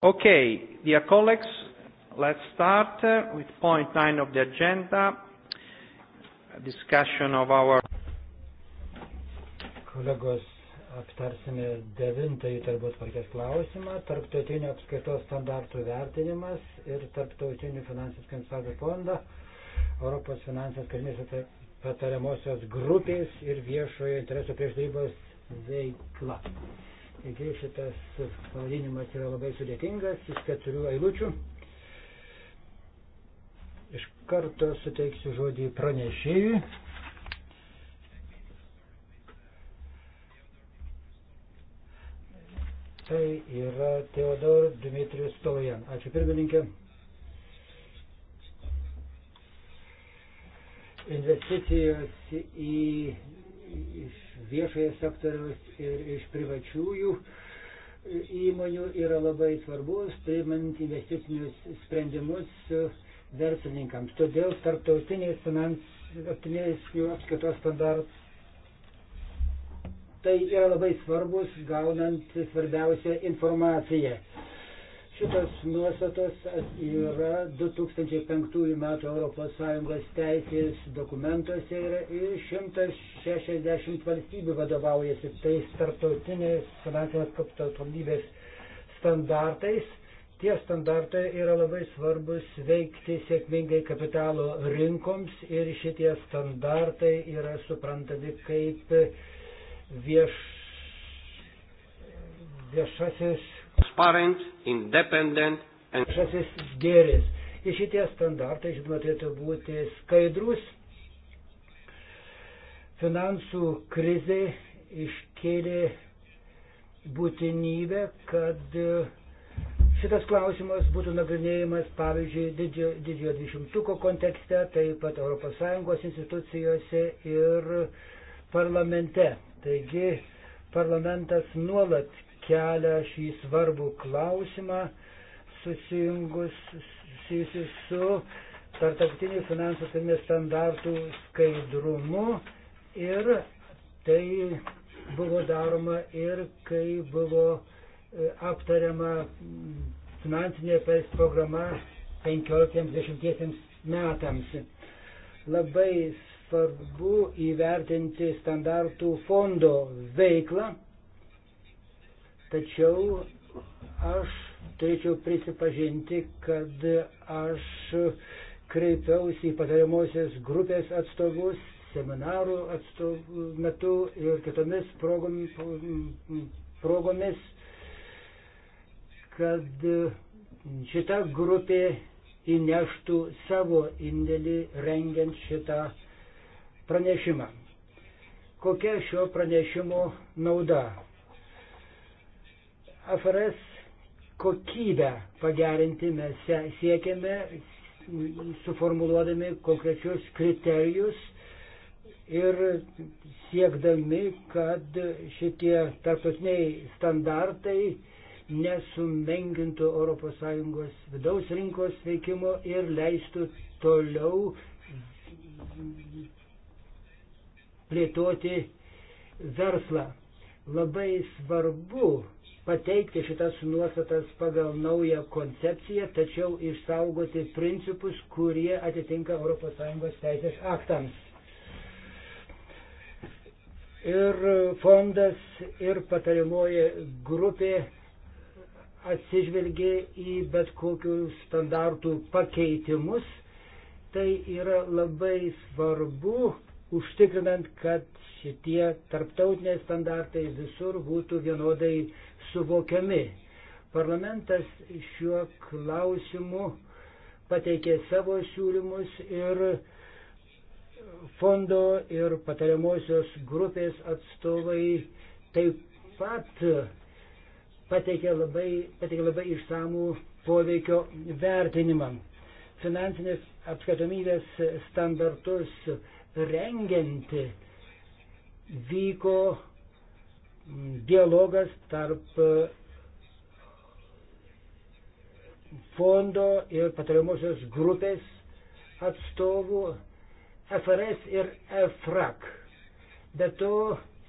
Okay, dear colleagues, let's start uh, with point 9 of the agenda, a discussion of our... Kolegos, aptarsime devintąjį turbūt tvarkės klausimą, tarptautinio apskaitos standartų vertinimas ir tarptautinių finansijos konsultacijų fondą, Europos finansijos karinės patariamosios grupės ir viešojo interesų priešdarybos veikla. Taigi šitas pavadinimas yra labai sudėtingas iš keturių eilučių. Iš karto suteiksiu žodį pranešėjui. Tai yra Teodor Dimitrius Stolojan. Ačiū pirmininkė. investicijos į, į viešoje sektoriaus ir iš privačiųjų įmonių yra labai svarbus, priimant investicinius sprendimus verslininkams. Todėl tarptautiniais finansinės jų apskaitos standartai tai yra labai svarbus, gaunant svarbiausią informaciją. Šitos nuostatos yra 2005 metų ES teisės dokumentuose yra ir 160 valstybių vadovaujasi tais tarptautinės finansinės kapitaldybės standartais. Tie standartai yra labai svarbus veikti sėkmingai kapitalo rinkoms ir šitie standartai yra suprantami kaip vieš, viešasis Viešasis and... gėris. Ir šitie standartai, žinoma, turėtų būti skaidrus. Finansų krizė iškėlė būtinybę, kad e, šitas klausimas būtų nagrinėjimas, pavyzdžiui, didžio, didžiojo dvidešimtuko kontekste, taip pat ES institucijose ir parlamente. Taigi parlamentas nuolat kelia šį svarbų klausimą susijusi su tarptautinių finansų turimės standartų skaidrumu ir tai buvo daroma ir kai buvo e, aptariama finansinė programa 15-20 metams. Labai svarbu įvertinti standartų fondo veiklą Tačiau aš turėčiau prisipažinti, kad aš kreipiausi į patariamosios grupės atstovus seminarų atstovų metu ir kitomis progomis, progomis kad šita grupė įneštų savo indėlį rengiant šitą pranešimą. Kokia šio pranešimo nauda? AFRS kokybę pagerinti mes siekiame, suformuluodami konkrečius kriterijus ir siekdami, kad šitie tarptautiniai standartai nesumengintų ES vidaus rinkos veikimo ir leistų toliau plėtoti verslą. Labai svarbu pateikti šitas nuostatas pagal naują koncepciją, tačiau išsaugoti principus, kurie atitinka ES teisės aktams. Ir fondas, ir patariamoji grupė atsižvelgė į bet kokius standartų pakeitimus. Tai yra labai svarbu užtikrinant, kad šitie tarptautiniai standartai visur būtų vienodai suvokiami. Parlamentas šiuo klausimu pateikė savo siūlymus ir fondo ir patariamosios grupės atstovai taip pat pateikė labai, pateikė labai išsamų poveikio vertinimą. Finansinės apskaitomybės standartus rengiant vyko dialogas tarp e, fondo ir patariamosios grupės atstovų FRS ir EFRAK. Be to,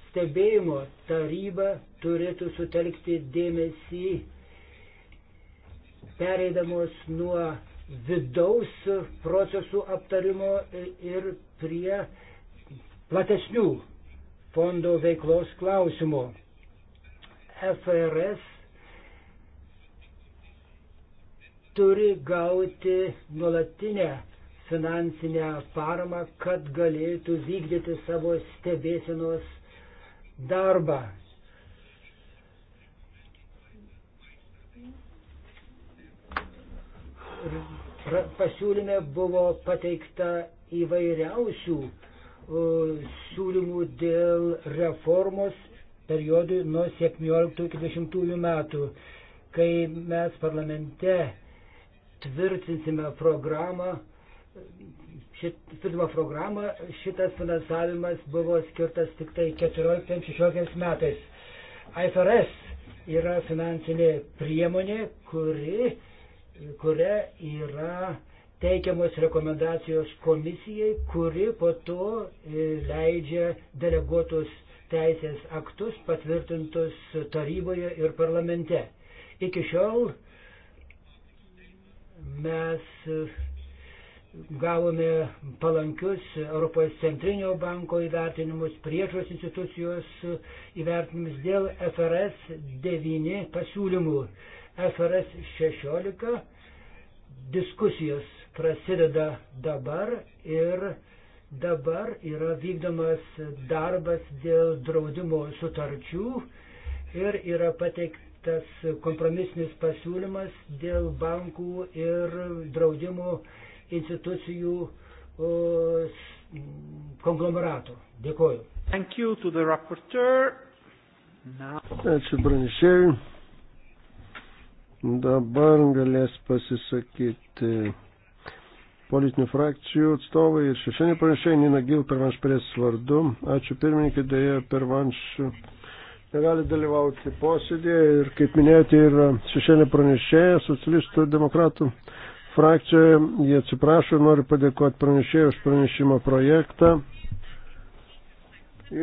stebėjimo taryba turėtų sutelkti dėmesį pereidamos nuo vidaus procesų aptarimo ir prie platesnių fondo veiklos klausimų. FRS turi gauti nuolatinę finansinę paramą, kad galėtų vykdyti savo stebėsinos darbą. Ir pasiūlyme buvo pateikta įvairiausių siūlymų dėl reformos periodui nuo 17 iki 20 metų, kai mes parlamente tvirtinsime programą. Šitą programą šitas finansavimas buvo skirtas tik tai 14-16 metais. IFRS yra finansinė priemonė, kuri kuria yra teikiamos rekomendacijos komisijai, kuri po to e, leidžia deleguotus teisės aktus patvirtintus taryboje ir parlamente. Iki šiol mes e, gavome palankius Europos centrinio banko įvertinimus, priežos institucijos e, įvertinimus dėl FRS 9 pasiūlymų. FRS 16 diskusijos prasideda dabar ir dabar yra vykdomas darbas dėl draudimo sutarčių ir yra pateiktas kompromisinis pasiūlymas dėl bankų ir draudimo institucijų konglomeratų. Dėkoju. Ačiū pranešėjui. Dabar galės pasisakyti politinių frakcijų atstovai ir šešėlį pranešėjai Nina Gil pervanš pries vardu. Ačiū pirmininkai, dėja pervanš negali dalyvauti posėdėje ir kaip minėjote ir šešėlį pranešėją socialistų demokratų frakcijoje. Jie atsiprašo ir noriu padėkoti pranešėjai už pranešimo projektą.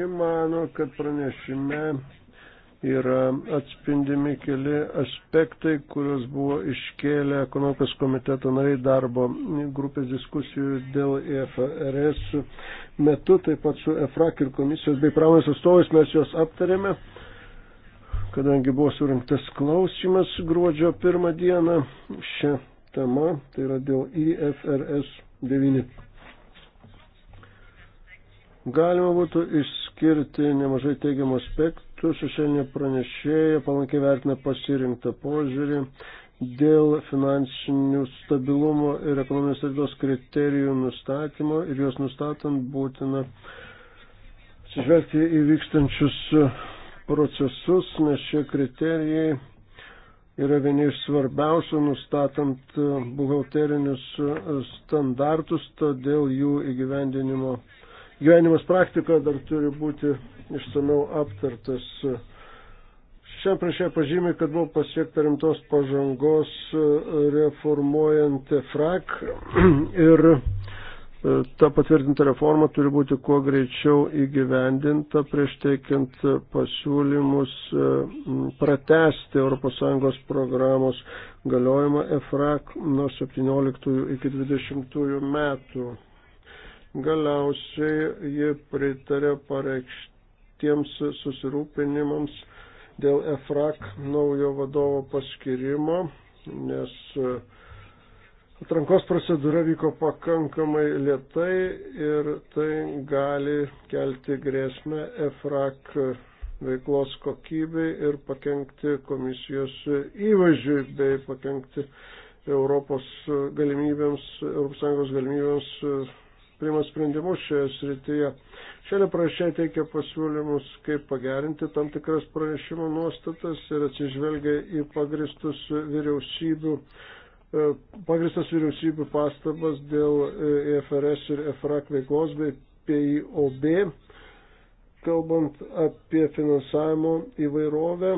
Įmano, kad pranešime yra atspindimi keli aspektai, kuriuos buvo iškėlę ekonomikos komiteto nariai darbo grupės diskusijų dėl EFRS metu, taip pat su EFRAK ir komisijos bei pramonės atstovais mes juos aptarėme, kadangi buvo surinktas klausimas gruodžio pirmą dieną šią temą, tai yra dėl IFRS e 9. Galima būtų išskirti nemažai teigiamų aspektų kartu šešėlinė pranešėja palankiai vertina pasirinktą požiūrį dėl finansinių stabilumo ir ekonominės raidos kriterijų nustatymo ir juos nustatant būtina atsižvelgti į vykstančius procesus, nes šie kriterijai yra vieni iš svarbiausių nustatant buhalterinius standartus, todėl jų įgyvendinimo gyvenimas praktikoje dar turi būti išsameu aptartas. Šiam priešė pažymė, kad buvo pasiekta rimtos pažangos e, reformuojant frak ir e, ta patvirtinta reforma turi būti kuo greičiau įgyvendinta prieš teikiant pasiūlymus e, pratesti ES programos galiojimą EFRAK nuo 17 iki 20 metų. Galiausiai ji pritarė pareikšti tiems susirūpinimams dėl EFRAK naujo vadovo paskirimo, nes e, atrankos procedūra vyko pakankamai lietai ir tai gali kelti grėsmę EFRAK veiklos kokybei ir pakengti komisijos įvaizdžiui bei pakengti Europos galimybėms, ES galimybėms e, priimant sprendimus šioje srityje. Šiandien pranešėjai teikia pasiūlymus, kaip pagerinti tam tikras pranešimo nuostatas ir atsižvelgia į pagristus vyriausybių, e, pagristas vyriausybių pastabas dėl EFRS e ir EFRAK veiklos bei PIOB, kalbant apie finansavimo įvairovę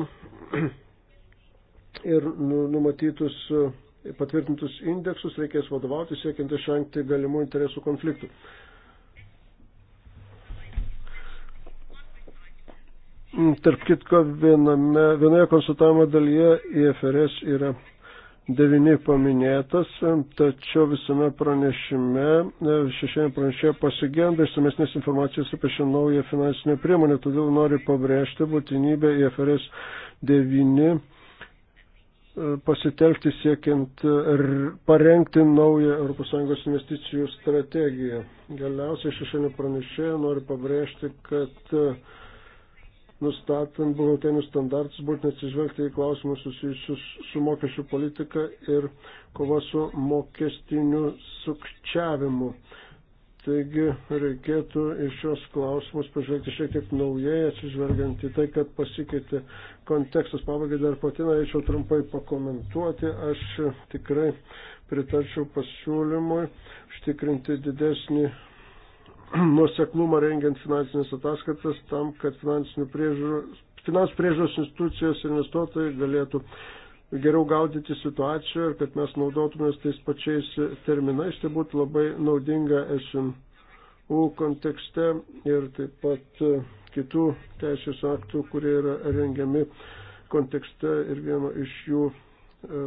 ir nu, numatytus e, patvirtintus indeksus reikės vadovauti siekiant išvengti galimų interesų konfliktų. Mm, tarp kitko, viename, vienoje konsultavimo dalyje IFRS yra devini paminėtas, tačiau visame pranešime, e, šešėlė pranešė pasigenda išsamesnės informacijos apie šią naują finansinę priemonę, todėl noriu pabrėžti būtinybę IFRS 9 e, pasitelkti siekiant e, parengti naują ES investicijų strategiją. Galiausiai šešėlė pranešė, noriu pabrėžti, kad nustatant buhalterinius standartus, būtent atsižvelgti į klausimus susijusius su mokesčių politika ir kova su mokestiniu sukčiavimu. Taigi reikėtų iš šios klausimus pažvelgti šiek tiek naujai, atsižvelgiant į tai, kad pasikeitė kontekstas. Pabaigai dar pati norėčiau trumpai pakomentuoti. Aš tikrai pritarčiau pasiūlymui užtikrinti didesnį nuseklumą rengiant finansinės ataskaitas tam, kad finansų priežiūros, priežiūros institucijos investuotojai galėtų geriau gaudyti situaciją ir kad mes naudotumės tais pačiais terminais, tai būtų labai naudinga SMU kontekste ir taip pat e, kitų teisės aktų, kurie yra rengiami kontekste ir vieno iš jų e,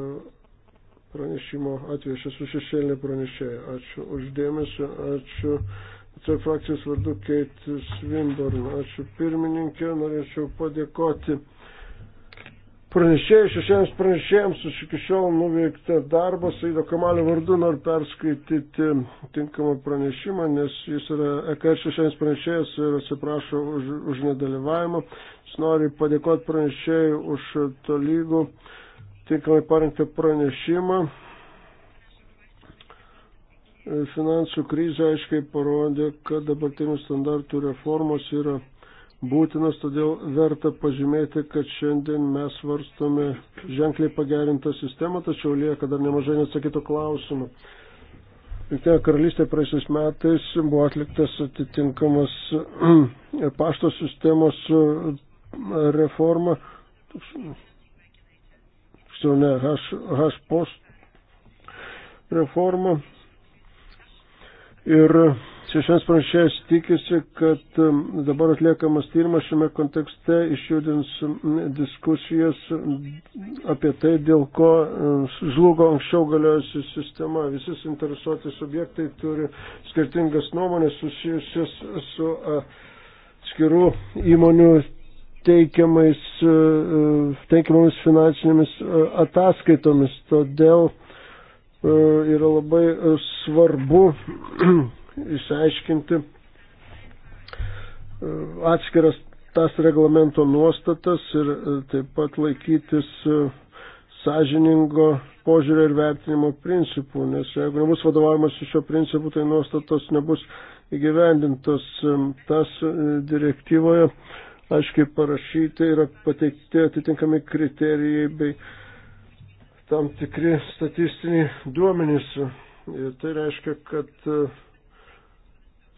pranešimo atveju aš esu šešėlinė pranešėja. Ačiū uždėmesi, ačiū tarp frakcijos vardu Keit Svimborn. Ačiū pirmininkė, norėčiau padėkoti pranešėjai, šešiems pranešėjams už iki šiol nuveiktą darbą. Saido Kamalio vardu noriu perskaityti tinkamą pranešimą, nes jis yra EKR šešiems pranešėjas ir atsiprašo už, už nedalyvavimą. Jis nori padėkoti pranešėjai už tolygų tinkamai parinktą pranešimą. Finansų krizė aiškiai parodė, kad dabartinių standartų reformos yra būtinas, todėl verta pažymėti, kad šiandien mes varstome ženkliai pagerintą sistemą, tačiau lieka dar nemažai neatsakytų klausimų. Jungtinė karalystė praeisiais metais buvo atliktas atitinkamas pašto sistemos e, reforma, tiksliau ne, H, H post reforma, Ir šešiems pranešėjas tikisi, kad um, dabar atliekamas tyrimas šiame kontekste išjudins um, diskusijas um, apie tai, dėl ko žlugo anksčiau galiojusi sistema. Visi suinteresuoti subjektai turi skirtingas nuomonės susijusias su skirų įmonių teikiamais, uh, uh, teikiamomis finansinėmis uh, ataskaitomis. Todėl E, yra labai e, svarbu išsiaiškinti e, atskiras tas reglamento nuostatas ir taip pat laikytis sąžiningo požiūrio ir vertinimo principų, nes jeigu nebus vadovavimas iš šio principų, tai nuostatos nebus įgyvendintos. Tas direktyvoje aiškiai parašyti yra pateikti atitinkami kriterijai bei tam tikri statistiniai duomenys. Ir tai reiškia, kad e,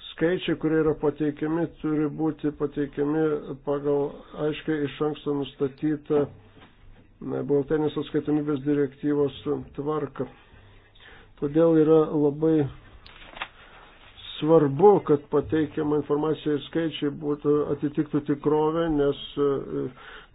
skaičiai, kurie yra pateikiami, turi būti pateikiami pagal aiškiai iš anksto nustatytą buhalterinės atskaitomybės direktyvos tvarką. Todėl yra labai svarbu, kad pateikiama informacija ir skaičiai būtų atitiktų tikrovę, nes e,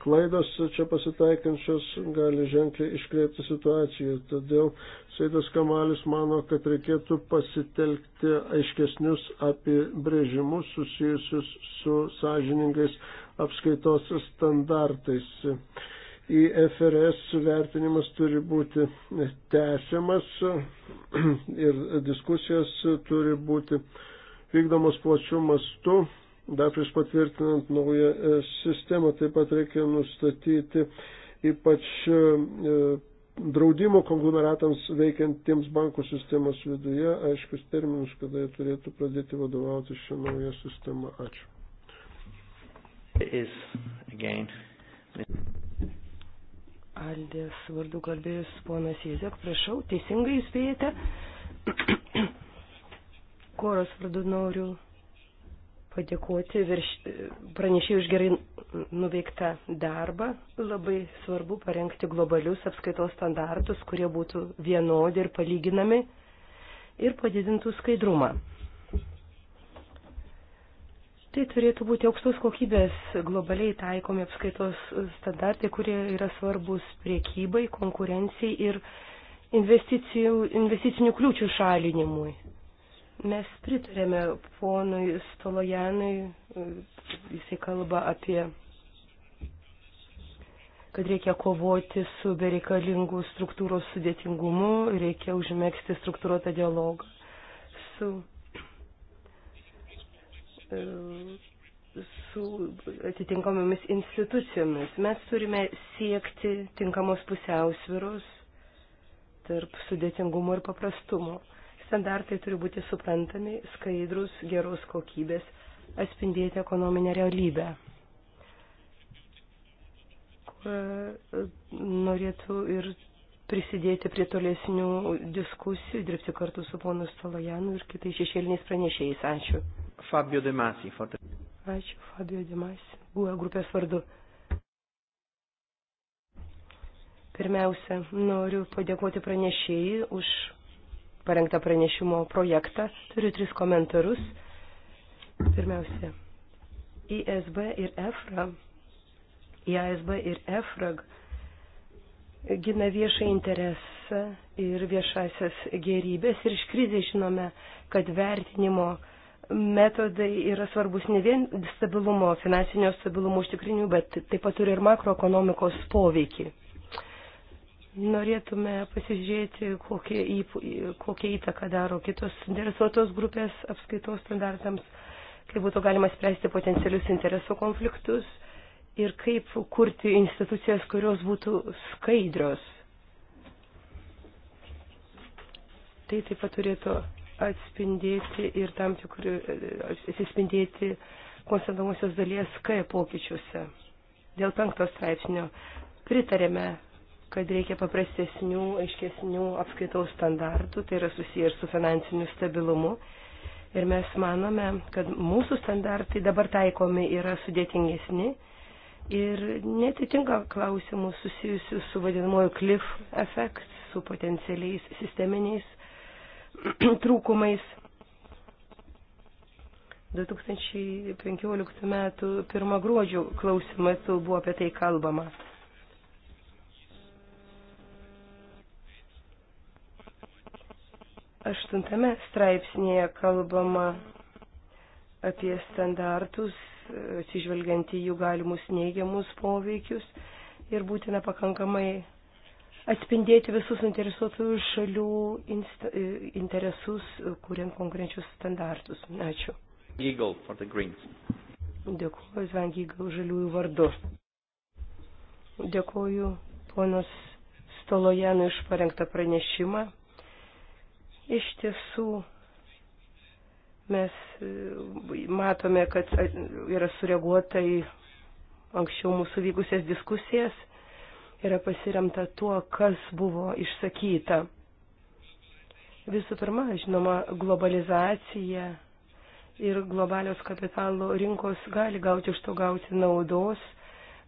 klaidos čia pasitaikančios gali ženkliai iškreipti situaciją. Todėl Seidas Kamalis mano, kad reikėtų pasitelkti aiškesnius apibrėžimus susijusius su sąžiningais apskaitos standartais. Į FRS vertinimas turi būti tęsiamas ir diskusijos turi būti vykdomos plačių mastų dar prieš patvirtinant naują e, sistemą. Taip pat reikia nustatyti ypač e, e, draudimo konglomeratams veikiantiems bankų sistemos viduje aiškius terminus, kada jie turėtų pradėti vadovauti šią naują sistemą. Ačiū. Is, again, Aldės vardu kalbėjus ponas Jezek, prašau, teisingai įspėjate. Koros vardu noriu padėkoti virš, pranešėjai už gerai nuveiktą darbą. Labai svarbu parengti globalius apskaitos standartus, kurie būtų vienodi ir palyginami ir padidintų skaidrumą. Tai turėtų būti aukštos kokybės globaliai taikomi apskaitos standartai, kurie yra svarbus priekybai, konkurencijai ir investicinių kliūčių šalinimui. Mes pritarėme ponui Stolojanui, jisai kalba apie, kad reikia kovoti su bereikalingu struktūros sudėtingumu, reikia užmėgsti struktūruotą dialogą su, su atitinkamomis institucijomis. Mes turime siekti tinkamos pusiausviros tarp sudėtingumo ir paprastumo Standartai turi būti suprantami, skaidrus, geros kokybės, atspindėti ekonominę realybę. E, norėtų ir prisidėti prie tolesnių diskusijų, dirbti kartu su ponu Stalojanu ir kitais šešėliniais pranešėjais. Ačiū. Fabio De Masi. Ačiū, Fabio De Masi. Buvo e grupės vardu. Pirmiausia, noriu padėkoti pranešėjai už parengtą pranešimo projektą. Turiu tris komentarus. Pirmiausia, ISB ir EFRA, IASB ir EFRAG gina viešą interesą ir viešasias gerybės ir iš krizės žinome, kad vertinimo metodai yra svarbus ne vien stabilumo, finansinio stabilumo užtikrinimu, bet taip pat turi ir makroekonomikos poveikį norėtume pasižiūrėti, kokie kokią įtaką daro kitos interesuotos grupės apskaitos standartams, kaip būtų galima spręsti potencialius interesų konfliktus ir kaip kurti institucijas, kurios būtų skaidrios. Tai taip pat turėtų atspindėti ir tam tikrų, atsispindėti konstantamosios dalies K pokyčiuose. Dėl penktos straipsnio pritarėme kad reikia paprastesnių, aiškesnių apskaitaus standartų, tai yra susiję ir su finansiniu stabilumu. Ir mes manome, kad mūsų standartai dabar taikomi yra sudėtingesni ir netitinka klausimų susijusių su vadinamoju cliff effect, su potencialiais sisteminiais trūkumais. 2015 m. 1 gruodžio klausimas buvo apie tai kalbama. Aštuntame straipsnėje kalbama apie standartus, atsižvelgiant į jų galimus neigiamus poveikius ir būtina pakankamai atspindėti visus interesuotųjų šalių interesus, kuriant konkrečius standartus. Ačiū. Eagle for the Greens. Dėkuoju Sven Eagle žaliųjų vardu. Dėkuoju ponos Stolojanui iš parengtą pranešimą. Iš tiesų, mes e, matome, kad e, yra sureaguota į anksčiau mūsų vykusias diskusijas, yra pasiremta tuo, kas buvo išsakyta. Visų pirma, žinoma, globalizacija ir globalios kapitalo rinkos gali gauti iš to gauti naudos,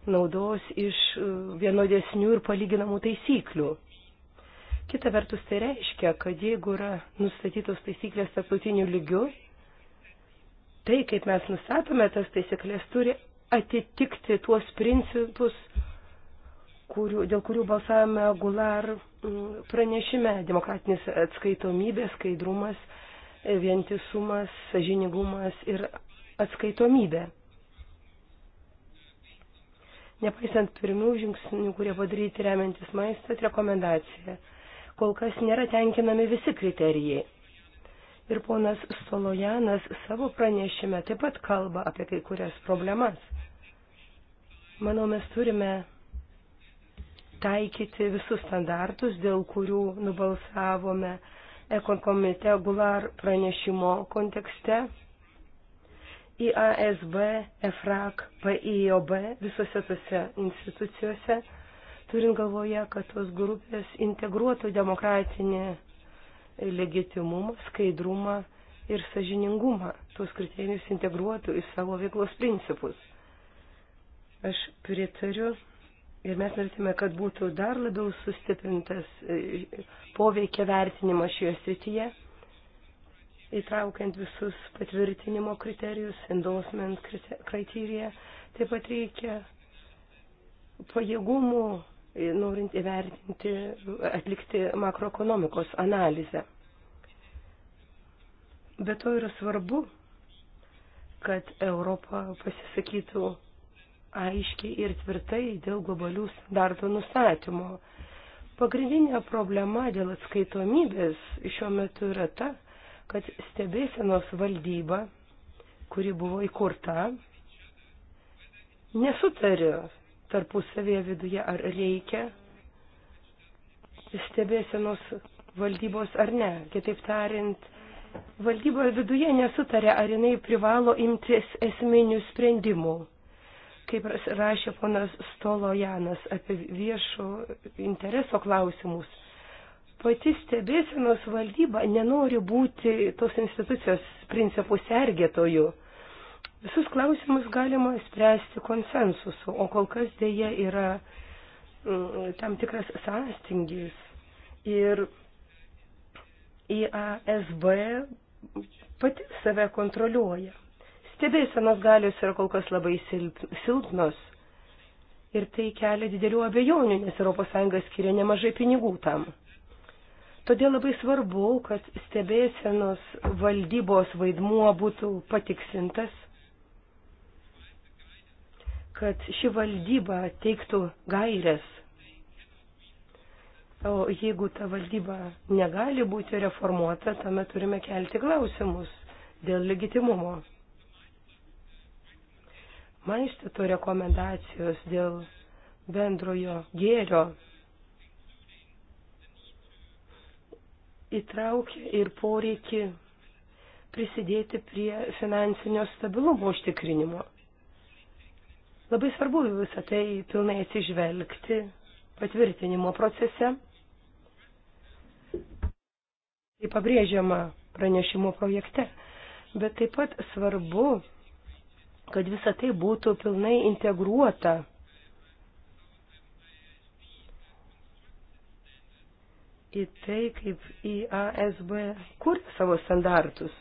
naudos iš e, vienodesnių ir palyginamų taisyklių. Kita vertus tai reiškia, kad jeigu yra nustatytos taisyklės tarptautinių lygių, tai kaip mes nustatome tas taisyklės turi atitikti tuos principus, kurių, dėl kurių balsavome Gular mm, pranešime - demokratinis atskaitomybė, skaidrumas, vientisumas, sažinigumas ir atskaitomybė. Nepaisant pirmių žingsnių, kurie padaryti remiantis maistat rekomendaciją kol kas nėra tenkinami visi kriterijai. Ir ponas Stolojanas savo pranešime taip pat kalba apie kai kurias problemas. Manau, mes turime taikyti visus standartus, dėl kurių nubalsavome ekonkomite Gular pranešimo kontekste. IASB, EFRAK, PIOB, visose tose institucijose turint galvoje, kad tos grupės integruotų demokratinį legitimumą, skaidrumą ir sažiningumą, tuos kriterijus integruotų į savo veiklos principus. Aš pritariu ir mes norėtume, kad būtų dar labiau sustiprintas e, poveikia vertinimas šioje srityje, įtraukiant visus patvirtinimo kriterijus, endorsement kriteriją, taip pat reikia pajėgumų E, norint įvertinti, atlikti makroekonomikos analizę. Be to yra svarbu, kad Europa pasisakytų aiškiai ir tvirtai dėl globalių standartų nustatymo. Pagrindinė problema dėl atskaitomybės šiuo metu yra ta, kad stebėsenos valdyba, kuri buvo įkurta, nesutariu tarpusavėje viduje, ar reikia stebėsenos valdybos ar ne. Kitaip tariant, valdyboje viduje nesutarė, ar jinai privalo imtis esminių sprendimų. Kaip rašė ponas Stolojanas apie viešo intereso klausimus, pati stebėsenos valdyba nenori būti tos institucijos principų sergėtojų Visus klausimus galima spręsti konsensusu, o kol kas dėja yra mm, tam tikras sąstingis. Ir IASB pati save kontroliuoja. Stebėsenos galios yra kol kas labai silpnos. Ir tai kelia didelių abejonių, nes ES skiria nemažai pinigų tam. Todėl labai svarbu, kad stebėsenos valdybos vaidmuo būtų patikslintas kad ši valdyba teiktų gairias. O jeigu ta valdyba negali būti reformuota, tuomet turime kelti klausimus dėl legitimumo. Maistato rekomendacijos dėl bendrojo gėrio įtraukia ir poreikį prisidėti prie finansinio stabilumo užtikrinimo. Labai svarbu visą tai pilnai atsižvelgti patvirtinimo procese. Tai pabrėžiama pranešimo projekte, bet taip pat svarbu, kad visa tai būtų pilnai integruota į tai, kaip IASB kuria savo standartus,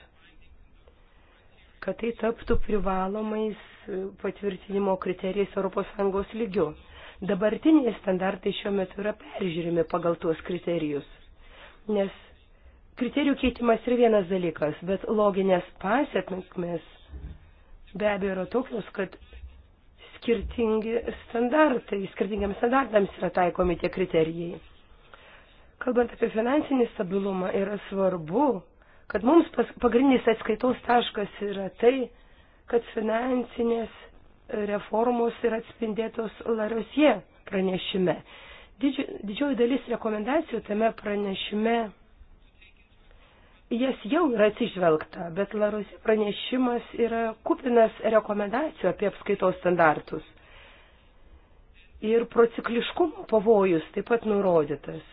kad tai taptų privalomais patvirtinimo kriterijais ES lygiu. Dabartiniai standartai šiuo metu yra peržiūrimi pagal tuos kriterijus, nes kriterijų keitimas yra vienas dalykas, bet loginės pasiekmes be abejo yra tokios, kad skirtingi standartai, skirtingiams standartams yra taikomi tie kriterijai. Kalbant apie finansinį stabilumą, yra svarbu, kad mums pas, pagrindinis atskaitos taškas yra tai, kad finansinės reformos yra atspindėtos Larosie pranešime. Didži, didžioji dalis rekomendacijų tame pranešime, jas jau yra atsižvelgta, bet Larosie pranešimas yra kupinas rekomendacijų apie apskaitos standartus. Ir procikliškumo pavojus taip pat nurodytas.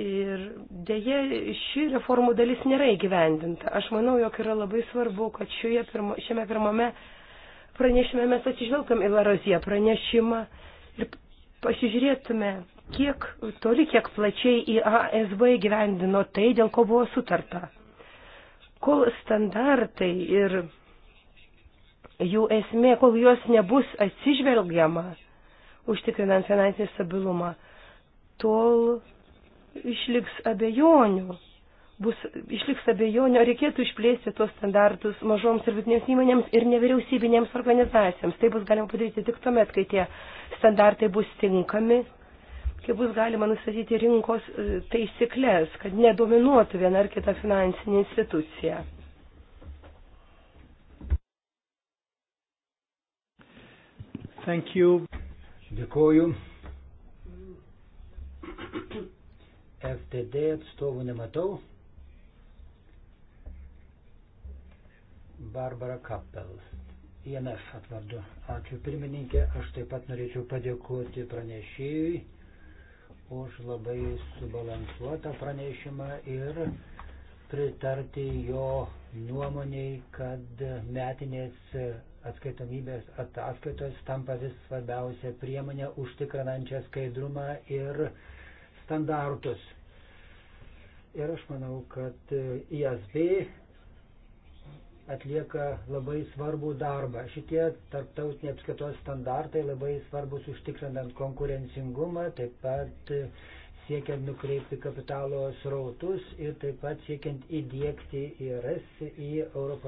Ir dėje ši reformų dalis nėra įgyvendinta. Aš manau, jog yra labai svarbu, kad šioje pirma, šiame pirmame pranešime mes atsižvelgtum į Laroziją pranešimą ir pasižiūrėtume, kiek toli, kiek plačiai IASB įgyvendino tai, dėl ko buvo sutarta. Kol standartai ir jų esmė, kol juos nebus atsižvelgiama, užtikrinant finansinį stabilumą, tol išliks abejonių. Bus, išliks abejonių, ar reikėtų išplėsti tuos standartus mažoms ir vidutinėms įmonėms ir nevyriausybinėms organizacijoms. Tai bus galima padaryti tik tuomet, kai tie standartai bus tinkami, kai bus galima nustatyti rinkos e, taisyklės, kad nedominuotų viena ar kita finansinė institucija. Thank you. Dėkoju. FDD atstovų nematau. Barbara Kappel. INF atvardu. Ačiū pirmininkė. Aš taip pat norėčiau padėkoti pranešėjui už labai subalansuotą pranešimą ir pritarti jo nuomoniai, kad metinės atskaitomybės ataskaitos tampa vis svarbiausia priemonė užtikrinančia skaidrumą ir uh, standartus. Ir aš manau, kad e, ISB atlieka labai svarbų darbą. Šitie tarptautiniai apskaitos standartai labai svarbus užtikrinant konkurencingumą, taip pat e, siekiant nukreipti kapitalo srautus ir taip pat siekiant įdėkti IRS į ES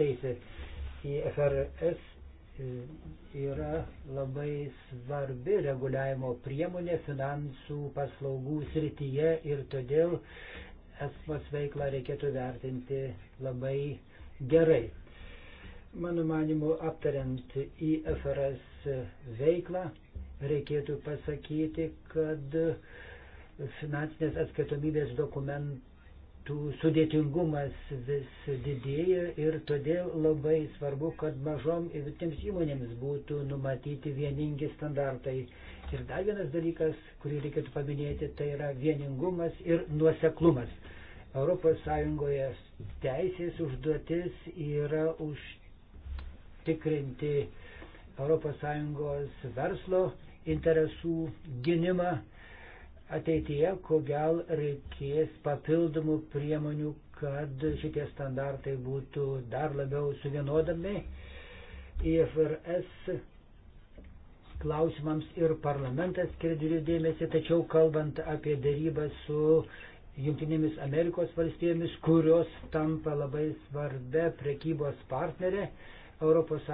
teisę. IFRS yra labai svarbi reguliavimo priemonė finansų paslaugų srityje ir todėl esmos veiklą reikėtų vertinti labai gerai. Mano manimu, aptariant į FRS veiklą, reikėtų pasakyti, kad finansinės atskaitomybės dokumentų tų sudėtingumas vis didėja ir todėl labai svarbu, kad mažom ir vidutinėms įmonėms būtų numatyti vieningi standartai. Ir dar vienas dalykas, kurį reikėtų paminėti, tai yra vieningumas ir nuoseklumas. ES teisės užduotis yra užtikrinti ES verslo interesų gynimą ateityje, ko gal reikės papildomų priemonių, kad šitie standartai būtų dar labiau suvienodami. IFRS klausimams ir parlamentas skiria dėmesį, tačiau kalbant apie dėrybą su Junktinėmis Amerikos valstybėmis, kurios tampa labai svarbia prekybos partnerė, ES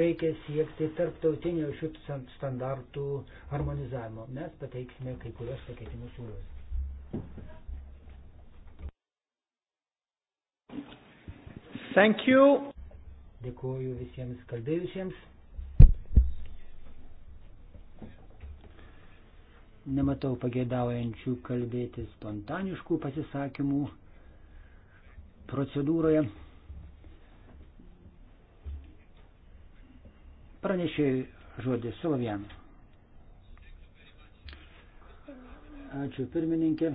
reikia siekti tarptautinio šių standartų harmonizavimo. Mes pateiksime kai kurios pakeitimus siūlymus. Thank you. Dėkuoju visiems kalbėjusiems. Nematau pagėdaujančių kalbėti spontaniškų pasisakymų procedūroje. Pranešėjai žodis Silovian. Ačiū pirmininkė.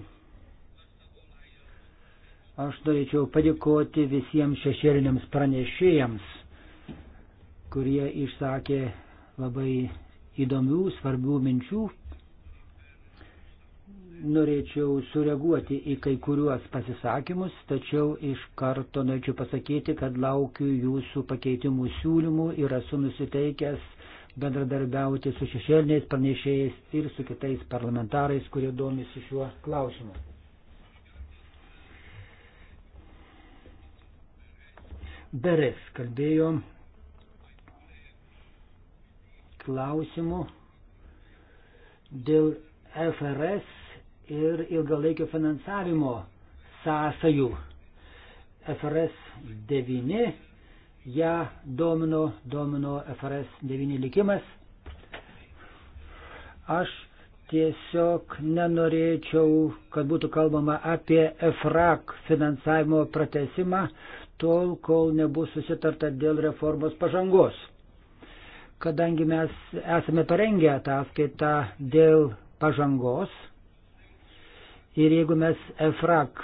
Aš norėčiau padėkoti visiems šešėliniams pranešėjams, kurie išsakė labai įdomių, svarbių minčių norėčiau sureaguoti į kai kuriuos pasisakymus, tačiau iš karto norėčiau pasakyti, kad laukiu jūsų pakeitimų siūlymų ir esu nusiteikęs bendradarbiauti su šešėliniais pranešėjais ir su kitais parlamentarais, kurie domisi šiuo klausimu. Beres kalbėjo klausimu dėl FRS ir ilgalaikio finansavimo sąsajų. FRS 9 ją domino, domino FRS 9 likimas. Aš tiesiog nenorėčiau, kad būtų kalbama apie EFRAK finansavimo pratesimą tol, kol nebus susitarta dėl reformos pažangos. Kadangi mes esame parengę ataskaitą dėl pažangos, Ir jeigu mes EFRAK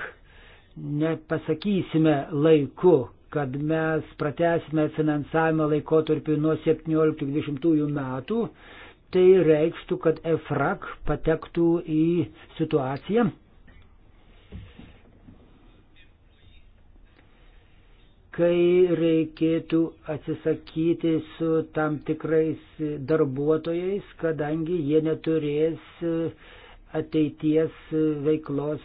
nepasakysime laiku, kad mes pratesime finansavimą laikotarpiu nuo 17-20 metų, tai reikštų, kad EFRAK patektų į situaciją, kai reikėtų atsisakyti su tam tikrais darbuotojais, kadangi jie neturės uh, ateities veiklos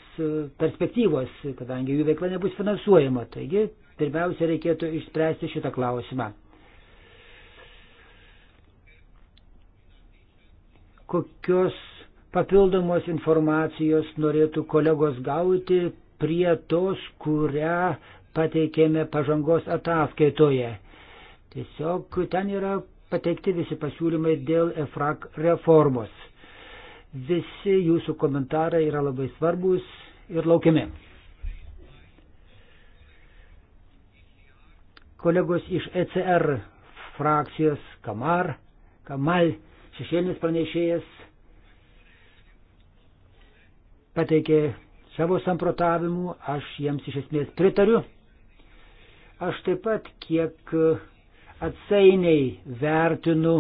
perspektyvos, kadangi jų veikla nebus finansuojama. Taigi, pirmiausia, reikėtų išspręsti šitą klausimą. Kokios papildomos informacijos norėtų kolegos gauti prie tos, kurią pateikėme pažangos ataskaitoje. Tiesiog ten yra pateikti visi pasiūlymai dėl EFRAK reformos. Visi jūsų komentarai yra labai svarbus ir laukiami. Kolegos iš ECR frakcijos Kamar, Kamal, šešėlinis pranešėjas, pateikė savo samprotavimų, aš jiems iš esmės pritariu. Aš taip pat kiek atsainiai vertinu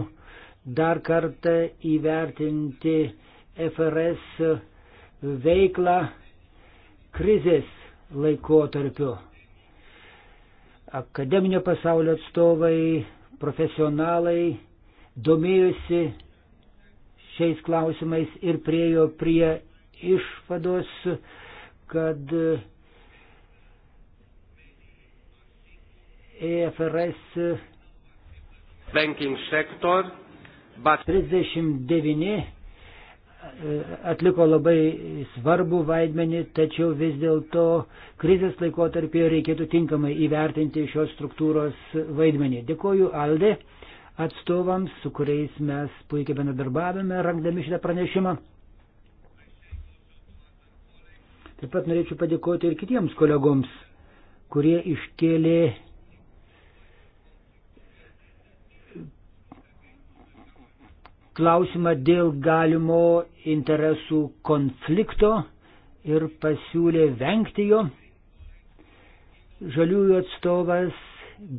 dar kartą įvertinti FRS veiklą krizės laikotarpiu. Akademinio pasaulio atstovai, profesionalai domėjosi šiais klausimais ir priejo prie išvados, kad EFRS 39 atliko labai svarbų vaidmenį, tačiau vis dėlto krizės laikotarpį reikėtų tinkamai įvertinti šios struktūros vaidmenį. Dėkoju Alde atstovams, su kuriais mes puikiai bendradarbiavome, rengdami šitą pranešimą. Taip pat norėčiau padėkoti ir kitiems kolegoms, kurie iškėlė klausimą dėl galimo interesų konflikto ir pasiūlė vengti jo. Žaliųjų atstovas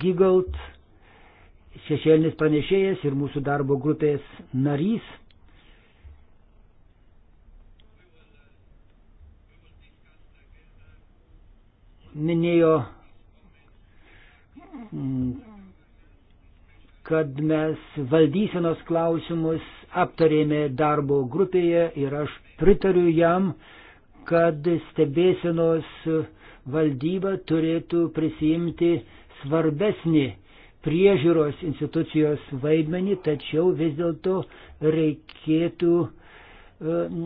Gigalt, šešėlinis pranešėjas ir mūsų darbo grupės narys. Minėjo mm, kad mes valdysenos klausimus aptarėme darbo grupėje ir aš pritariu jam, kad stebėsenos valdyba turėtų prisijimti svarbesnį priežiūros institucijos vaidmenį, tačiau vis dėlto reikėtų uh,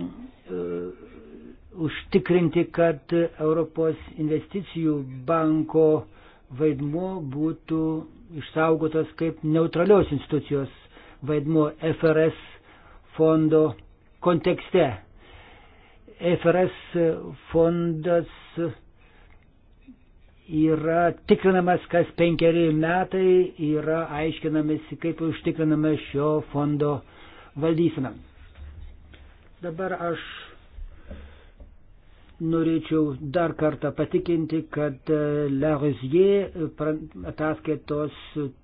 uh, užtikrinti, kad Europos investicijų banko vaidmuo būtų išsaugotas kaip neutralios institucijos vaidmuo FRS fondo kontekste. FRS fondas yra tikrinamas kas penkeri metai, yra aiškinamasi, kaip užtikrinama šio fondo valdysena. Dabar aš Norėčiau dar kartą patikinti, kad e, Larusie e, ataskaitos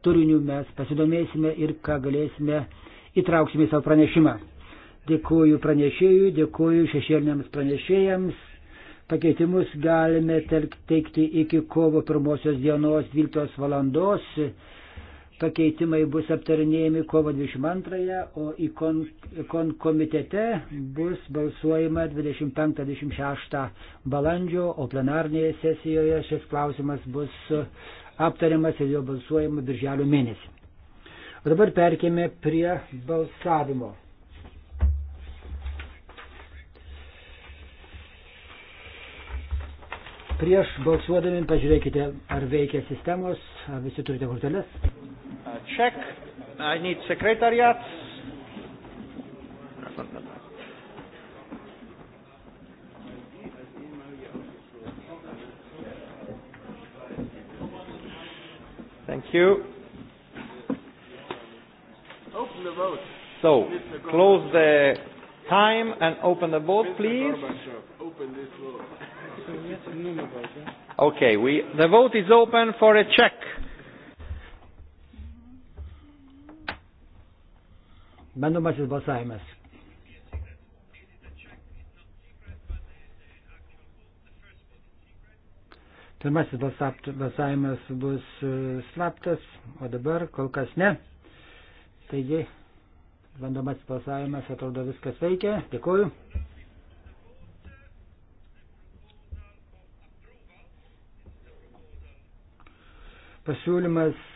turiniu mes pasidomėsime ir ką galėsime įtrauksime į savo pranešimą. Dėkuoju pranešėjui, dėkuoju šešėliniams pranešėjams. Pakeitimus galime teikti iki kovo pirmosios dienos 12 valandos. Pakeitimai bus aptarinėjami kovo 22, o į kon, kon komitete bus balsuojama 25-26 balandžio, o plenarnėje sesijoje šis klausimas bus aptariamas ir jo balsuojama birželio mėnesį. O dabar perkėme prie balsavimo. Prieš balsuodami pažiūrėkite, ar veikia sistemos, ar visi turite korteles. Uh, check. I need secretariat. Thank you. Open the vote. So, close the time and open the vote, please. Open this vote. Okay, we, the vote is open for a check. Bandomasis balsavimas. Pirmasis balsavimas bus e, slaptas, o dabar kol kas ne. Taigi, bandomasis balsavimas atrodo viskas veikia. Dėkuoju. Pasiūlymas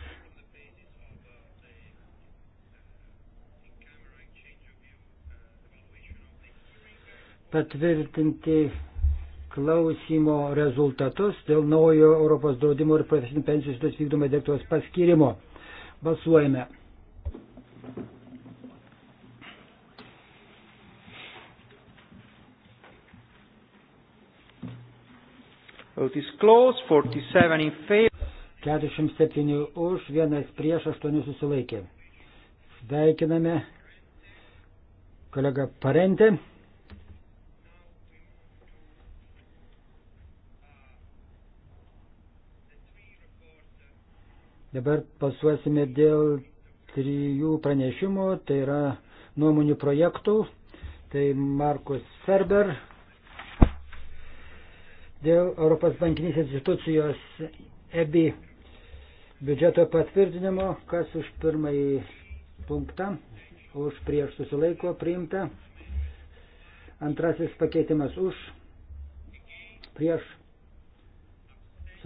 patvirtinti klausimo rezultatus dėl naujo Europos draudimo ir profesinių pensijų sutarties vykdomo direktoriaus paskirimo. Balsuojame. Vote is closed, 47 in favor. 47 už, 1 prieš, 8 susilaikė. Sveikiname kolegą Parentę. Dabar pasuosime dėl trijų pranešimų, tai yra nuomonių projektų. Tai Markus Ferber dėl Europos bankinės institucijos EBI biudžeto patvirtinimo, kas už pirmąjį punktą, už prieš susilaiko priimta. Antrasis pakeitimas už, prieš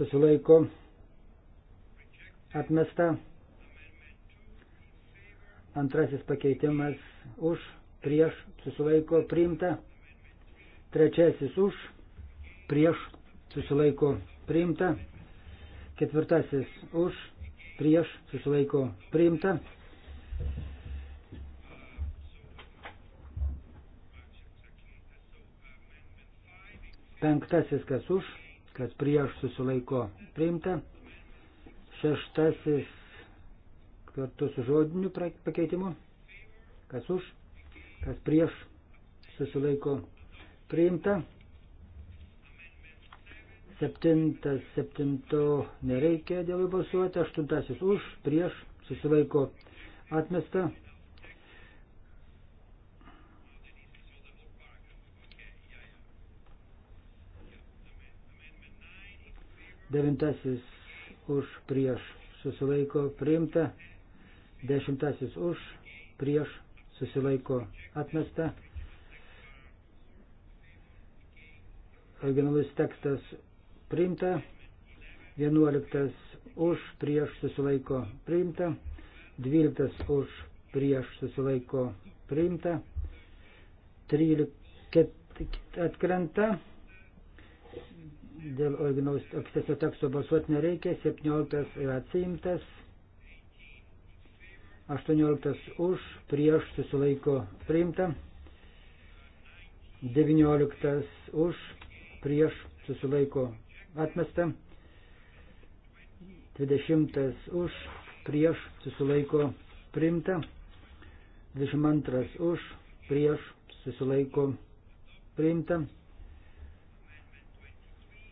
susilaiko priimta atmesta. Antrasis pakeitimas už, prieš, susilaiko priimta. Trečiasis už, prieš, susilaiko priimta. Ketvirtasis už, prieš, susilaiko priimta. Penktasis kas už, kas prieš susilaiko priimta šeštasis kartu su žodiniu pakeitimu. Kas už, kas prieš, susilaiko priimta. Septintas, septinto nereikia dėl jų balsuoti. Aštuntasis už, prieš, susilaiko atmesta. Devintasis už prieš susilaiko priimta, dešimtasis už prieš susilaiko atmesta. Originalus tekstas priimta, vienuoliktas už prieš susilaiko priimta, dvyliktas už prieš susilaiko priimta, tryliktas atkrenta dėl originalaus ankstesnio teksto balsuoti nereikia, 17 yra atsiimtas, 18 už, prieš susilaiko priimta, 19 už, prieš susilaiko atmesta, 20 už, prieš susilaiko priimta, 22 už, prieš susilaiko priimta.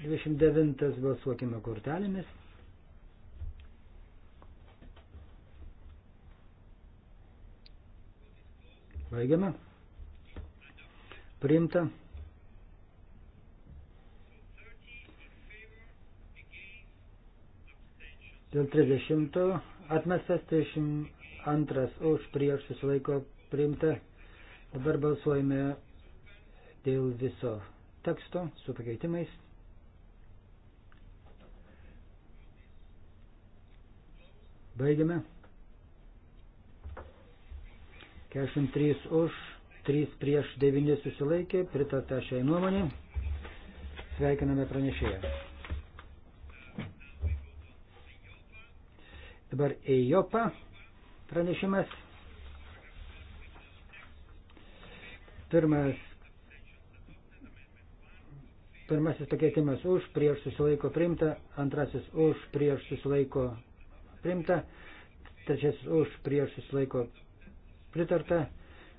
29 balsuokime kortelėmis. Baigiame. Priimta. Dėl 30 atmestas 32 už prieš susilaiko priimta. Dabar balsuojame dėl viso teksto su pakeitimais. Baigiame. 43 už, 3 prieš 9 susilaikė, pritarta šiai nuomonė. Sveikiname pranešėją. Dabar EJOPA pranešimas. Pirmas, pirmasis pakeitimas už, prieš susilaiko priimta, antrasis už, prieš susilaiko priimta, trečiasis už prieš susilaiko pritarta,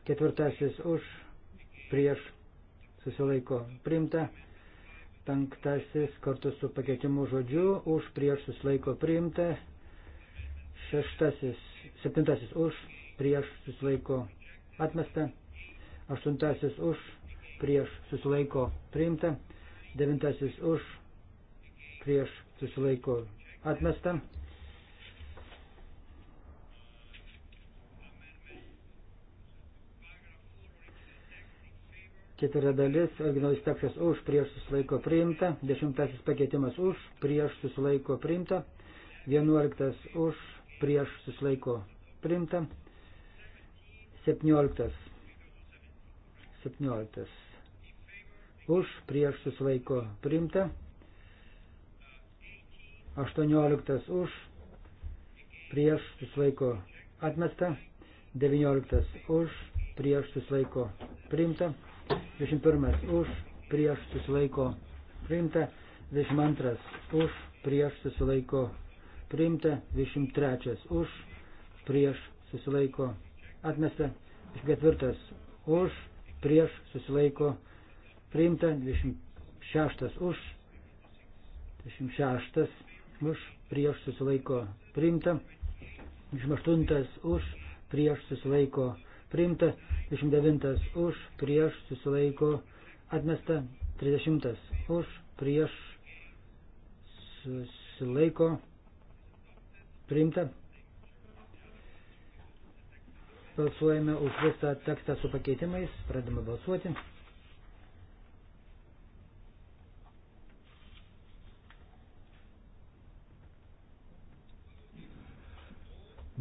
ketvirtasis už prieš susilaiko priimta, penktasis kartu su pakeitimu žodžiu už prieš susilaiko priimta, šeštasis, septintasis už prieš susilaiko atmesta, aštuntasis už prieš susilaiko priimta, devintasis už prieš susilaiko atmesta. Ketvirta dalis, originalus tekstas už, prieš susilaiko priimta. Dešimtasis pakeitimas už, prieš susilaiko priimta. Vienuoliktas už, prieš susilaiko priimta. Septynioliktas. Septynioliktas. Už, prieš susilaiko priimta. Aštuonioliktas už, prieš susilaiko atmesta. Devynioliktas už, prieš susilaiko priimta. 21 už, prieš susilaiko priimta, 22 už, prieš susilaiko priimta, 23 už, prieš susilaiko atmesta, 24 už, prieš susilaiko priimta, 26 už, 26 už, prieš susilaiko priimta, 28 už, prieš susilaiko priimta priimta, 29 už, prieš, susilaiko, atmesta, 30 už, prieš, susilaiko, priimta. Balsuojame už visą tekstą su pakeitimais, pradame balsuoti.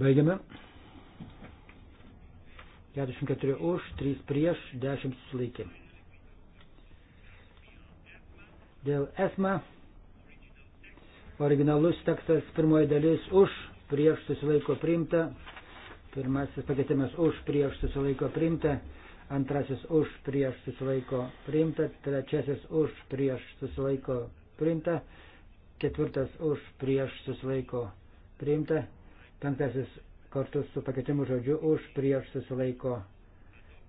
Baigiame. 44 už, 3 prieš, 10 sulaikė. Dėl esma originalus tekstas pirmoji dalis už, prieš susilaiko priimta, pirmasis pakeitimas už, prieš susilaiko priimta, antrasis už, prieš susilaiko priimta, trečiasis už, prieš susilaiko priimta, ketvirtas už, prieš susilaiko priimta, penktasis kartu su pakeitimu žodžiu už prieš susilaiko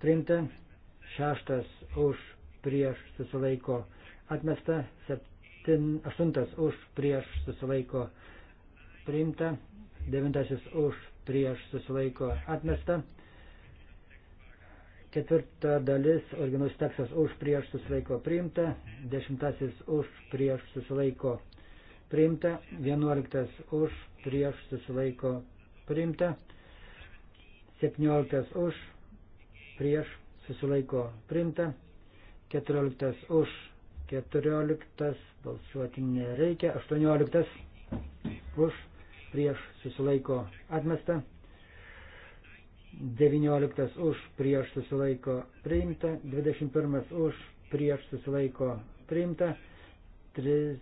priimta, šeštas už prieš susilaiko atmesta, septin, aštuntas už prieš susilaiko priimta, devintasis už prieš susilaiko atmesta, ketvirta dalis originus tekstas už prieš susilaiko priimta, dešimtasis už prieš susilaiko priimta, vienuoliktas už prieš susilaiko priimta priimta, 17 už, prieš, susilaiko priimta, 14 už, 14 balsuoti nereikia, 18 už, prieš, susilaiko atmesta. 19 už prieš susilaiko priimta, 21 už prieš susilaiko priimta, 30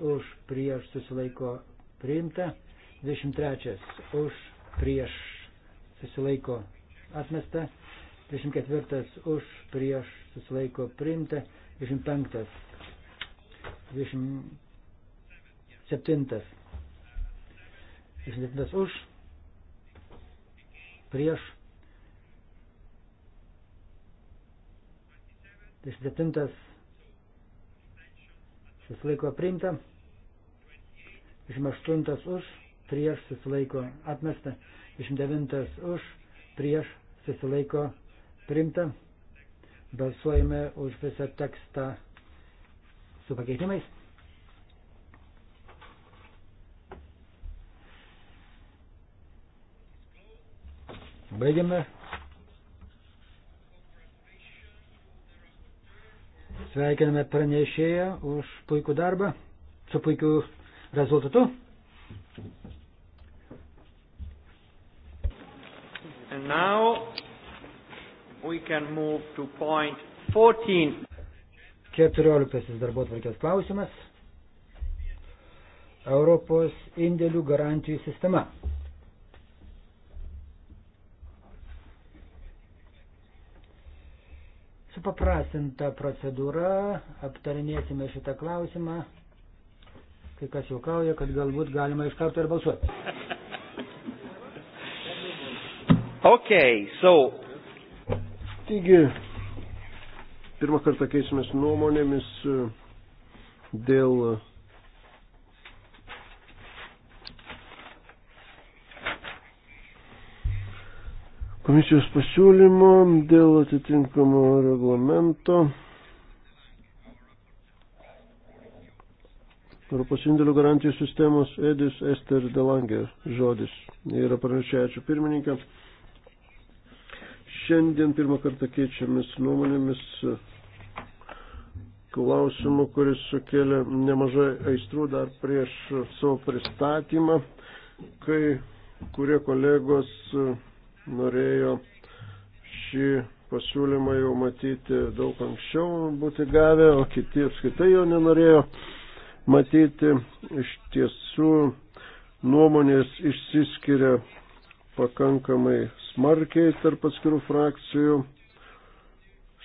už prieš susilaiko priimta, 23 už prieš susilaiko atmesta, 24 už prieš susilaiko priimta, 25, 27, 27 už prieš 27 susilaiko priimta, 28 už prieš susilaiko atmesta, 29 už, prieš susilaiko primta. Balsuojame už visą tekstą su pakeitimais. Baigiame. Sveikiname pranešėją už puikų darbą, su puikiu rezultatu. And now we can move to point 14. 14 darbo tvarkės klausimas. Europos indėlių garantijų sistema. Supaprastinta procedūra, aptarinėsime šitą klausimą. Kai kas jau kauja, kad galbūt galima iš karto ir balsuoti. Okay, so. Taigi, pirmą kartą keisimės nuomonėmis e, dėl e, komisijos pasiūlymo, dėl atitinkamo reglamento. Europos indėlių garantijų sistemos Edis Ester Delangė žodis. Jie yra pranešė, ačiū pirmininkė. Šiandien pirmą kartą keičiamis nuomonėmis klausimu, kuris sukėlė nemažai aistrų dar prieš savo pristatymą, kai kurie kolegos norėjo šį pasiūlymą jau matyti daug anksčiau būti gavę, o kiti apskaitai jo nenorėjo matyti. Iš tiesų nuomonės išsiskiria pakankamai smarkiai tarp atskirų frakcijų.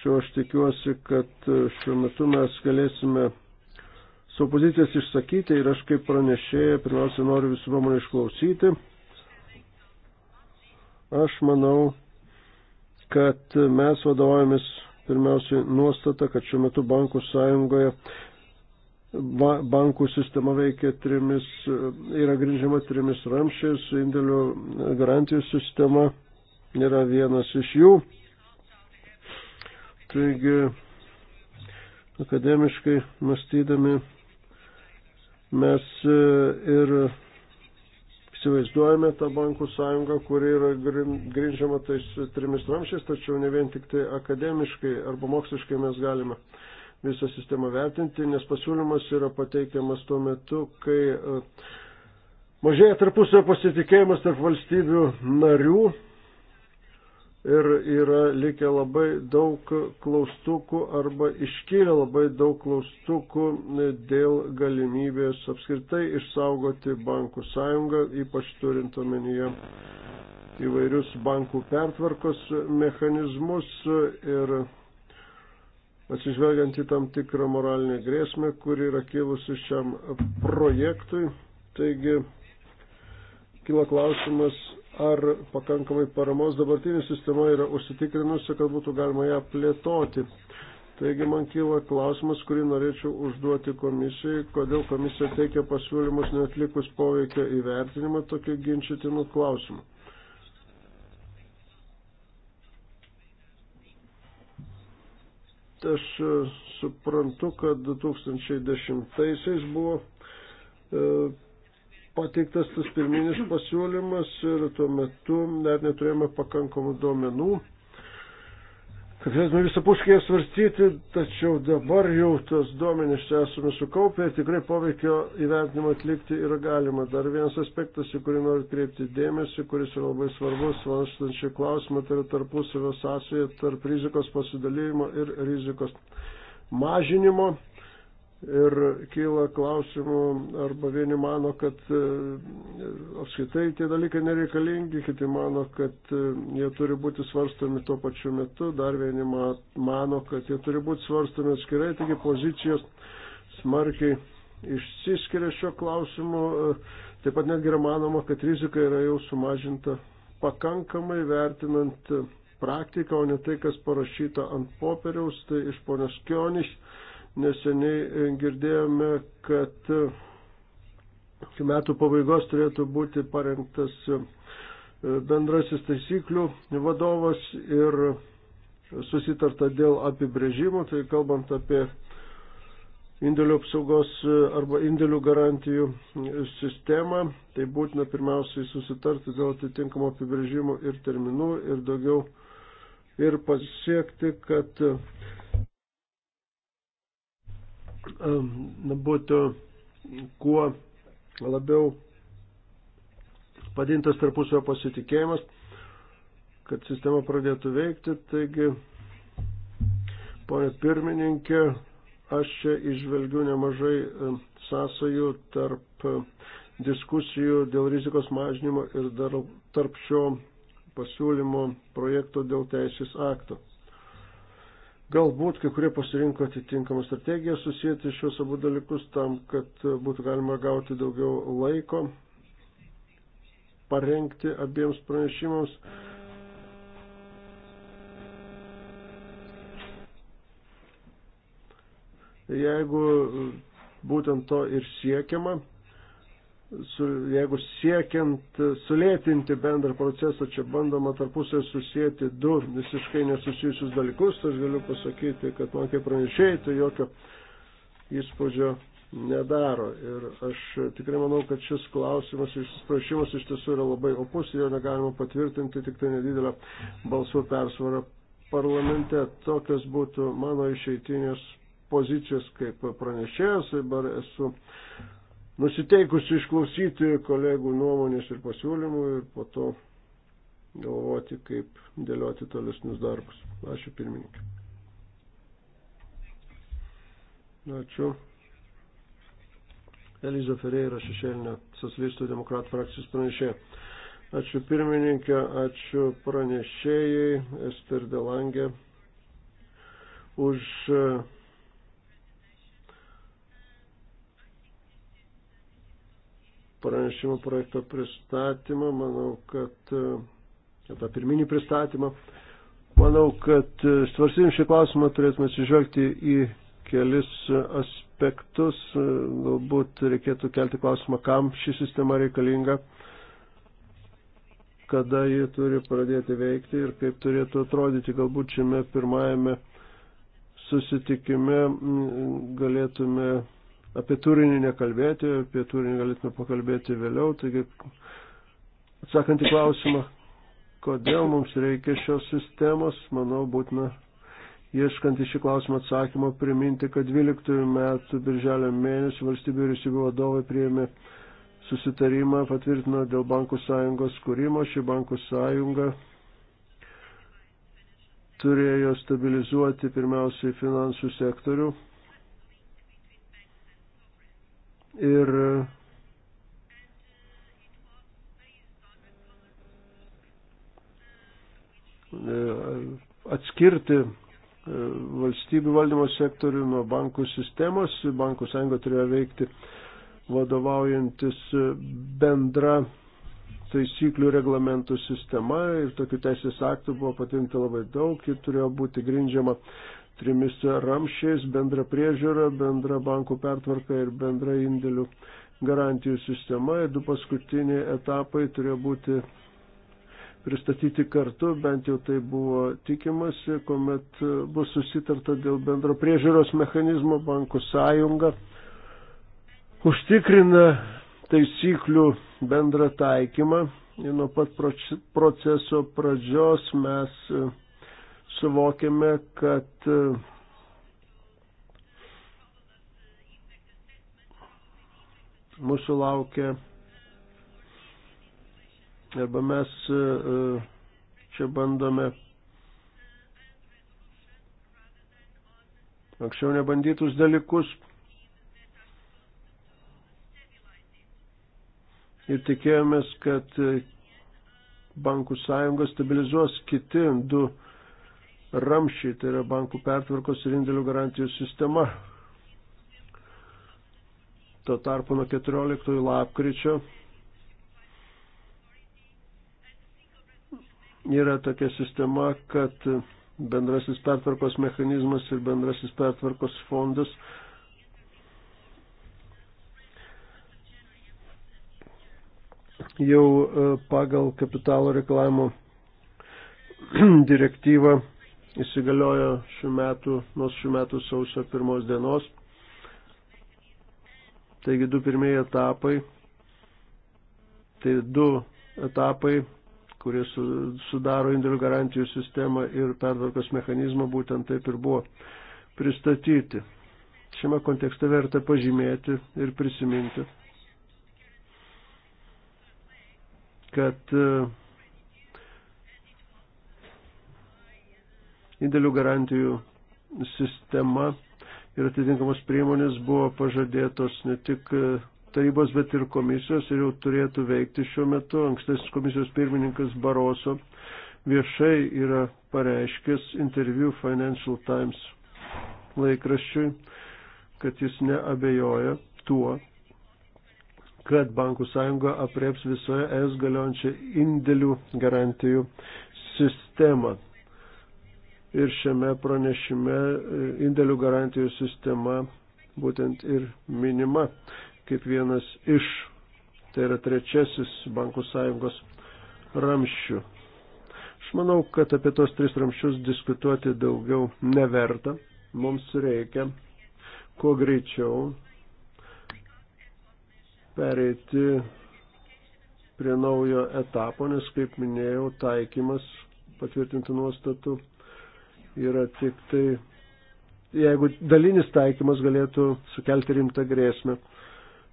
Šiuo aš tikiuosi, kad šiuo metu mes galėsime savo pozicijas išsakyti ir aš kaip pranešėja pirmiausia noriu visų nuomonę išklausyti. Aš manau, kad mes vadovaujamės pirmiausiai nuostata, kad šiuo metu bankų sąjungoje bankų sistema veikia trimis, yra grindžiama trimis ramšiais, indėlių garantijų sistema yra vienas iš jų. Taigi, akademiškai mąstydami mes e, ir įsivaizduojame tą bankų sąjungą, kuri yra grindžiama tais trimis ramšiais, tačiau ne vien tik tai akademiškai arba moksliškai mes galime visą sistemą vertinti, nes pasiūlymas yra pateikiamas tuo metu, kai e, mažėja tarpusio pasitikėjimas tarp valstybių narių ir yra likę labai daug klaustukų arba iškėlė labai daug klaustukų dėl galimybės apskritai išsaugoti bankų sąjungą, ypač turint omenyje įvairius bankų pertvarkos mechanizmus ir atsižvelgiant į tam tikrą moralinę grėsmę, kuri yra kilusi šiam projektui. Taigi, kila klausimas, ar pakankamai paramos dabartinė sistema yra užsitikrinusi, kad būtų galima ją plėtoti. Taigi man kyla klausimas, kurį norėčiau užduoti komisijai, kodėl komisija teikia pasiūlymus netlikus poveikio įvertinimą tokiu ginčytinu klausimu. Aš suprantu, kad 2010-aisiais buvo e, pateiktas tas pirminis pasiūlymas ir tuo metu dar neturėjome pakankamų duomenų kad galėtume visapuškai svarstyti, tačiau dabar jau tos duomenys čia esame sukaupę ir tikrai poveikio įvertinimą atlikti yra galima. Dar vienas aspektas, į kurį noriu kreipti dėmesį, kuris yra labai svarbus, svarstant šį klausimą, tai yra tarpusavio sąsaja tarp rizikos pasidalymo ir rizikos mažinimo. Ir kyla klausimų, arba vieni mano, kad e, apskaitai tie dalykai nereikalingi, kiti mano, kad e, jie turi būti svarstomi tuo pačiu metu, dar vieni mano, kad jie turi būti svarstomi atskirai, taigi pozicijos smarkiai išsiskiria šio klausimu. E, taip pat netgi yra manoma, kad rizika yra jau sumažinta pakankamai vertinant praktiką, o ne tai, kas parašyta ant popieriaus, tai iš ponios Kioniš Neseniai e, girdėjome, kad e, iki metų pabaigos turėtų būti parengtas e, bendrasis taisyklių vadovas ir susitarta dėl apibrėžimų, tai kalbant apie indėlių apsaugos arba indėlių garantijų sistemą, tai būtina pirmiausiai susitarti dėl atitinkamo apibrėžimų ir terminų ir daugiau ir pasiekti, kad Ehm, būtų kuo labiau padintas tarpusio pasitikėjimas, kad sistema pradėtų veikti. Taigi, ponė pirmininkė, aš čia išvelgiu nemažai ehm, sąsajų tarp ehm, diskusijų dėl rizikos mažinimo ir dar tarp šio pasiūlymo projekto dėl teisės akto. Galbūt kai kurie pasirinko atitinkamą strategiją susijęti šios abu dalykus tam, kad būtų galima gauti daugiau laiko parengti abiems pranešimams. Jeigu būtent to ir siekiama, su, jeigu siekiant sulėtinti bendrą procesą, čia bandoma tarpusai susijęti du visiškai nesusijusius dalykus, aš galiu pasakyti, kad man kaip pranešėjai tai jokio įspūdžio nedaro. Ir aš tikrai manau, kad šis klausimas, šis prašymas iš tiesų yra labai opus, jo negalima patvirtinti tik tai nedidelę balsų persvarą parlamente. Tokios būtų mano išeitinės pozicijos kaip pranešėjas, dabar esu nusiteikusi išklausyti kolegų nuomonės ir pasiūlymų ir po to galvoti, kaip dėlioti tolesnius darbus. Ačiū pirmininkai. Ačiū. Eliza Ferreira, šešėlinė socialistų demokratų frakcijos pranešė. Ačiū pirmininkė, ačiū pranešėjai Ester Delangė už uh, pranešimo projekto pristatymą, manau, kad e, tą pirminį pristatymą. Manau, kad e, svarstydim šį klausimą turėtume atsižvelgti į kelis aspektus. E, galbūt reikėtų kelti klausimą, kam ši sistema reikalinga, kada ji turi pradėti veikti ir kaip turėtų atrodyti. Galbūt šiame pirmajame susitikime galėtume apie turinį nekalbėti, apie turinį galėtume pakalbėti vėliau. Taigi, atsakant į klausimą, kodėl mums reikia šios sistemos, manau, būtina ieškant iš šį klausimą atsakymą priminti, kad 12 metų birželio mėnesį valstybių ir įsigų vadovai priėmė susitarimą, patvirtino dėl bankų sąjungos kūrimo. Ši bankų sąjunga turėjo stabilizuoti pirmiausiai finansų sektorių ir atskirti e, valstybių valdymo sektorių nuo bankų sistemos. Bankų sąjunga turėjo veikti vadovaujantis bendra taisyklių reglamentų sistema ir tokių teisės aktų buvo patinti labai daug ir turėjo būti grindžiama trimis ramšiais - bendra priežiūra, bendra bankų pertvarka ir bendra indėlių garantijų sistema. Ir du paskutiniai etapai turėjo būti pristatyti kartu, bent jau tai buvo tikimasi, kuomet bus susitarta dėl bendro priežiūros mechanizmo bankų sąjunga. Užtikrina taisyklių bendrą taikymą ir nuo pat proceso pradžios mes suvokiame, kad e, mūsų laukia arba mes e, e, čia bandome anksčiau nebandytus dalykus ir tikėjomės, kad bankų sąjungos stabilizuos kiti du ramšiai, tai yra bankų pertvarkos ir indėlių garantijų sistema. Tuo tarpu nuo 14 lapkričio yra tokia sistema, kad bendrasis pertvarkos mechanizmas ir bendrasis pertvarkos fondas jau e, pagal kapitalo reklamų direktyvą įsigaliojo šių metų, nuo šių metų sausio pirmos dienos. Taigi du pirmieji etapai, tai du etapai, kurie sudaro indėlių garantijų sistemą ir pertvarkos mechanizmą, būtent taip ir buvo pristatyti. Šiame kontekste verta pažymėti ir prisiminti, kad uh, indėlių garantijų sistema ir atitinkamos priemonės buvo pažadėtos ne tik e, tarybos, bet ir komisijos ir jau turėtų veikti šiuo metu. Ankstesnis komisijos pirmininkas Baroso viešai yra pareiškęs interviu Financial Times laikraščiui, kad jis neabejoja tuo, kad bankų sąjunga aprieps visoje es galiojančią indėlių garantijų sistemą ir šiame pranešime e, indėlių garantijų sistema būtent ir minima kaip vienas iš, tai yra trečiasis bankų sąjungos ramščių. Aš manau, kad apie tos tris ramščius diskutuoti daugiau neverta. Mums reikia kuo greičiau pereiti prie naujo etapo, nes, kaip minėjau, taikymas patvirtintų nuostatų yra tik tai, jeigu dalinis taikymas galėtų sukelti rimtą grėsmę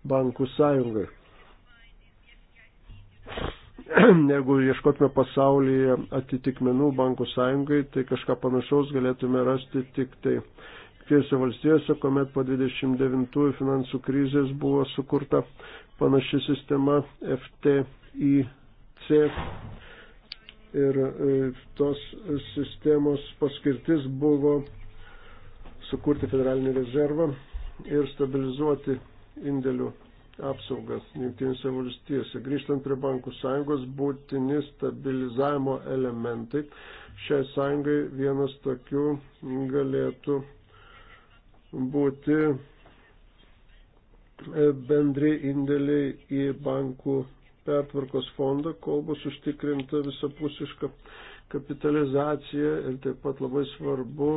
bankų sąjungai. Jeigu ieškotume pasaulyje atitikmenų bankų sąjungai, tai kažką panašaus galėtume rasti tik tai Jungtinėse valstijose, kuomet po 29 finansų krizės buvo sukurta panaši sistema FTIC ir e, tos sistemos paskirtis buvo sukurti federalinį rezervą ir stabilizuoti indėlių apsaugą Junktinėse valstijose. Grįžtant prie bankų sąjungos, būtini stabilizavimo elementai. Šiai sąjungai vienas tokių galėtų būti e, bendri indėliai į bankų pertvarkos fondą, kol bus užtikrinta visapusiška kapitalizacija ir taip pat labai svarbu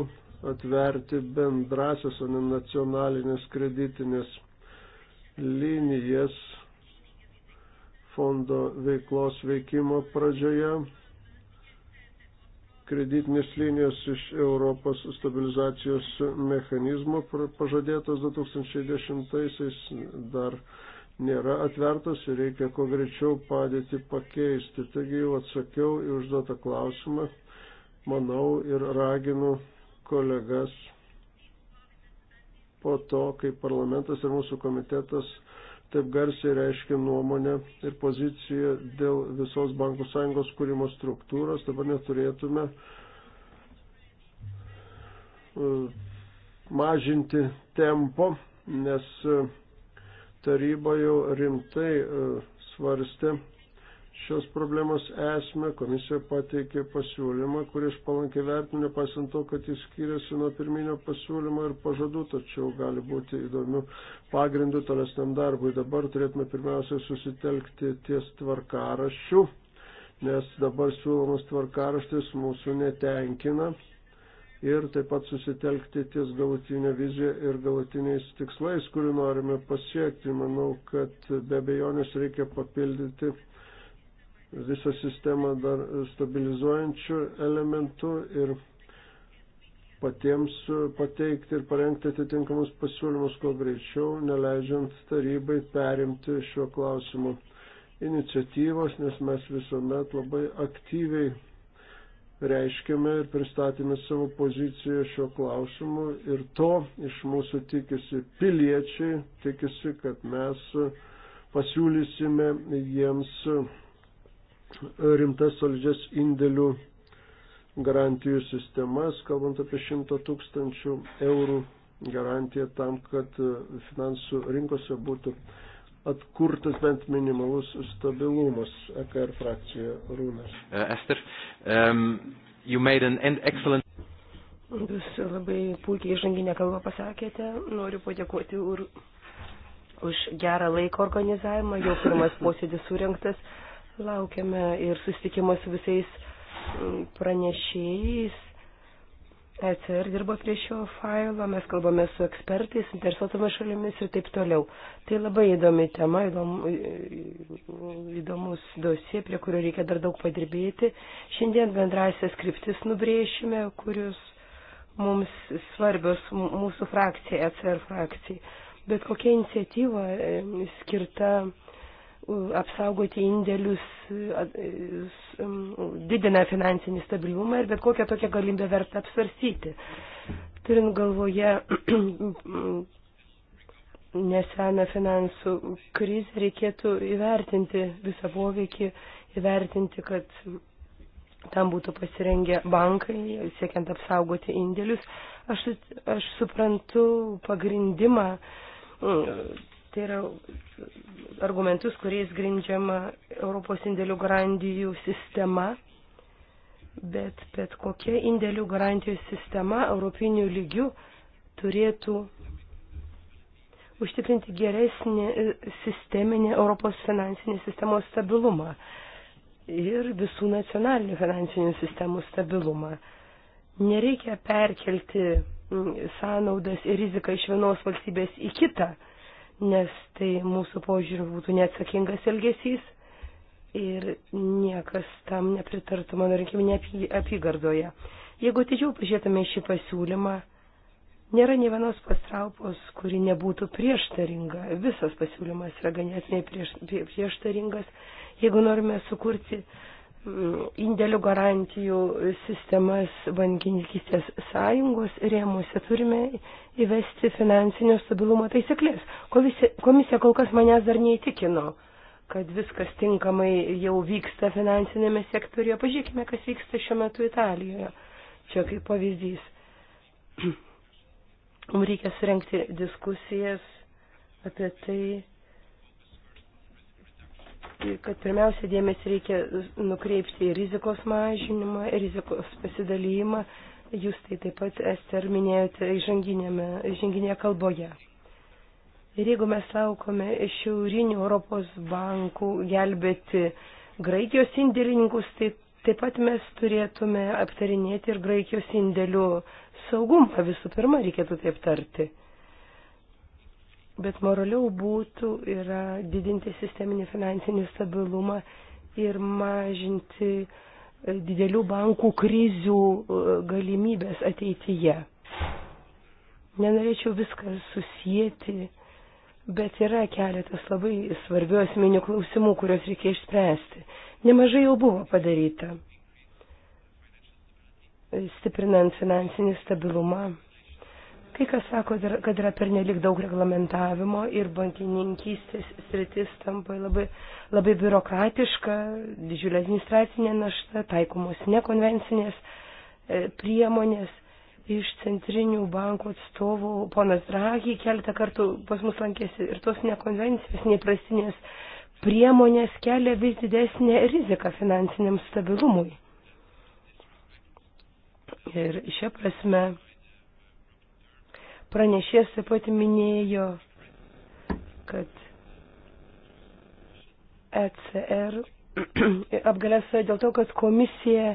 atverti bendrasias, o ne nacionalinės kreditinės linijas fondo veiklos veikimo pradžioje. Kreditinės linijos iš Europos stabilizacijos mechanizmo pažadėtos 2010-aisiais dar nėra atvertas ir reikia kuo greičiau padėti pakeisti. Taigi jau atsakiau į užduotą klausimą, manau ir raginu kolegas po to, kai parlamentas ir mūsų komitetas taip garsiai reiškia nuomonę ir poziciją dėl visos bankų sąjungos kūrimo struktūros, dabar neturėtume e, mažinti tempo, nes e, taryba jau rimtai e, svarstė šios problemos esmę, komisija pateikė pasiūlymą, kurį aš palankiai vertinu, nepasiant to, kad jis skiriasi nuo pirminio pasiūlymo ir pažadų, tačiau gali būti įdomių pagrindų tolesniam darbui. Dabar turėtume pirmiausiai susitelkti ties tvarkaraščių, nes dabar siūlomas tvarkaraštis mūsų netenkina ir taip pat susitelkti ties galutinė vizija ir galutiniais tikslais, kurių norime pasiekti. Manau, kad be abejonės reikia papildyti visą sistemą dar stabilizuojančių elementų ir patiems pateikti ir parengti atitinkamus pasiūlymus kuo greičiau, neleidžiant tarybai perimti šiuo klausimu iniciatyvos, nes mes visuomet labai aktyviai reiškiame ir pristatėme savo poziciją šio klausimu ir to iš mūsų tikisi piliečiai, tikisi, kad mes pasiūlysime jiems rimtas solidžias indėlių garantijų sistemas, kalbant apie 100 tūkstančių eurų garantiją tam, kad finansų rinkose būtų atkurtas bent minimalus stabilumas EKR frakcijoje Rūnas. Uh, Ester, um, you made an excellent. Jūs labai puikiai žanginę kalbą pasakėte. Noriu padėkoti ur, už gerą laiko organizavimą. Jau pirmas posėdis surinktas. Laukiame ir susitikimo su visais mm, pranešėjais ECR dirbo prie šio failo, mes kalbame su ekspertais, interesuotomis šalimis ir taip toliau. Tai labai įdomi tema, įdomu, įdomus dosie, prie kurio reikia dar daug padirbėti. Šiandien bendrasias kryptis nubrėšime, kurius mums svarbios mūsų frakcija, ECR frakcija. Bet kokia iniciatyva e, skirta apsaugoti indėlius, didina finansinį stabilumą ir bet kokią tokią galimybę verta apsvarstyti. Turint galvoje neseną finansų krizę, reikėtų įvertinti visą poveikį, įvertinti, kad tam būtų pasirengę bankai, siekiant apsaugoti indėlius. Aš, aš suprantu pagrindimą Tai yra argumentus, kuriais grindžiama Europos indėlių garantijų sistema, bet, bet kokia indėlių garantijų sistema europinių lygių turėtų užtikrinti geresnį e, sisteminį Europos finansinės sistemos stabilumą ir visų nacionalinių finansinių sistemų stabilumą. Nereikia perkelti sąnaudas ir riziką iš vienos valstybės į kitą nes tai mūsų požiūriu būtų neatsakingas elgesys ir niekas tam nepritartų mano rinkiminė apygardoje. Jeigu atidžiau pažiūrėtume šį pasiūlymą, nėra nei vienos pastraupos, kuri nebūtų prieštaringa. Visas pasiūlymas yra ganėtinai prieš, prieštaringas. Jeigu norime sukurti indėlių garantijų sistemas bankininkistės sąjungos rėmuose turime įvesti finansinio stabilumo taisyklės. Komisija kol kas manęs dar neįtikino, kad viskas tinkamai jau vyksta finansinėme sektoriuje. Pažiūrėkime, kas vyksta šiuo metu Italijoje. Čia kaip pavyzdys. Mums reikia surenkti diskusijas apie tai, kad pirmiausia dėmesį reikia nukreipti į rizikos mažinimą, rizikos pasidalymą. Jūs tai taip pat, Ester, minėjote įžanginėje kalboje. Ir jeigu mes laukome šiaurinių Europos bankų gelbėti Graikijos indėlininkus, tai taip pat mes turėtume aptarinėti ir Graikijos indėlių saugumą. Visų pirma, reikėtų tai aptarti bet moraliau būtų yra didinti sisteminį finansinį stabilumą ir mažinti e, didelių bankų krizių e, galimybės ateityje. Nenorėčiau viską susijęti, bet yra keletas labai svarbių asmenių klausimų, kuriuos reikia išspręsti. Nemažai jau buvo padaryta, e, stiprinant finansinį stabilumą Kai kas sako, kad yra pernelik daug reglamentavimo ir bankininkystės sritis tampa labai, labai biurokratiška, didžiulė administracinė našta, taikomos nekonvencinės e, priemonės iš centrinių bankų atstovų. Ponas Dragi keletą kartų pas mus lankėsi ir tos nekonvencijos, neprastinės priemonės kelia vis didesnę riziką finansiniam stabilumui. Ir šia prasme Pranešės taip pat minėjo, kad ECR apgalėsą dėl to, kad komisija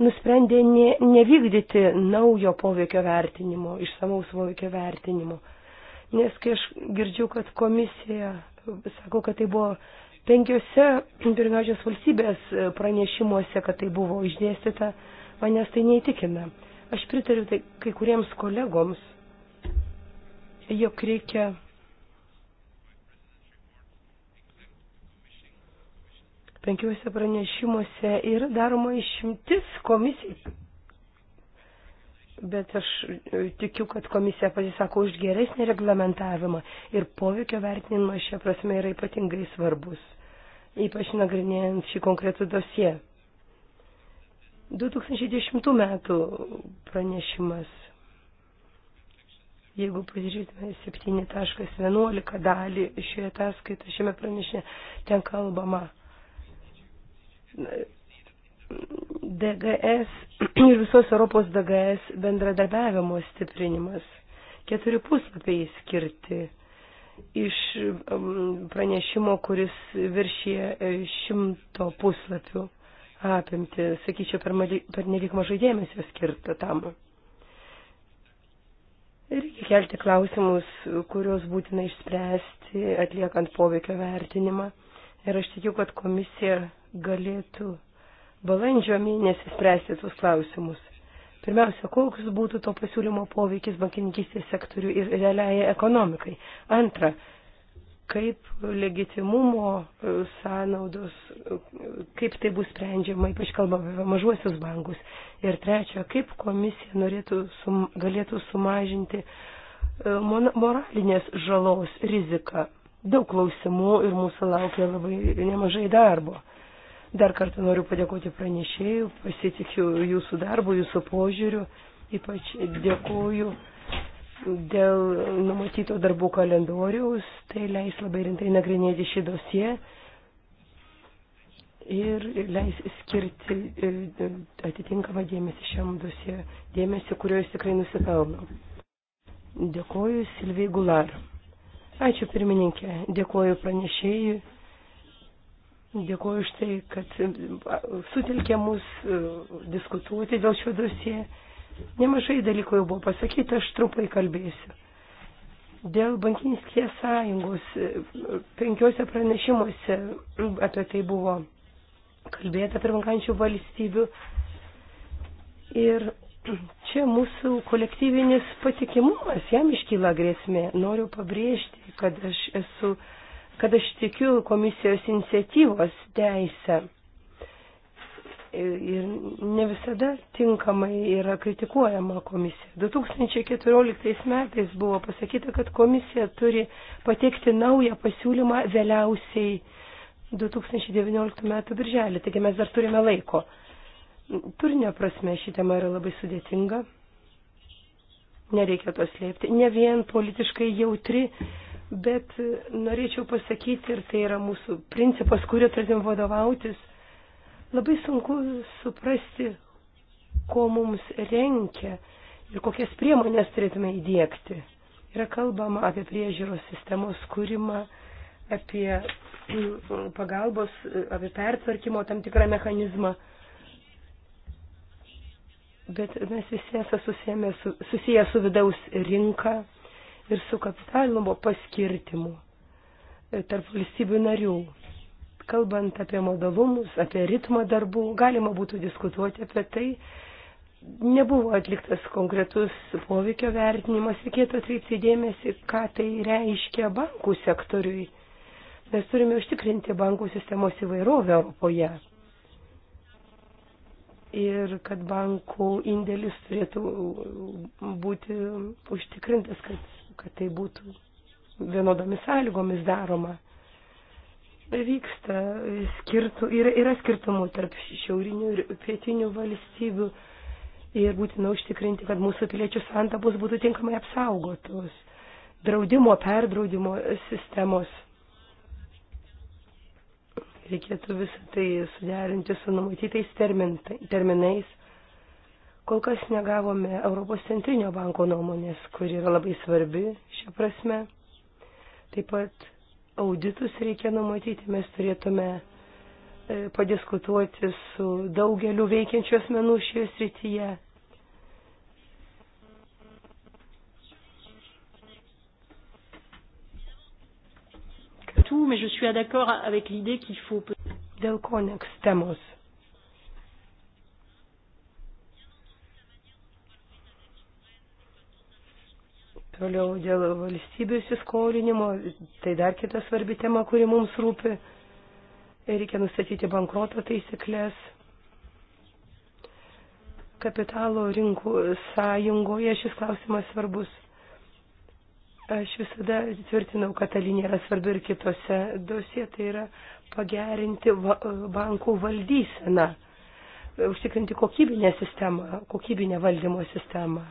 nusprendė ne, nevykdyti naujo poveikio vertinimo, išsamaus poveikio vertinimo. Nes kai aš girdžiu, kad komisija, sakau, kad tai buvo penkiose pirmiausios valstybės pranešimuose, kad tai buvo išdėstyta, manęs tai neįtikina. Aš pritariu tai kai kuriems kolegoms, jog reikia penkiuose pranešimuose yra daroma išimtis komisijai. Bet aš e, tikiu, kad komisija pasisako už geresnį reglamentavimą ir poveikio vertinimas šią prasme yra ypatingai svarbus, ypač nagrinėjant šį konkretų dosiją. 2010 metų pranešimas Jeigu pasižiūrėtume 7.11 dalį šioje ataskaitoje, šiame pranešime, ten kalbama DGS ir visos Europos DGS bendradarbiavimo stiprinimas. Keturi puslapiai skirti iš um, pranešimo, kuris viršė e, šimto puslapių apimti, sakyčiau, per, per nelik mažai dėmesio skirta tam. Reikia kelti klausimus, kuriuos būtina išspręsti, atliekant poveikio vertinimą. Ir aš tikiu, kad komisija galėtų balandžio mėnesį spręsti tuos klausimus. Pirmiausia, koks būtų to pasiūlymo poveikis bankininkystės sektoriui ir realiai ekonomikai. Antra, kaip legitimumo e, sąnaudos, e, kaip tai bus sprendžiama, ypač kalbame apie mažuosius bankus. Ir trečia, kaip komisija norėtų, sum, galėtų sumažinti e, moralinės žalos riziką. Daug klausimų ir mūsų laukia labai nemažai darbo. Dar kartą noriu padėkoti pranešėjų, pasitikiu jūsų darbu, jūsų požiūriu, ypač dėkoju dėl numatyto darbų kalendoriaus, tai leis labai rimtai nagrinėti šį dosiją ir leis skirti e, e, atitinkamą dėmesį šiam dosie, dėmesį, kurio jis tikrai nusipelno. Dėkoju Silvijai Gular. Ačiū pirmininkė, dėkoju pranešėjui, dėkoju už tai, kad e, sutelkė mus diskutuoti dėl šio dosie. Nemažai dalykų jau buvo pasakyta, aš trupai kalbėsiu. Dėl bankinskės sąjungos e, penkiuose pranešimuose apie tai buvo kalbėta pirmankančių valstybių. Ir čia mūsų kolektyvinis patikimumas, jam iškyla grėsmė. Noriu pabrėžti, kad aš esu, kad aš tikiu komisijos iniciatyvos teisę ir ne visada tinkamai yra kritikuojama komisija. 2014 metais buvo pasakyta, kad komisija turi pateikti naują pasiūlymą vėliausiai 2019 metų birželį, taigi mes dar turime laiko. Turinio prasme ši tema yra labai sudėtinga, nereikia to slėpti, ne vien politiškai jautri, bet norėčiau pasakyti, ir tai yra mūsų principas, kuriuo turėtum vadovautis Labai sunku suprasti, ko mums renkia ir kokias priemonės turėtume įdėkti. Yra kalbama apie priežiūros sistemos kūrimą, apie pagalbos, apie pertvarkymo tam tikrą mechanizmą. Bet mes visi esame su, susiję su vidaus rinka ir su kapitalimo paskirtimu e, tarp valstybių narių. Kalbant apie modalumus, apie ritmą darbų, galima būtų diskutuoti apie tai. Nebuvo atliktas konkretus poveikio vertinimas, reikėtų atkreipti dėmesį, ką tai reiškia bankų sektoriui. Mes turime užtikrinti bankų sistemos įvairovę Europoje. Ir kad bankų indėlis turėtų būti užtikrintas, kad, kad tai būtų vienodomis sąlygomis daroma vyksta skirtų, yra, yra skirtumų tarp šiaurinių ir pietinių valstybių ir būtina užtikrinti, kad mūsų piliečių santapus būtų tinkamai apsaugotos draudimo, perdraudimo sistemos. Reikėtų visą tai suderinti su numatytais terminais. Kol kas negavome Europos centrinio banko nuomonės, kuri yra labai svarbi šią prasme. Taip pat auditus reikia numatyti, mes turėtume e, padiskutuoti su daugeliu veikiančių asmenų šioje srityje. Dėl koneks temos. Toliau dėl valstybių įsiskolinimo, tai dar kita svarbi tema, kuri mums rūpi. Reikia nustatyti bankroto taisyklės. Kapitalo rinkų sąjungoje šis klausimas svarbus. Aš visada tvirtinau, kad ta linija yra svarbi ir kitose dosie, tai yra pagerinti va, bankų valdyseną, užtikrinti kokybinę sistemą, kokybinę valdymo sistemą.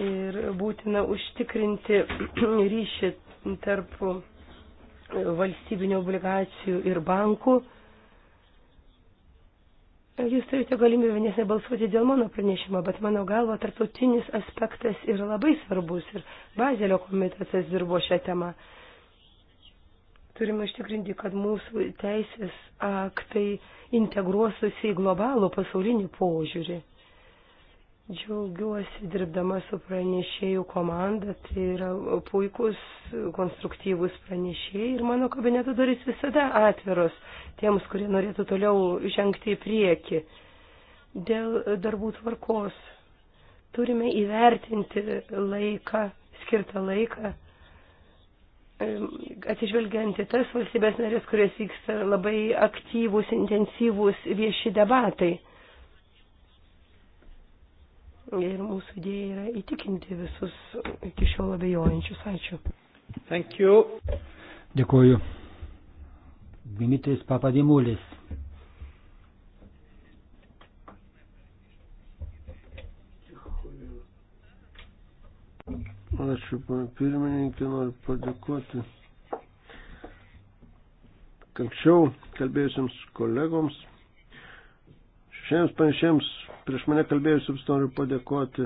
ir būtina užtikrinti ryšį tarp valstybinio obligacijų ir bankų. Jūs turite galimybę nesebalsuoti dėl mano pranešimo, bet mano galvo tarptautinis aspektas yra labai svarbus ir Bazelio komitetas dirbo šią temą. Turime ištikrinti, kad mūsų teisės aktai integruosusi į globalų pasaulinį požiūrį. Džiaugiuosi dirbdama su pranešėjų komanda, tai yra puikus, konstruktyvus pranešėjai ir mano kabineto duris visada atviros tiems, kurie norėtų toliau žengti į priekį. Dėl darbų tvarkos turime įvertinti laiką, skirtą laiką, atsižvelgiant į tas valstybės narės, kurios vyksta labai aktyvūs, intensyvūs vieši debatai Ir mūsų idėja yra įtikinti visus iki šiol abejojančius. Ačiū. Thank you. Dėkuoju. Dimitris Papadimulis. Ačiū, pana pirmininkė, noriu padėkoti. Anksčiau kalbėjusiems kolegoms, šiems panešiems Prieš mane kalbėjusiams noriu padėkoti.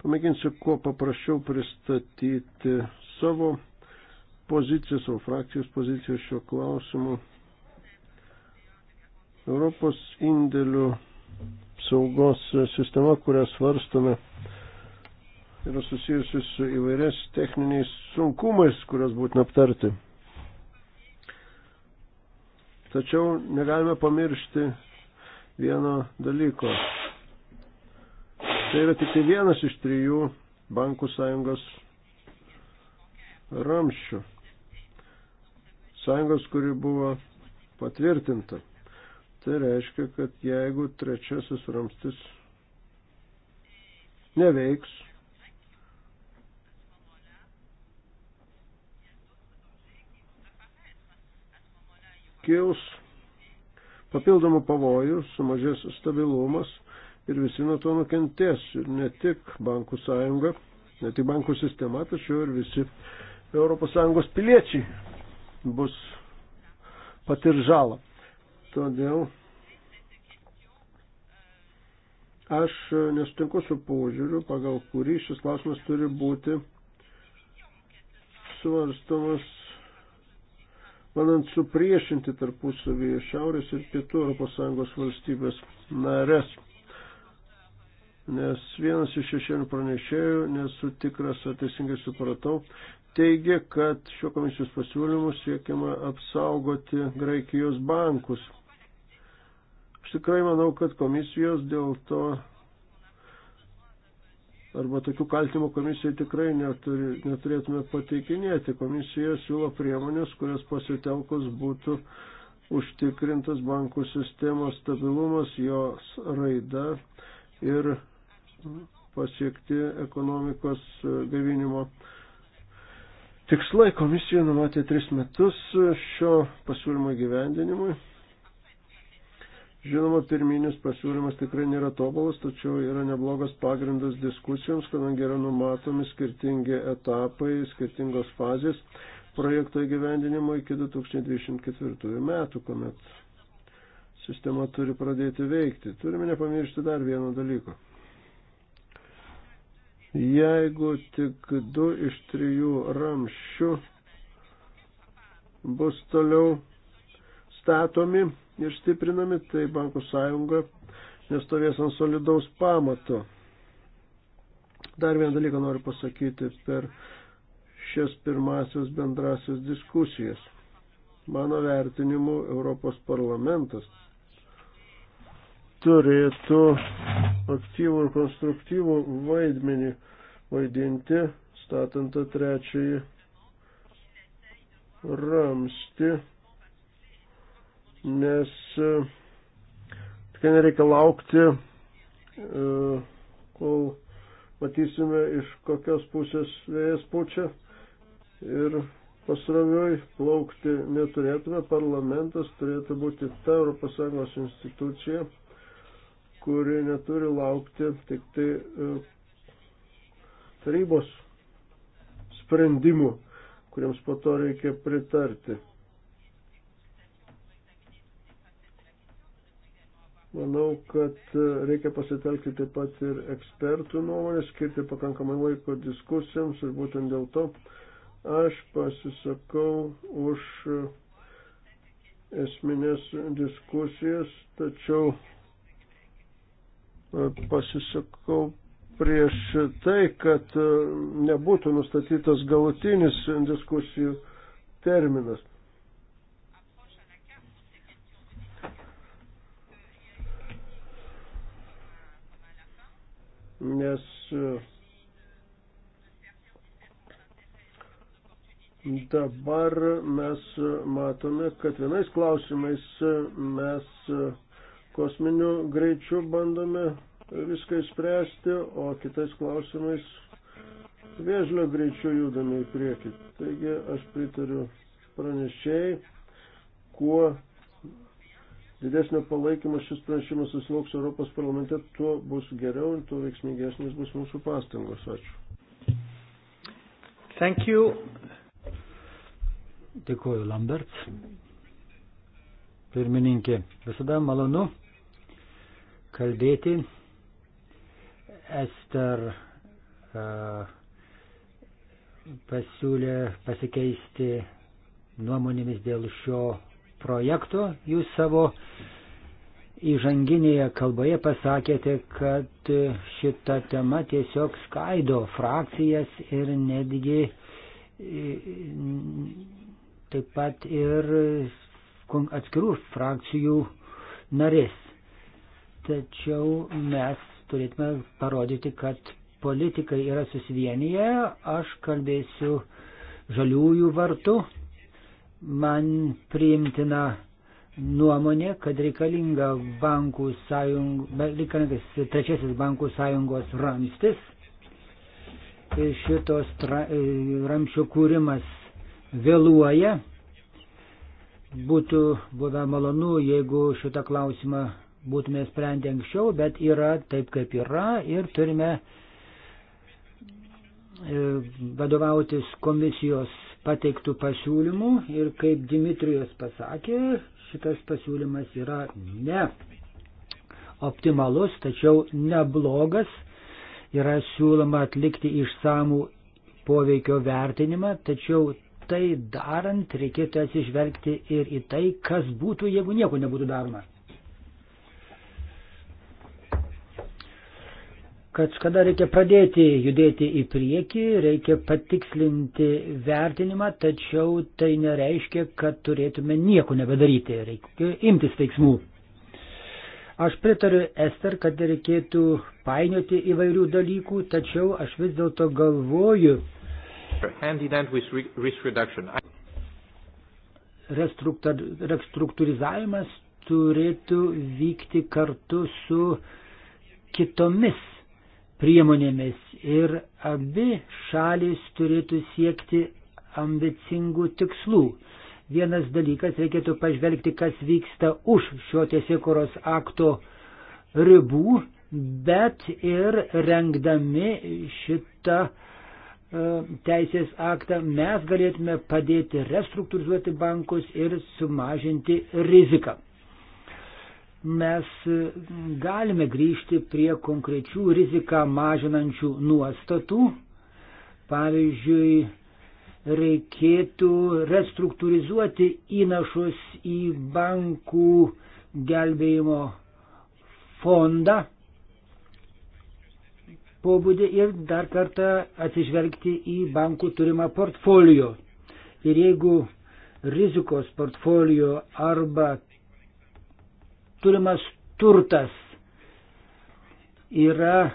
Pamėginsiu kuo paprasčiau pristatyti savo poziciją, savo frakcijos poziciją šiuo klausimu. Europos indėlių saugos sistema, kurią svarstame, yra susijusi su įvairiais techniniais sunkumais, kurias būtina aptarti. Tačiau negalime pamiršti vieno dalyko. Tai yra tik tai vienas iš trijų bankų sąjungos ramščių. Sąjungos, kuri buvo patvirtinta. Tai reiškia, kad jeigu trečiasis ramstis neveiks, kils papildomų pavojų, sumažės stabilumas ir visi nuo to nukentės. Ir ne tik bankų sąjunga, ne tik bankų sistema, tačiau ir visi ES piliečiai bus patir žalą. Todėl aš nesutinku su požiūriu, pagal kurį šis klausimas turi būti svarstomas bandant supriešinti tarpusavyje Šiaurės ir Pietų ES valstybės nares. Nes vienas iš šešėlių pranešėjų, nesu tikras, ar teisingai supratau, teigia, kad šio komisijos pasiūlymų siekiama apsaugoti Graikijos bankus. Aš tikrai manau, kad komisijos dėl to arba tokių kaltimų komisijai tikrai neturi, neturėtume pateikinėti. Komisija siūlo priemonės, kurias pasitelkus būtų užtikrintas bankų sistemos stabilumas, jos raida ir pasiekti ekonomikos gavinimo tikslai. Komisija numatė tris metus šio pasiūlymo gyvendinimui. Žinoma, pirminis pasiūlymas tikrai nėra tobulas, tačiau yra neblogas pagrindas diskusijoms, kadangi yra numatomi skirtingi etapai, skirtingos fazės projekto įgyvendinimo iki 2024 metų, kuomet sistema turi pradėti veikti. Turime nepamiršti dar vieno dalyko. Jeigu tik du iš trijų ramščių bus toliau statomi, ir stiprinami, tai bankų sąjunga nestovės ant solidaus pamato. Dar vieną dalyką noriu pasakyti per šias pirmasias bendrasias diskusijas. Mano vertinimu, Europos parlamentas turėtų aktyvų ir konstruktyvų vaidmenį vaidinti, statant tą trečiąjį ramsti nes e, tikrai nereikia laukti, e, kol matysime iš kokios pusės vėjas pučia ir pasroviui plaukti neturėtume. Parlamentas turėtų būti ta ES institucija, kuri neturi laukti tik tai e, tarybos sprendimų, kuriems po to reikia pritarti. Manau, kad e, reikia pasitelkti taip pat ir ekspertų nuomonę, skirti pakankamai laiko diskusijoms ir būtent dėl to aš pasisakau už e, esminės diskusijas, tačiau e, pasisakau prieš tai, kad nebūtų nustatytas galutinis diskusijų terminas. nes e, dabar mes matome, kad vienais klausimais mes e, kosminiu greičiu bandome viską įspręsti, o kitais klausimais vėžlio greičiu judame į priekį. Taigi aš pritariu pranešėjai, kuo didesnio palaikymo šis pranešimas susilauks Europos parlamente, tuo bus geriau ir tuo veiksmingesnis bus mūsų pastangos. Ačiū. Thank you. Dėkuoju, Lambert. Pirmininkė, visada malonu kalbėti. Ester uh, pasiūlė pasikeisti nuomonėmis dėl šio projekto. Jūs savo įžanginėje kalboje pasakėte, kad šita tema tiesiog skaido frakcijas ir netgi taip pat ir atskirų frakcijų narės. Tačiau mes turėtume parodyti, kad politikai yra susivienyje, aš kalbėsiu žaliųjų vartų, man priimtina nuomonė, kad reikalinga bankų sąjung, reikalingas trečiasis bankų sąjungos ramstis. Ir šitos tra, e, ramščio kūrimas vėluoja. Būtų buvę malonu, jeigu šitą klausimą būtume sprendę anksčiau, bet yra taip, kaip yra ir turime e, vadovautis komisijos pateiktų pasiūlymų ir kaip Dimitrijos pasakė, šitas pasiūlymas yra ne optimalus, tačiau neblogas. Yra siūloma atlikti išsamų poveikio vertinimą, tačiau tai darant reikėtų atsižvelgti ir į tai, kas būtų, jeigu nieko nebūtų daroma. kad kada reikia pradėti judėti į priekį, reikia patikslinti vertinimą, tačiau tai nereiškia, kad turėtume nieko nebedaryti, reikia imtis veiksmų. Aš pritariu Ester, kad reikėtų painioti įvairių dalykų, tačiau aš vis dėlto galvoju. Restruktūrizavimas turėtų vykti kartu su kitomis priemonėmis ir abi šalis turėtų siekti ambicingų tikslų. Vienas dalykas, reikėtų pažvelgti, kas vyksta už šio tiesiekoros akto ribų, bet ir rengdami šitą e, teisės aktą mes galėtume padėti restruktūrizuoti bankus ir sumažinti riziką mes e, galime grįžti prie konkrečių riziką mažinančių nuostatų. Pavyzdžiui, reikėtų restruktūrizuoti įnašus į bankų gelbėjimo fondą pobūdį ir dar kartą atsižvelgti į bankų turimą portfolio. Ir jeigu rizikos portfolio arba turimas turtas yra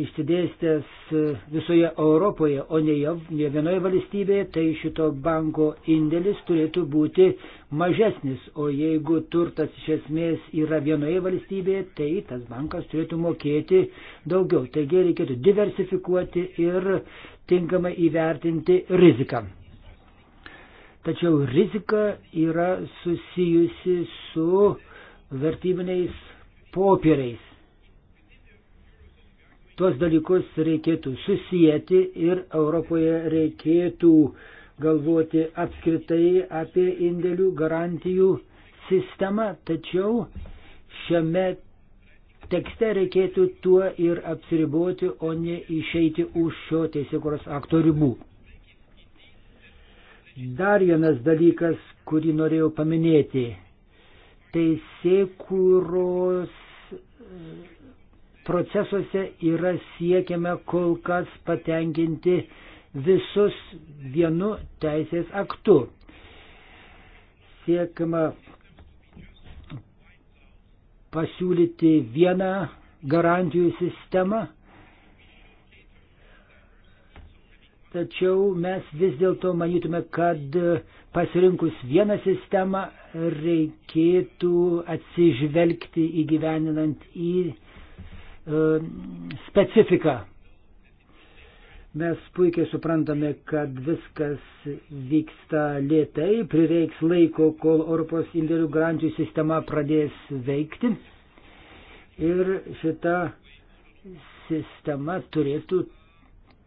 išsidėstęs visoje Europoje, o ne, jav, ne vienoje valstybėje, tai šito banko indėlis turėtų būti mažesnis. O jeigu turtas iš esmės yra vienoje valstybėje, tai tas bankas turėtų mokėti daugiau. Taigi reikėtų diversifikuoti ir tinkamai įvertinti riziką. Tačiau rizika yra susijusi su vertybiniais popieriais. Tuos dalykus reikėtų susijęti ir Europoje reikėtų galvoti apskritai apie indėlių garantijų sistemą, tačiau šiame tekste reikėtų tuo ir apsiriboti, o ne išeiti už šio teisėkuros akto ribų. Dar vienas dalykas, kurį norėjau paminėti teisėkūros procesuose yra siekiama kol kas patenkinti visus vienu teisės aktu. Siekama pasiūlyti vieną garantijų sistemą, tačiau mes vis dėlto manytume, kad pasirinkus vieną sistemą reikėtų atsižvelgti įgyveninant į e, specifiką. Mes puikiai suprantame, kad viskas vyksta lėtai, prireiks laiko, kol Europos indėlių garantijų sistema pradės veikti. Ir šita sistema turėtų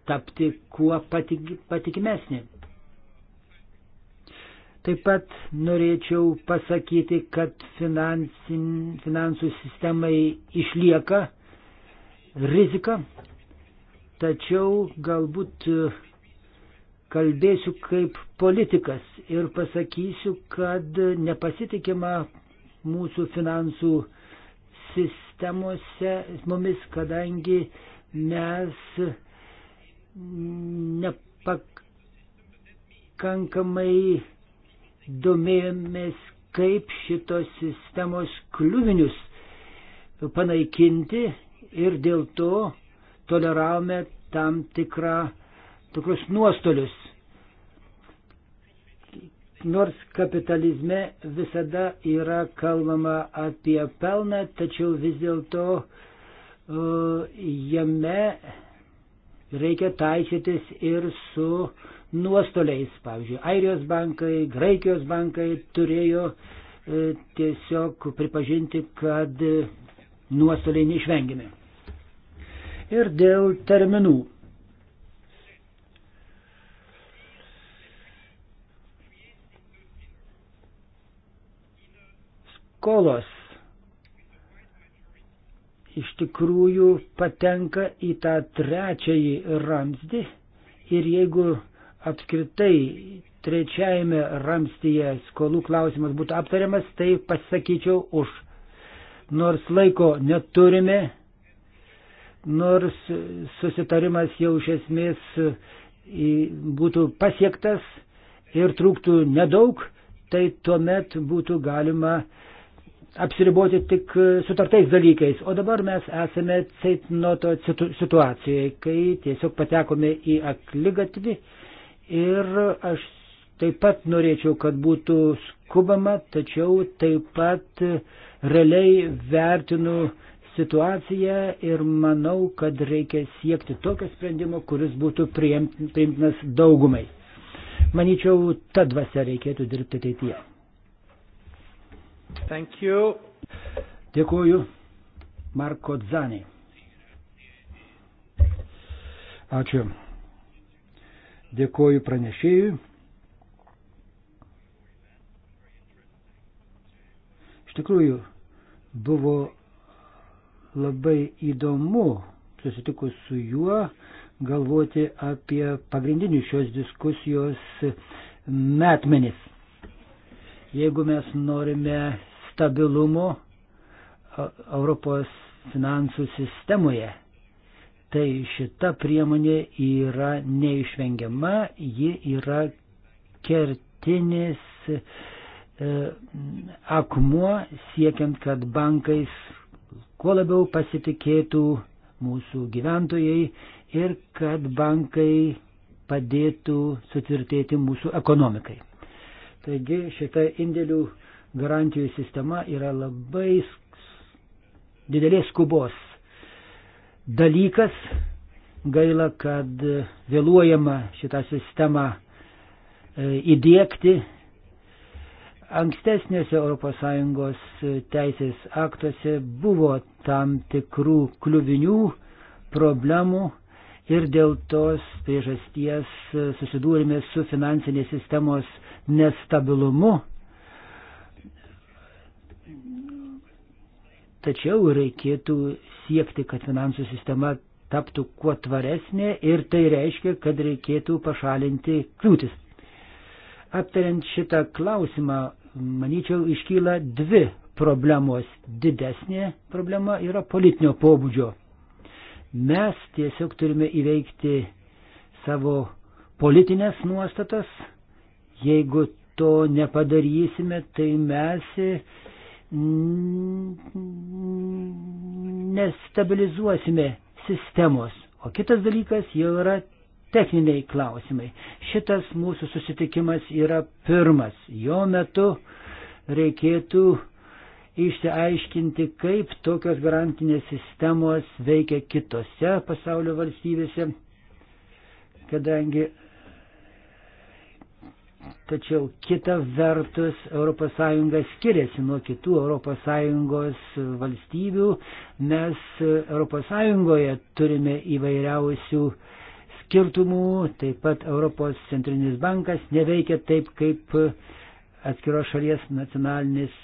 tapti kuo patik, patikimesnė. Taip pat norėčiau pasakyti, kad finansin, finansų sistemai išlieka rizika, tačiau galbūt kalbėsiu kaip politikas ir pasakysiu, kad nepasitikima mūsų finansų sistemose mumis, kadangi mes nepakankamai domėjomės, kaip šitos sistemos kliuvinius panaikinti ir dėl to toleravome tam tikrą, tikrus nuostolius. Nors kapitalizme visada yra kalbama apie pelną, tačiau vis dėlto uh, jame reikia taikytis ir su nuostoliais. Pavyzdžiui, Airijos bankai, Graikijos bankai turėjo e, tiesiog pripažinti, kad e, nuostoliai neišvengiami. Ir dėl terminų. Skolos iš tikrųjų patenka į tą trečiąjį ramsdį ir jeigu apskritai trečiajame ramstyje skolų klausimas būtų aptariamas, tai pasakyčiau už. Nors laiko neturime, nors susitarimas jau iš esmės e, būtų pasiektas ir trūktų nedaug, tai tuomet būtų galima apsiriboti tik sutartais dalykais. O dabar mes esame ceitnoto situacijoje, kai tiesiog patekome į akligatvį Ir aš taip pat norėčiau, kad būtų skubama, tačiau taip pat realiai vertinu situaciją ir manau, kad reikia siekti tokio sprendimo, kuris būtų priimtinas daugumai. Maničiau, ta dvasia reikėtų dirbti ateityje. Thank you. Dėkuoju. Marko Dzanį. Ačiū. Dėkoju pranešėjui. Iš tikrųjų, buvo labai įdomu susitikus su juo galvoti apie pagrindinius šios diskusijos metmenis. Jeigu mes norime stabilumo Europos finansų sistemoje, Tai šita priemonė yra neišvengiama, ji yra kertinis e, akmuo siekiant, kad bankais kuo labiau pasitikėtų mūsų gyventojai ir kad bankai padėtų sutvirtėti mūsų ekonomikai. Taigi šita indėlių garantijų sistema yra labai didelės skubos dalykas. Gaila, kad vėluojama šitą sistemą e, įdėkti. Ankstesnėse ES e, teisės aktuose buvo tam tikrų kliuvinių, problemų ir dėl tos priežasties e, susidūrėme su finansinės sistemos nestabilumu. Tačiau reikėtų siekti, kad finansų sistema taptų kuo tvaresnė ir tai reiškia, kad reikėtų pašalinti kliūtis. Aptariant šitą klausimą, manyčiau, iškyla dvi problemos. Didesnė problema yra politinio pobūdžio. Mes tiesiog turime įveikti savo politinės nuostatas. Jeigu to nepadarysime, tai mes nestabilizuosime sistemos. O kitas dalykas jau yra techniniai klausimai. Šitas mūsų susitikimas yra pirmas. Jo metu reikėtų išsiaiškinti, kaip tokios garantinės sistemos veikia kitose pasaulio valstybėse, kadangi Tačiau kita vertus ES skiriasi nuo kitų ES valstybių. Mes ES turime įvairiausių skirtumų, taip pat Europos centrinis bankas neveikia taip, kaip atskiros šalies nacionalinis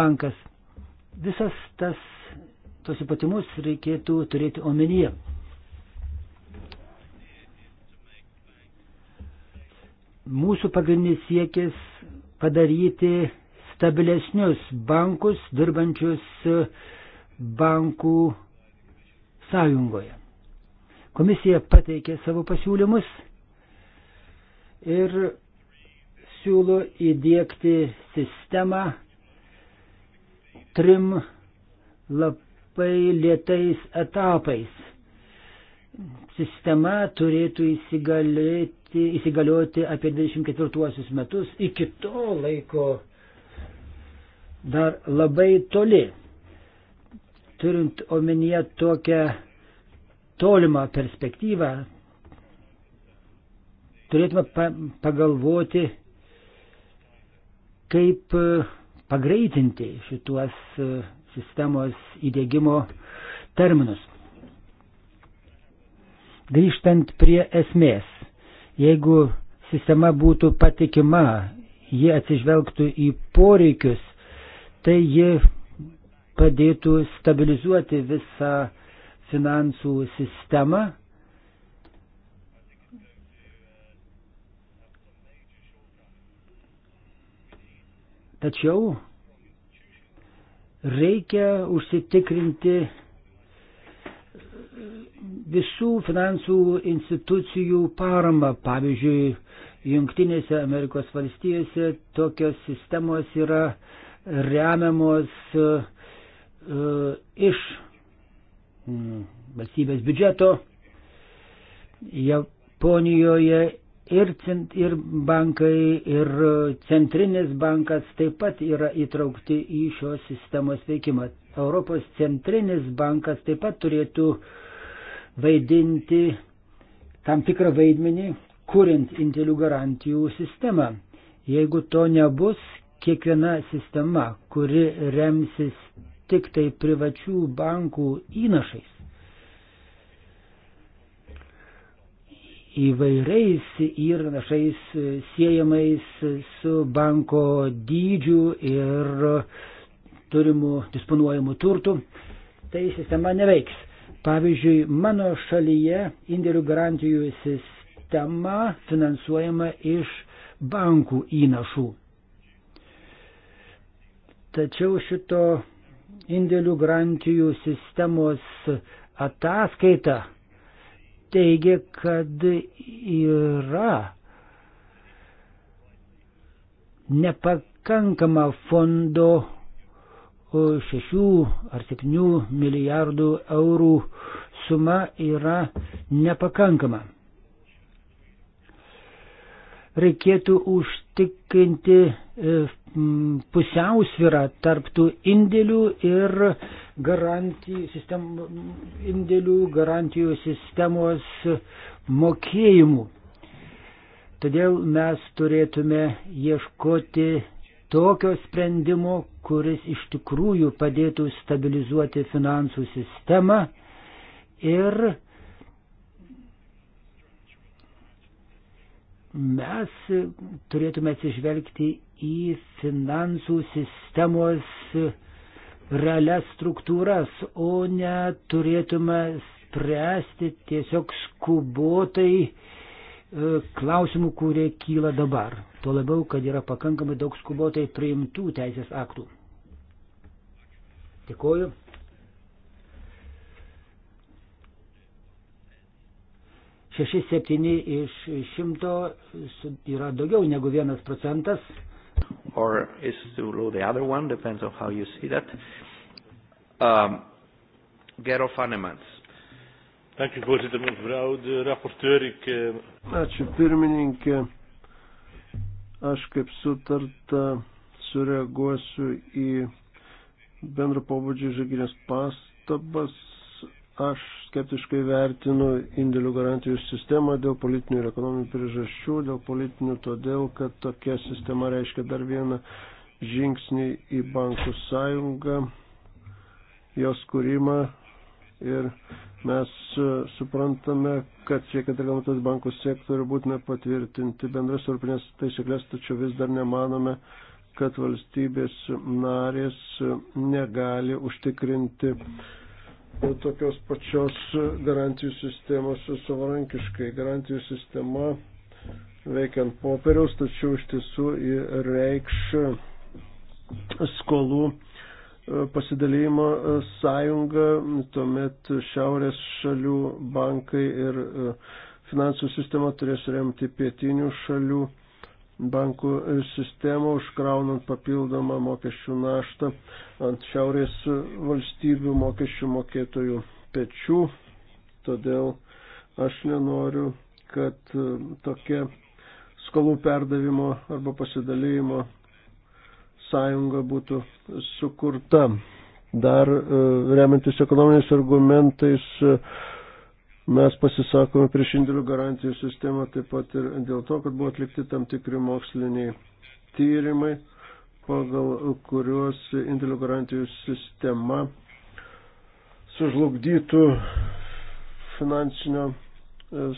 bankas. Visas tas, tos ypatumus reikėtų turėti omenyje. Mūsų pagrindinis siekis padaryti stabilesnius bankus, dirbančius bankų sąjungoje. Komisija pateikė savo pasiūlymus ir siūlo įdėkti sistemą trim labai lėtais etapais. Sistema turėtų įsigalėti įsigalioti apie 24 metus. Iki to laiko dar labai toli, turint omenyje tokią tolimą perspektyvą, turėtume pa pagalvoti, kaip e, pagreitinti šituos e, sistemos įdėgymo terminus. Grįžtant prie esmės, Jeigu sistema būtų patikima, ji atsižvelgtų į poreikius, tai ji padėtų stabilizuoti visą finansų sistemą. Tačiau reikia užsitikrinti visų finansų institucijų paramą. Pavyzdžiui, Junktinėse Amerikos valstijose tokios sistemos yra remiamos e, e, iš mm, valstybės biudžeto. Japonijoje ir, cent, ir bankai, ir centrinis bankas taip pat yra įtraukti į šios sistemos veikimą. Europos centrinis bankas taip pat turėtų uh, vaidinti tam tikrą vaidmenį, kuriant indėlių garantijų sistemą. Jeigu to nebus, kiekviena sistema, kuri remsis tik tai privačių bankų įnašais, įvairiais įrašais siejamais su banko dydžiu ir turimu disponuojamu turtu, tai sistema neveiks. Pavyzdžiui, mano šalyje indėlių garantijų sistema finansuojama iš bankų įnašų. Tačiau šito indėlių garantijų sistemos ataskaita teigia, kad yra nepakankama fondo 6 ar 7 milijardų eurų suma yra nepakankama. Reikėtų užtikrinti e, pusiausvyrą tarptų indėlių ir garantijų, sistem, indėlių garantijų sistemos mokėjimų. Todėl mes turėtume ieškoti tokio sprendimo, kuris iš tikrųjų padėtų stabilizuoti finansų sistemą ir mes turėtume atsižvelgti į finansų sistemos realias struktūras, o ne turėtume spręsti tiesiog skubotai e, klausimų, kurie kyla dabar. Tuo labiau, kad yra pakankamai daug skubotai priimtų teisės aktų. Dėkuoju. Šeši septyni iš šimto yra daugiau negu vienas procentas. Or is too low the other one, depends on how you see that. Um, Gero Fanemans. Dank u voorzitter, mevrouw de rapporteur. Ik, uh... Ačiū pirmininkė Aš kaip sutarta sureaguosiu į bendro pobūdžio žaginės pastabas. Aš skeptiškai vertinu indėlių garantijų sistemą dėl politinių ir ekonominių priežasčių, dėl politinių todėl, kad tokia sistema reiškia dar vieną žingsnį į bankų sąjungą, jos kūrimą ir mes e, suprantame, kad siekiant reglamentuoti bankų sektorių būtina patvirtinti bendras europinės taisyklės, tačiau vis dar nemanome, kad valstybės narės e, negali užtikrinti tokios pačios garantijų sistemos savarankiškai. Garantijų sistema veikiant popieriaus, tačiau iš tiesų reikš skolų pasidalymo e, sąjunga, tuomet šiaurės šalių bankai ir e, finansų sistema turės remti pietinių šalių bankų sistemą, užkraunant papildomą mokesčių naštą ant šiaurės valstybių mokesčių mokėtojų pečių. Todėl aš nenoriu, kad e, tokia skolų perdavimo arba pasidalymo sąjunga būtų sukurta. Dar e, remiantis ekonominiais argumentais e, mes pasisakome prieš indėlių garantijų sistemą taip pat ir dėl to, kad buvo atlikti tam tikri moksliniai tyrimai, pagal kuriuos indėlių garantijų sistema sužlugdytų finansinio e,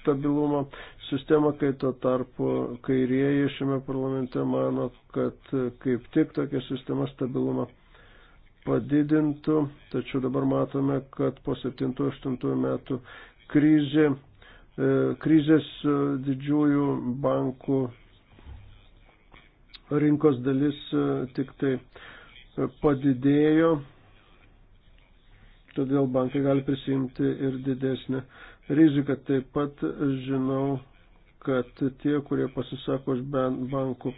stabilumo sistemą, kai tuo tarpu kairieji šiame parlamente mano, kad kaip tik tokia sistema stabilumą padidintų, tačiau dabar matome, kad po 7-8 metų krizė, e, krizės e, didžiųjų bankų rinkos dalis e, tik tai padidėjo, todėl bankai gali prisimti ir didesnį riziką. Taip pat žinau, kad tie, kurie pasisako už bankų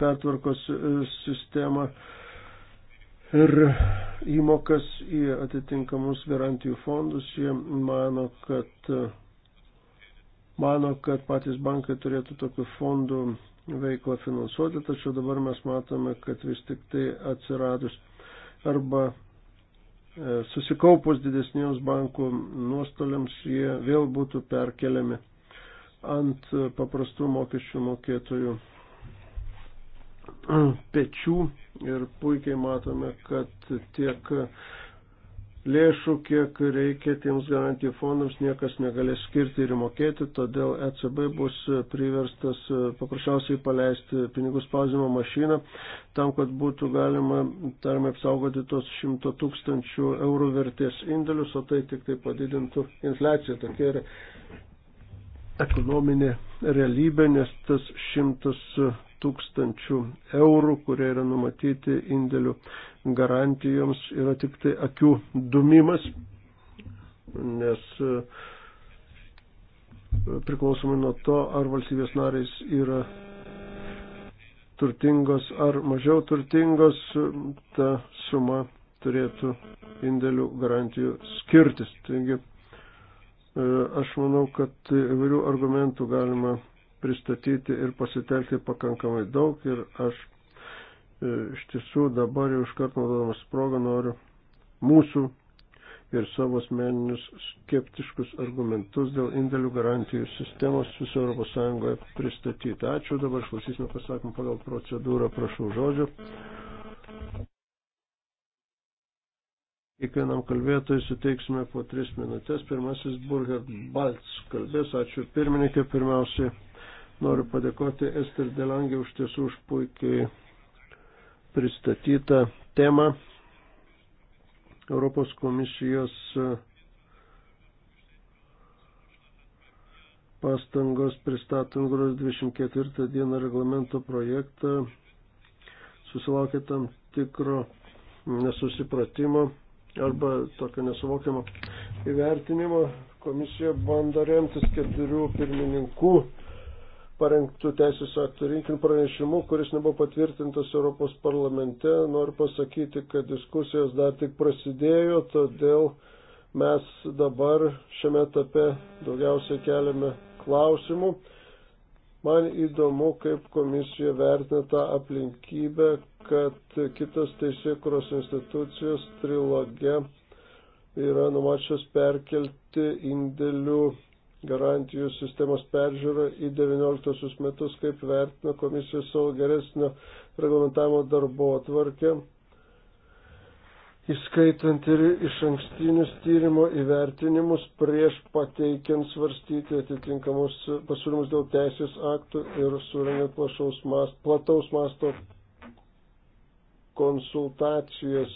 pertvarkos e, sistemą ir įmokas į atitinkamus garantijų fondus, jie mano, kad, mano, kad patys bankai turėtų tokių fondų veiklą finansuoti, tačiau dabar mes matome, kad vis tik tai atsiradus arba E, susikaupus didesniems bankų nuostoliams jie vėl būtų perkeliami ant paprastų mokesčių mokėtojų pečių ir puikiai matome, kad tiek lėšų, kiek reikia tiems garantijų fondams, niekas negalės skirti ir mokėti, todėl ECB bus priverstas paprasčiausiai paleisti pinigų spausimo mašiną, tam, kad būtų galima, tarme, apsaugoti tos 100 tūkstančių eurų vertės indėlius, o tai tik tai padidintų infliaciją. Tokia yra ekonominė realybė, nes tas 100 tūkstančių eurų, kurie yra numatyti indėlių garantijoms yra tik tai akių dumimas, nes e, priklausomai nuo to, ar valstybės narės yra turtingos ar mažiau turtingos, ta suma turėtų indėlių garantijų skirtis. Taigi, e, aš manau, kad įvairių argumentų galima pristatyti ir pasitelkti pakankamai daug ir aš E, iš tiesų dabar jau iš karto naudodamas progą noriu mūsų ir savo asmeninius skeptiškus argumentus dėl indėlių garantijų sistemos viso ES pristatyti. Ačiū, dabar išklausysime pasakymą pagal procedūrą, prašau žodžio. Kiekvienam kalbėtojui suteiksime po tris minutės. Pirmasis Burgert Balts kalbės. Ačiū pirmininkė. Pirmiausiai noriu padėkoti Ester Delangė už tiesų už puikiai pristatytą temą Europos komisijos e, pastangos pristatant gruodžio 24 dieną reglamento projektą susilaukė tam tikro nesusipratimo arba tokio nesuvokiamo įvertinimo. Komisija bando remtis keturių pirmininkų parengtų teisės aktų rinkinių pranešimų, kuris nebuvo patvirtintas Europos parlamente. Noriu pasakyti, kad diskusijos dar tik prasidėjo, todėl mes dabar šiame etape daugiausiai keliame klausimų. Man įdomu, kaip komisija vertina tą aplinkybę, kad kitas teisėkuros institucijos trilogė yra numačios perkelti indėlių garantijų sistemos peržiūrą į 19 metus, kaip vertina komisija savo geresnio reglamentavimo darbo atvarkę, įskaitant ir iš ankstinius tyrimo įvertinimus prieš pateikiant svarstyti atitinkamus pasiūlymus dėl teisės aktų ir surengiant mas, plataus masto konsultacijas,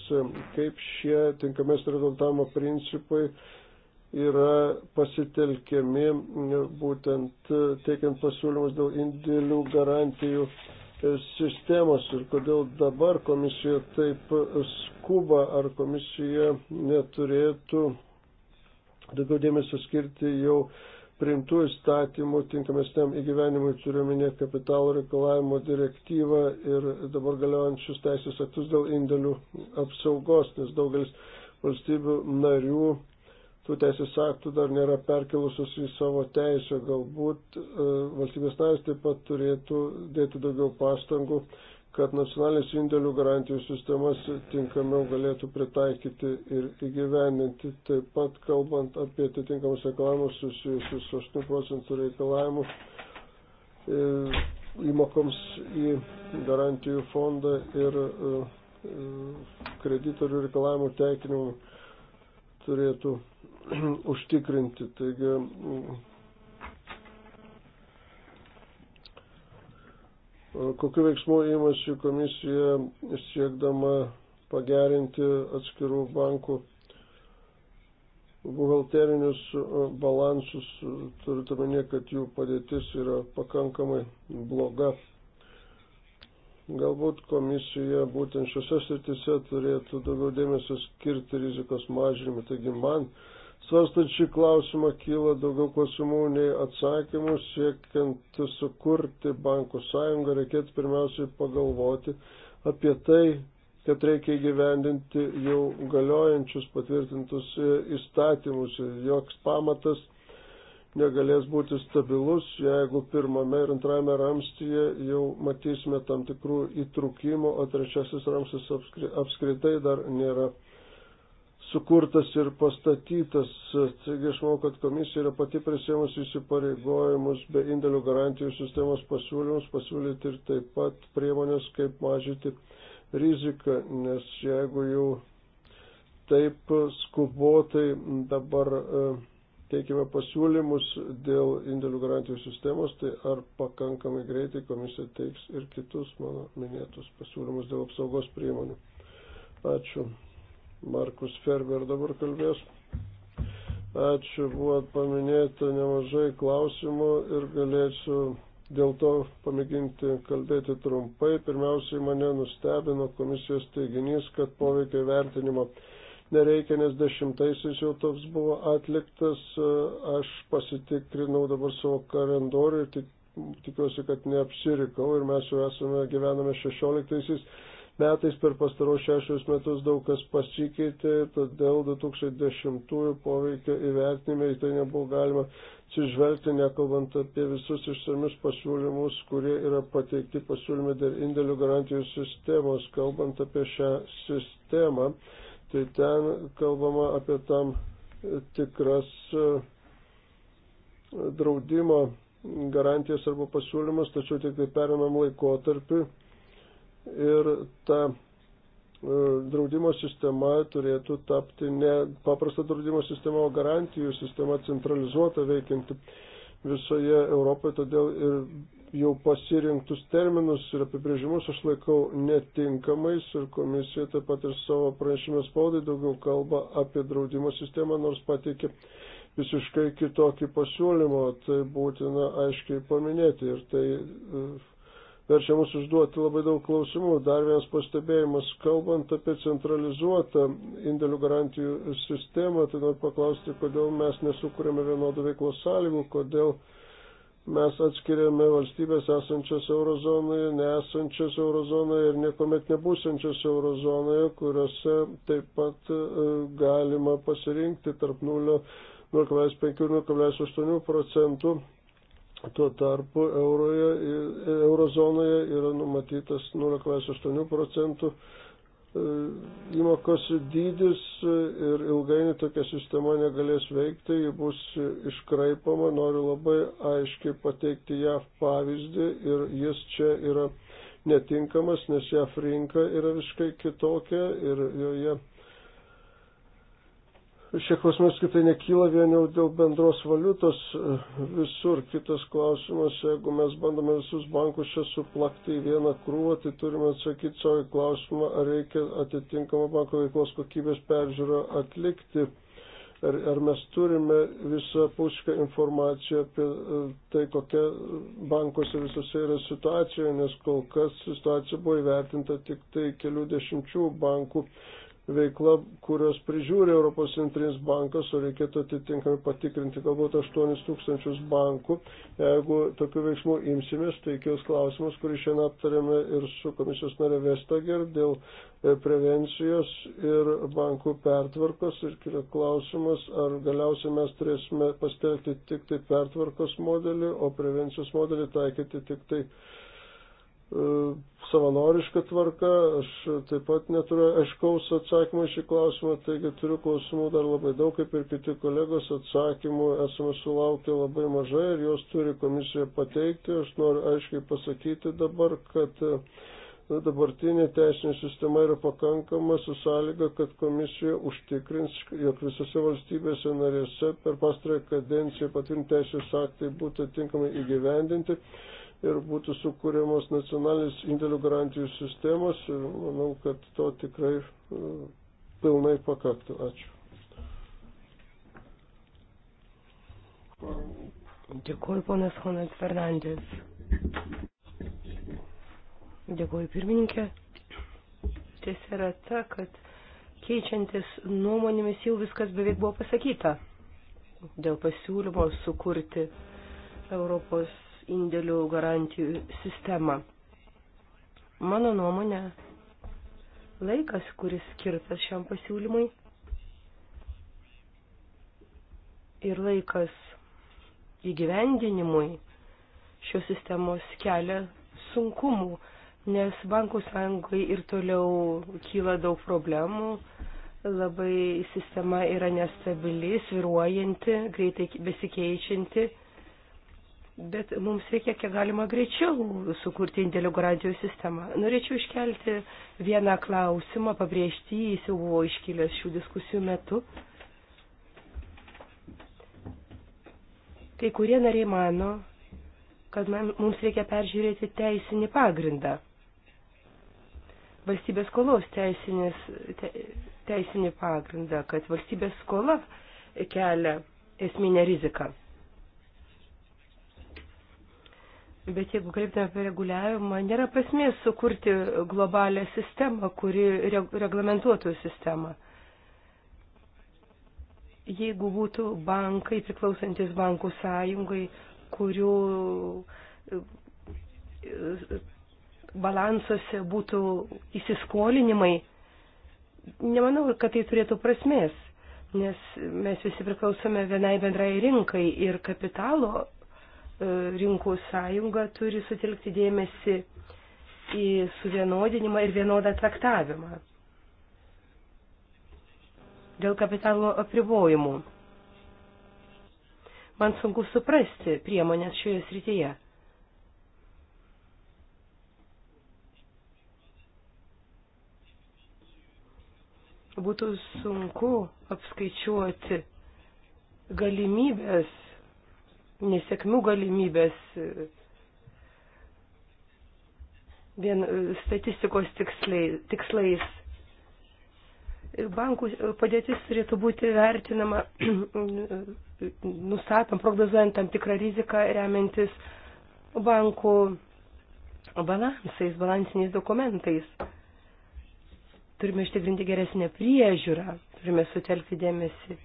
kaip šie tinkamesnio reglamentavimo principai yra pasitelkiami būtent e, teikiant pasiūlymus dėl indėlių garantijų e, sistemos ir kodėl dabar komisija taip skuba, ar komisija neturėtų daugiau dėmesio skirti jau priimtų įstatymų tinkamesniam įgyvenimui turiuomenė kapitalo reikalavimo direktyvą ir dabar galiojančius teisės aktus dėl indėlių apsaugos, nes daugelis valstybių narių tų teisės aktų dar nėra perkelusios į savo teisę. Galbūt e, valstybės narės taip pat turėtų dėti daugiau pastangų, kad nacionalinės indėlių garantijų sistemas tinkamiau galėtų pritaikyti ir įgyveninti. Taip pat kalbant apie atitinkamus reikalavimus susijusius su 8 procentų reikalavimu e, įmokoms į garantijų fondą ir e, kreditorių reikalavimų teikinimų turėtų užtikrinti. Taigi, kokiu veiksmu įmasi komisija siekdama pagerinti atskirų bankų buhalterinius balansus, turite mane, kad jų padėtis yra pakankamai bloga. Galbūt komisija būtent šiuose srityse turėtų daugiau dėmesio skirti rizikos mažinimui. Taigi man svarstant šį klausimą kyla daugiau klausimų nei atsakymų. Siekiant sukurti bankų sąjungą, reikėtų pirmiausiai pagalvoti apie tai, kad reikia įgyvendinti jau galiojančius patvirtintus e, įstatymus. Joks pamatas negalės būti stabilus, jeigu pirmame ir antrajame ramstyje jau matysime tam tikrų įtrukimų, o trečiasis ramstis apskritai dar nėra sukurtas ir pastatytas. Taigi aš manau, kad komisija yra pati prisėmusi įsipareigojimus be indėlių garantijų sistemos pasiūlymus pasiūlyti ir taip pat priemonės, kaip mažyti riziką, nes jeigu jau taip skubotai dabar uh, teikiame pasiūlymus dėl indėlių garantijų sistemos, tai ar pakankamai greitai komisija teiks ir kitus mano minėtus pasiūlymus dėl apsaugos priemonių. Ačiū. Markus Ferber dabar kalbės. Ačiū, buvo paminėta nemažai klausimų ir galėsiu dėl to pamėginti kalbėti trumpai. Pirmiausiai mane nustebino komisijos teiginys, kad poveikio vertinimo nereikia, nes dešimtaisiais jau toks buvo atliktas. Aš pasitikrinau dabar savo kalendorių ir tik, tikiuosi, kad neapsirikau ir mes jau esame, gyvename šešioliktaisiais. Metais per pastaros šešius metus daug kas pasikeitė, todėl 2010 poveikio įvertinime į tai nebuvo galima atsižvelgti, nekalbant apie visus išsamius pasiūlymus, kurie yra pateikti pasiūlymai dėl indėlių garantijų sistemos, kalbant apie šią sistemą tai ten kalbama apie tam tikras e, draudimo garantijas arba pasiūlymus, tačiau tik tai perinam laikotarpiu ir ta e, draudimo sistema turėtų tapti ne paprasta draudimo sistema, o garantijų sistema centralizuota veikianti visoje Europoje, todėl ir jau pasirinktus terminus ir apibrėžimus aš laikau netinkamais ir komisija taip pat ir savo pranešimės spaudai daugiau kalba apie draudimo sistemą, nors pateikė visiškai kitokį pasiūlymą, tai būtina aiškiai paminėti ir tai e, verčia mus užduoti labai daug klausimų. Dar vienas pastebėjimas, kalbant apie centralizuotą indėlių garantijų sistemą, tai noriu paklausti, kodėl mes nesukūrėme vienodų veiklos sąlygų, kodėl mes atskiriame valstybės esančias eurozonoje, nesančias eurozonoje ir niekuomet nebūsančias eurozonoje, kuriuose taip pat e, galima pasirinkti tarp 0,5-0,8 procentų. Tuo tarpu euroje, eurozonoje yra numatytas 0,8 procentų E, įmokos dydis ir ilgainiui tokia sistema negalės veikti, ji bus iškraipama, noriu labai aiškiai pateikti JAV pavyzdį ir jis čia yra netinkamas, nes JAV rinka yra visiškai kitokia ir joje. Ja, Šie klausimai skaitai nekyla vien jau dėl bendros valiutos visur. Kitas klausimas, jeigu mes bandome visus bankus čia suplakti į vieną krūvą, tai turime atsakyti savo klausimą, ar reikia atitinkamą banko veiklos kokybės peržiūrą atlikti. Ar, ar mes turime visą pušką informaciją apie e, tai, kokia bankose visose yra situacija, nes kol kas situacija buvo įvertinta tik tai kelių dešimčių bankų veikla, kurios prižiūri Europos centrinis bankas, o reikėtų atitinkamai patikrinti galbūt 8 tūkstančius bankų. Jeigu tokių veiksmų imsimės, tai kils klausimas, kurį šiandien aptarėme ir su komisijos nare Vestager dėl e, prevencijos ir bankų pertvarkos ir kila klausimas, ar galiausiai mes turėsime pastelgti tik tai pertvarkos modelį, o prevencijos modelį taikyti tik tai E, savanoriška tvarka, aš taip pat neturiu aiškaus atsakymo šį klausimą, taigi turiu klausimų dar labai daug, kaip ir kiti kolegos atsakymų esame sulaukę labai mažai ir jos turi komisija pateikti. Aš noriu aiškiai pasakyti dabar, kad e, dabartinė teisinė sistema yra pakankama su sąlyga, kad komisija užtikrins, jog visose valstybėse narėse per pastarąją kadenciją patvirtinti teisės aktai būtų tinkamai įgyvendinti ir būtų sukūriamos nacionalinės indėlių garantijų sistemos ir manau, kad to tikrai e, pilnai pakaktų. Ačiū. Dėkuoju, ponas Honas Fernandės. Dėkuoju, pirmininkė. Tiesa yra ta, kad keičiantis nuomonėmis jau viskas beveik buvo pasakyta dėl pasiūlymo sukurti Europos indėlių garantijų sistemą. Mano nuomonė, laikas, kuris skirtas šiam pasiūlymui ir laikas įgyvendinimui šios sistemos kelia sunkumų, nes bankų sąjungai ir toliau kyla daug problemų, labai sistema yra nestabili, sviruojanti, greitai besikeičianti Bet mums reikia kiek galima greičiau sukurti indėlių garantijų sistemą. Norėčiau iškelti vieną klausimą, pabrėžti jį, jis jau buvo iškilęs šių diskusijų metu. Kai kurie nariai mano, kad man, mums reikia peržiūrėti teisinį pagrindą. Valstybės skolos teisinės, te, teisinį pagrindą, kad valstybės skola kelia esminę riziką. Bet jeigu kalbėtume apie reguliavimą, nėra prasmės sukurti globalią sistemą, kuri reglamentuotų sistemą. Jeigu būtų bankai priklausantis bankų sąjungai, kurių e, balansuose būtų įsiskolinimai, nemanau, kad tai turėtų prasmės, nes mes visi priklausome vienai bendrai rinkai ir kapitalo E, rinkų sąjunga turi sutelkti dėmesį į suvienodinimą ir vienodą traktavimą dėl kapitalo apribojimų. Man sunku suprasti priemonės šioje srityje. Būtų sunku apskaičiuoti galimybės nesėkmių galimybės, vien statistikos tiksliai, tikslais. Ir bankų padėtis turėtų būti vertinama, nustatant, prognozuojant tam tikrą riziką, remiantis bankų balansais, balansiniais dokumentais. Turime ištikrinti geresnę priežiūrą, turime sutelkti dėmesį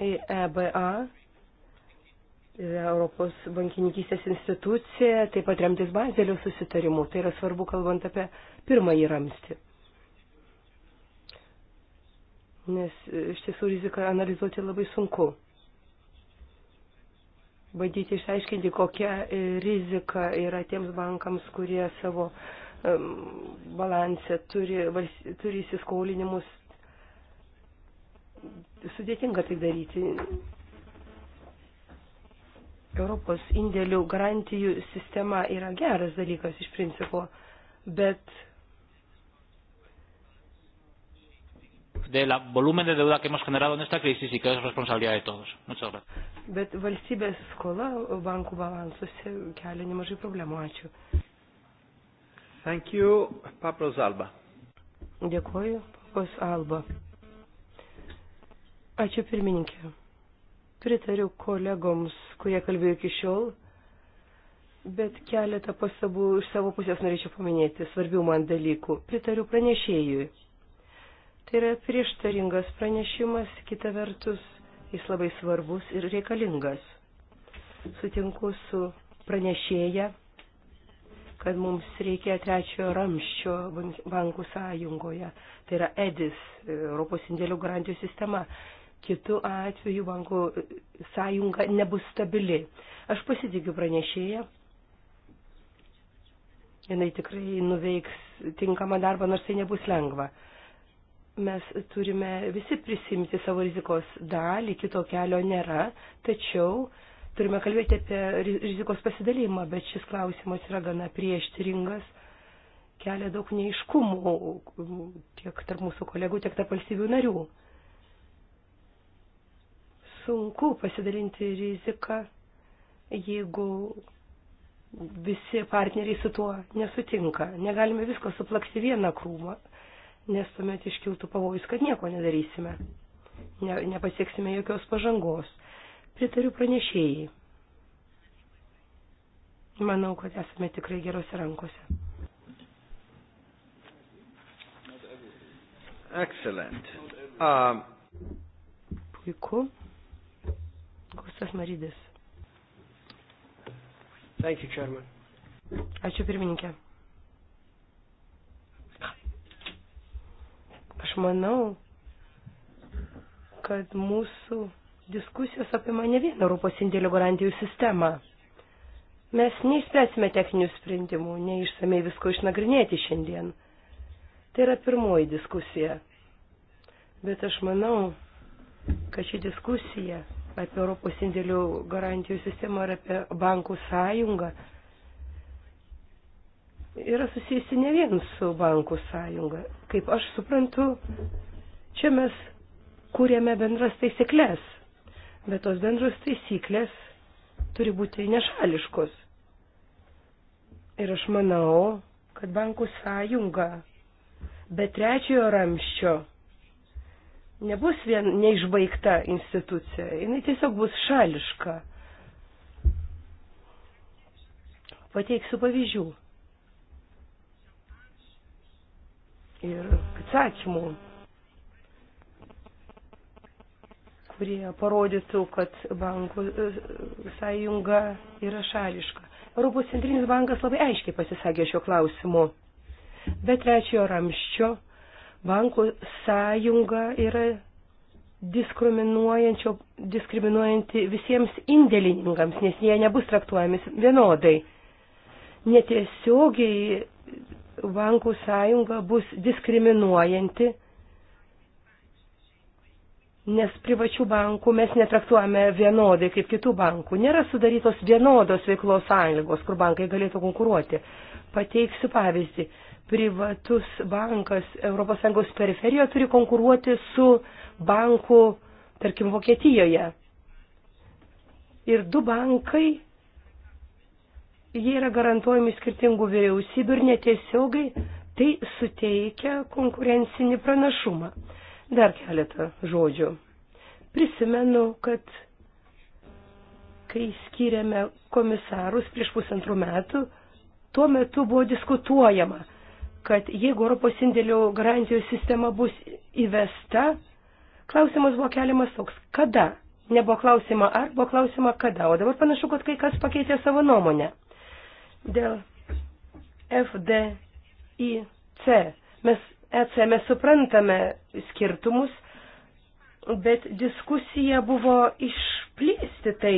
EBA e Europos bankininkystės institucija, taip pat remtis bazelio susitarimu. Tai yra svarbu, kalbant apie pirmąjį ramstį. Nes iš tiesų riziką analizuoti labai sunku. Bandyti išaiškinti, kokia rizika yra tiems bankams, kurie savo um, balanse turi, turi įsiskolinimus sudėtinga tai daryti. Europos indėlių garantijų sistema yra geras dalykas iš principo, bet. del volumen de deuda que hemos generado en esta crisis y que es responsabilidad de todos. Muchas gracias. Bet valstybės skola bankų balansuose kelia nemažai problemų. Ačiū. Thank you, Pablo Zalba. Dėkuoju, Pablo Alba. Ačiū pirmininkė. Pritariu kolegoms, kurie kalbėjo iki šiol, bet keletą pasabų iš savo pusės norėčiau paminėti svarbių man dalykų. Pritariu pranešėjui. Tai yra prieštaringas pranešimas, kita vertus, jis labai svarbus ir reikalingas. Sutinku su pranešėja, kad mums reikia trečiojo ramščio bankų sąjungoje, tai yra EDIS, Europos indėlių garantijų sistema. Kitu atveju bankų sąjunga nebus stabili. Aš pasitikiu pranešėją. Jis tikrai nuveiks tinkamą darbą, nors tai nebus lengva. Mes turime visi prisimti savo rizikos dalį, kito kelio nėra, tačiau turime kalbėti apie rizikos pasidalymą, bet šis klausimas yra gana prieštaringas, kelia daug neiškumų tiek tarp mūsų kolegų, tiek tarp valstybių narių sunku pasidalinti riziką, jeigu visi partneriai su tuo nesutinka. Negalime visko suplakti vieną krūmą, nes tuomet iškiltų pavojus, kad nieko nedarysime, ne, nepasieksime jokios pažangos. Pritariu pranešėjai. Manau, kad esame tikrai gerose rankose. Excellent. Um, Puiku. Gustas Marydis. Thank you, Chairman. Ačiū pirmininkė. Aš manau, kad mūsų diskusijos apima ne vieną Europos indėlių garantijų sistemą. Mes neišspręsime techninių sprendimų, neišsamei visko išnagrinėti šiandien. Tai yra pirmoji diskusija. Bet aš manau, kad ši diskusija apie Europos indėlių garantijų sistemą ir apie bankų sąjungą yra susijusi ne vien su bankų sąjunga. Kaip aš suprantu, čia mes kūrėme bendras taisyklės, bet tos bendros taisyklės turi būti nešališkos. Ir aš manau, kad bankų sąjunga be trečiojo ramščio nebus vien neišbaigta institucija, jinai tiesiog bus šališka. Pateiksiu pavyzdžių ir atsakymų, kurie parodytų, kad bankų e, sąjunga yra šališka. Europos centrinis bankas labai aiškiai pasisakė šiuo klausimu. Be trečiojo ramščio Bankų sąjunga yra diskriminuojanti visiems indėlininkams, nes jie nebus traktuojami vienodai. Netiesiogiai bankų sąjunga bus diskriminuojanti, nes privačių bankų mes netraktuojame vienodai kaip kitų bankų. Nėra sudarytos vienodos veiklos sąlygos, kur bankai galėtų konkuruoti. Pateiksiu pavyzdį privatus bankas ES periferijoje turi konkuruoti su banku, tarkim, Vokietijoje. Ir du bankai, jie yra garantuojami skirtingų vyriausybių ir netiesiogai tai suteikia konkurencinį pranašumą. Dar keletą žodžių. Prisimenu, kad kai skiriame komisarus prieš pusantrų metų, tuo metu buvo diskutuojama, kad jeigu Europos indėlių garantijų sistema bus įvesta, klausimas buvo keliamas toks, kada? Nebuvo klausima ar, buvo klausima kada, o dabar panašu, kad kai kas pakeitė savo nuomonę. Dėl FDIC mes, EC mes suprantame skirtumus, bet diskusija buvo išplėsti tai,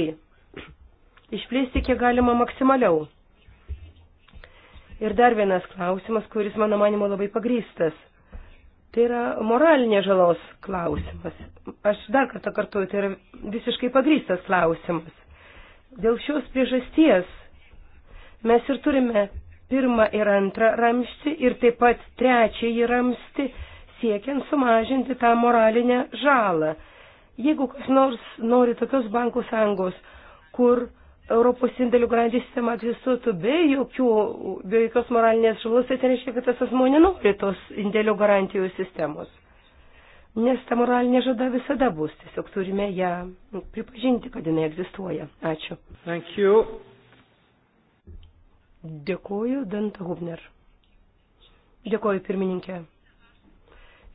išplėsti kiek galima maksimaliau. Ir dar vienas klausimas, kuris mano manimo labai pagrystas. Tai yra moralinė žalos klausimas. Aš dar kartą kartuoju, tai yra visiškai pagrystas klausimas. Dėl šios priežasties mes ir turime pirmą ir antrą ramsti ir taip pat trečiąjį ramsti, siekiant sumažinti tą moralinę žalą. Jeigu kas nors nori tokios bankų sąjungos, kur Europos indėlių grandį sistema egzistuotų be, jokių, be jokios moralinės žalos, tai reiškia, kad tas asmo nenori tos indėlių garantijų sistemos. Nes ta moralinė žada visada bus, tiesiog turime ją pripažinti, kad jinai egzistuoja. Ačiū. Thank you. Dėkuoju, Danta Hubner. Dėkuoju, pirmininkė.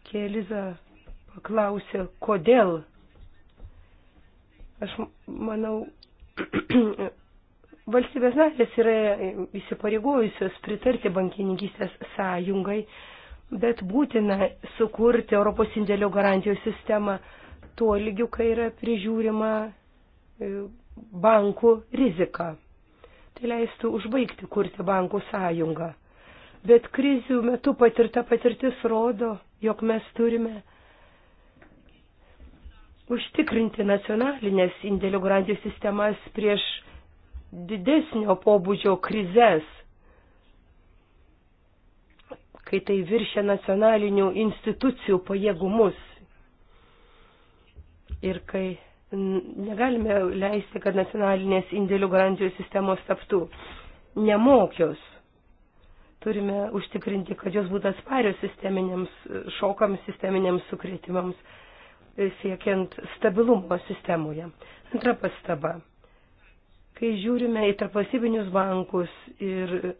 Kai Eliza paklausė, kodėl, aš manau, Valstybės narės yra įsipareigojusios pritarti bankininkystės sąjungai, bet būtina sukurti Europos indėlio garantijos sistemą tuo lygiu, kai yra prižiūrima e, bankų rizika. Tai leistų užbaigti kurti bankų sąjungą. Bet krizių metu patirta patirtis rodo, jog mes turime užtikrinti nacionalinės indėlių garantijų sistemas prieš didesnio pobūdžio krizės, kai tai viršia nacionalinių institucijų pajėgumus ir kai negalime leisti, kad nacionalinės indėlių garantijų sistemos taptų nemokios. Turime užtikrinti, kad jos būtų atsparios sisteminiams šokams, sisteminiams sukretimams siekiant stabilumo sistemoje. Antra pastaba. Kai žiūrime į tarpvalstybinius bankus ir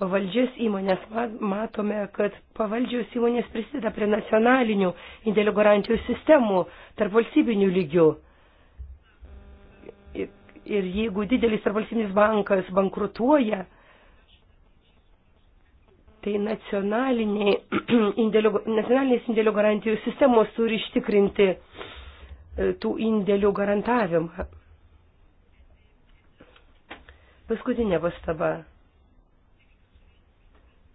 pavaldžias įmonės, matome, kad pavaldžios įmonės prisideda prie nacionalinių indėlių garantijų sistemų tarpvalstybinių lygių. Ir jeigu didelis tarpvalstybinis bankas bankrutuoja, tai nacionaliniai indėlių, nacionalinės indėlių garantijų sistemos turi ištikrinti e, tų indėlių garantavimą. Paskutinė pastaba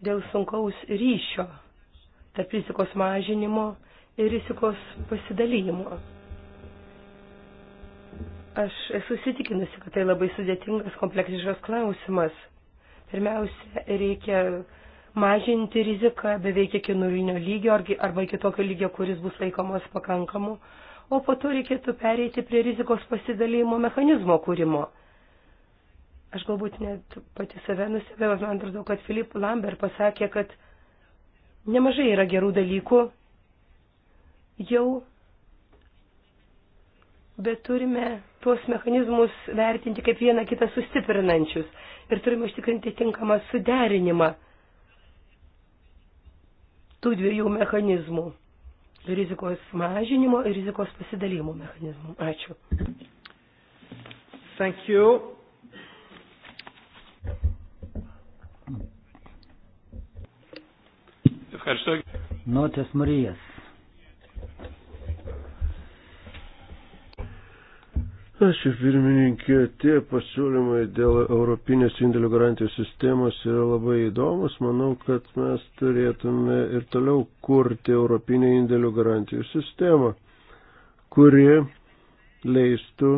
dėl sunkaus ryšio tarp rizikos mažinimo ir rizikos pasidalymo. Aš esu įsitikinusi, kad tai labai sudėtingas kompleksiškas klausimas. Pirmiausia, reikia mažinti riziką beveik iki nulinio lygio arba iki tokio lygio, kuris bus laikomas pakankamu, o po to reikėtų pereiti prie rizikos pasidalymo mechanizmo kūrimo. Aš galbūt net pati save nusivėjau, man atrodo, kad Filip Lambert pasakė, kad nemažai yra gerų dalykų jau, bet turime tuos mechanizmus vertinti kaip vieną kitą sustiprinančius ir turime užtikrinti tinkamą suderinimą tų dviejų mechanizmų - rizikos mažinimo ir rizikos pasidalymo mechanizmų. Ačiū. Thank you. Ευχαριστώ. Νότες Μωρίας. Ačiū pirmininkė, tie pasiūlymai dėl Europinės indėlių garantijų sistemos yra labai įdomus. Manau, kad mes turėtume ir toliau kurti Europinę indėlių garantijų sistemą, kuri leistų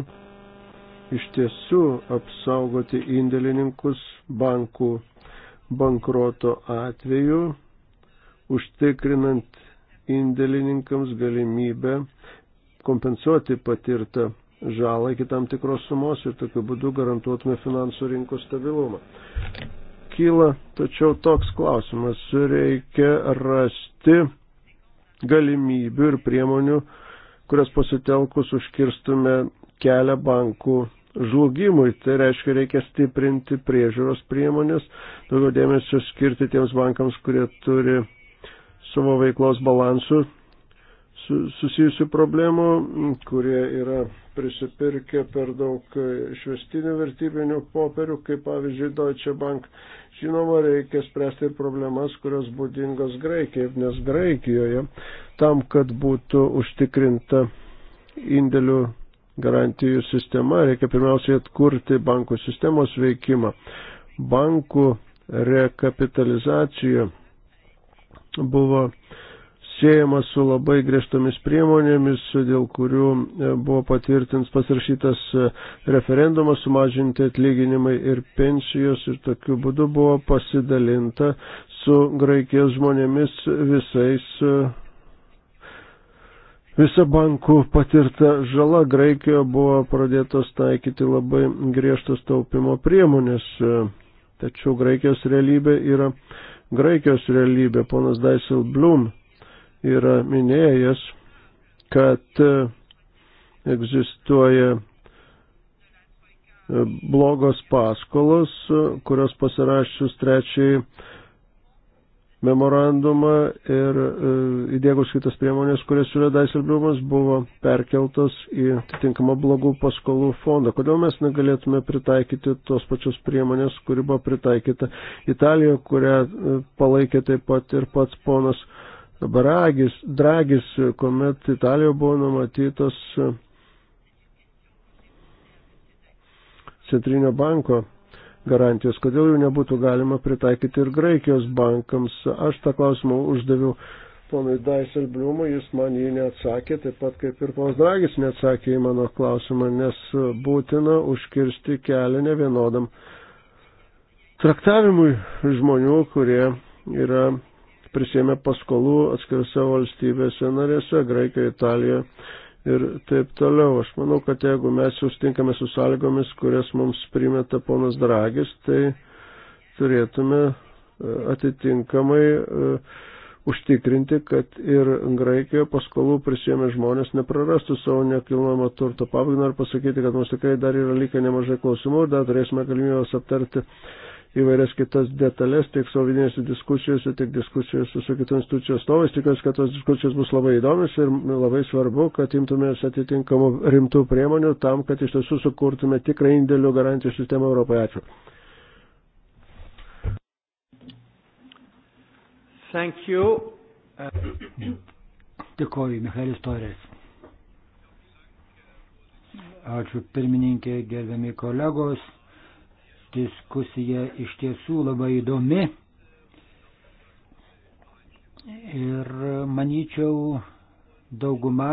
iš tiesų apsaugoti indėlininkus bankų bankroto atveju, užtikrinant indėlininkams galimybę kompensuoti patirtą žalą iki tam tikros sumos ir tokiu būdu garantuotume finansų rinkų stabilumą. Kyla tačiau toks klausimas, reikia rasti galimybių ir priemonių, kurias pasitelkus užkirstume kelią bankų žlugimui. Tai reiškia, reikia stiprinti priežiūros priemonės, daugiau dėmesio skirti tiems bankams, kurie turi savo veiklos balansų susijusių problemų, kurie yra prisipirkę per daug išvestinių vertybinių popierių, kaip pavyzdžiui Deutsche Bank. Žinoma, reikia spręsti ir problemas, kurios būdingos Graikijai, nes Graikijoje tam, kad būtų užtikrinta indėlių garantijų sistema, reikia pirmiausiai atkurti bankų sistemos veikimą. Bankų rekapitalizacija buvo siejamas su labai griežtomis priemonėmis, dėl kurių e, buvo patvirtins pasirašytas e, referendumas sumažinti atlyginimai ir pensijos ir tokiu būdu buvo pasidalinta su Graikijos žmonėmis visais. E, visa bankų patirta žala Graikijoje buvo pradėtos taikyti labai griežtos taupimo priemonės, tačiau Graikijos realybė yra Graikijos realybė. Ponas Daisel Blum yra minėjęs, kad e, egzistuoja e, blogos paskolos, e, kurios pasirašius trečiai memorandumą ir įdėgus kitas priemonės, kurias siūlė Daiselbliumas, buvo perkeltos į atitinkamą blogų paskolų fondą. Kodėl mes negalėtume pritaikyti tos pačios priemonės, kuri buvo pritaikyta Italijoje, kurią palaikė taip pat ir pats ponas Baragis, Dragis, kuomet Italijoje buvo numatytos e, Centrinio banko garantijos, kodėl jų nebūtų galima pritaikyti ir Graikijos bankams. Aš tą klausimą uždaviau ponui Daiselbliumui, jis man jį neatsakė, taip pat kaip ir ponas Dragis neatsakė į mano klausimą, nes būtina užkirsti kelią nevienodam traktavimui žmonių, kurie yra prisėmė paskolų atskirose valstybėse narėse, Graikijoje, Italijoje ir taip toliau. Aš manau, kad jeigu mes jau stinkame su sąlygomis, kurias mums primeta ponas Dragis, tai turėtume e, atitinkamai e, užtikrinti, kad ir Graikijoje paskolų prisėmė žmonės neprarastų savo nekilnojamo turto. Pabaigai noriu pasakyti, kad mums tikrai dar yra likę nemažai klausimų ir dar turėsime galimybės aptarti įvairias kitas detalės tiek savo vidinėse diskusijose, tiek diskusijose su kitų institucijų atstovais. Tikiuosi, kad tos diskusijos bus labai įdomios ir labai svarbu, kad imtumės atitinkamų rimtų priemonių tam, kad iš tiesų sukurtume tikrą indėlių garantijų sistemą Europoje. Ačiū. Thank you. Dėkoju, Michaelis Torės. Ačiū pirmininkė, gerbiami kolegos diskusija iš tiesų labai įdomi. Ir manyčiau, dauguma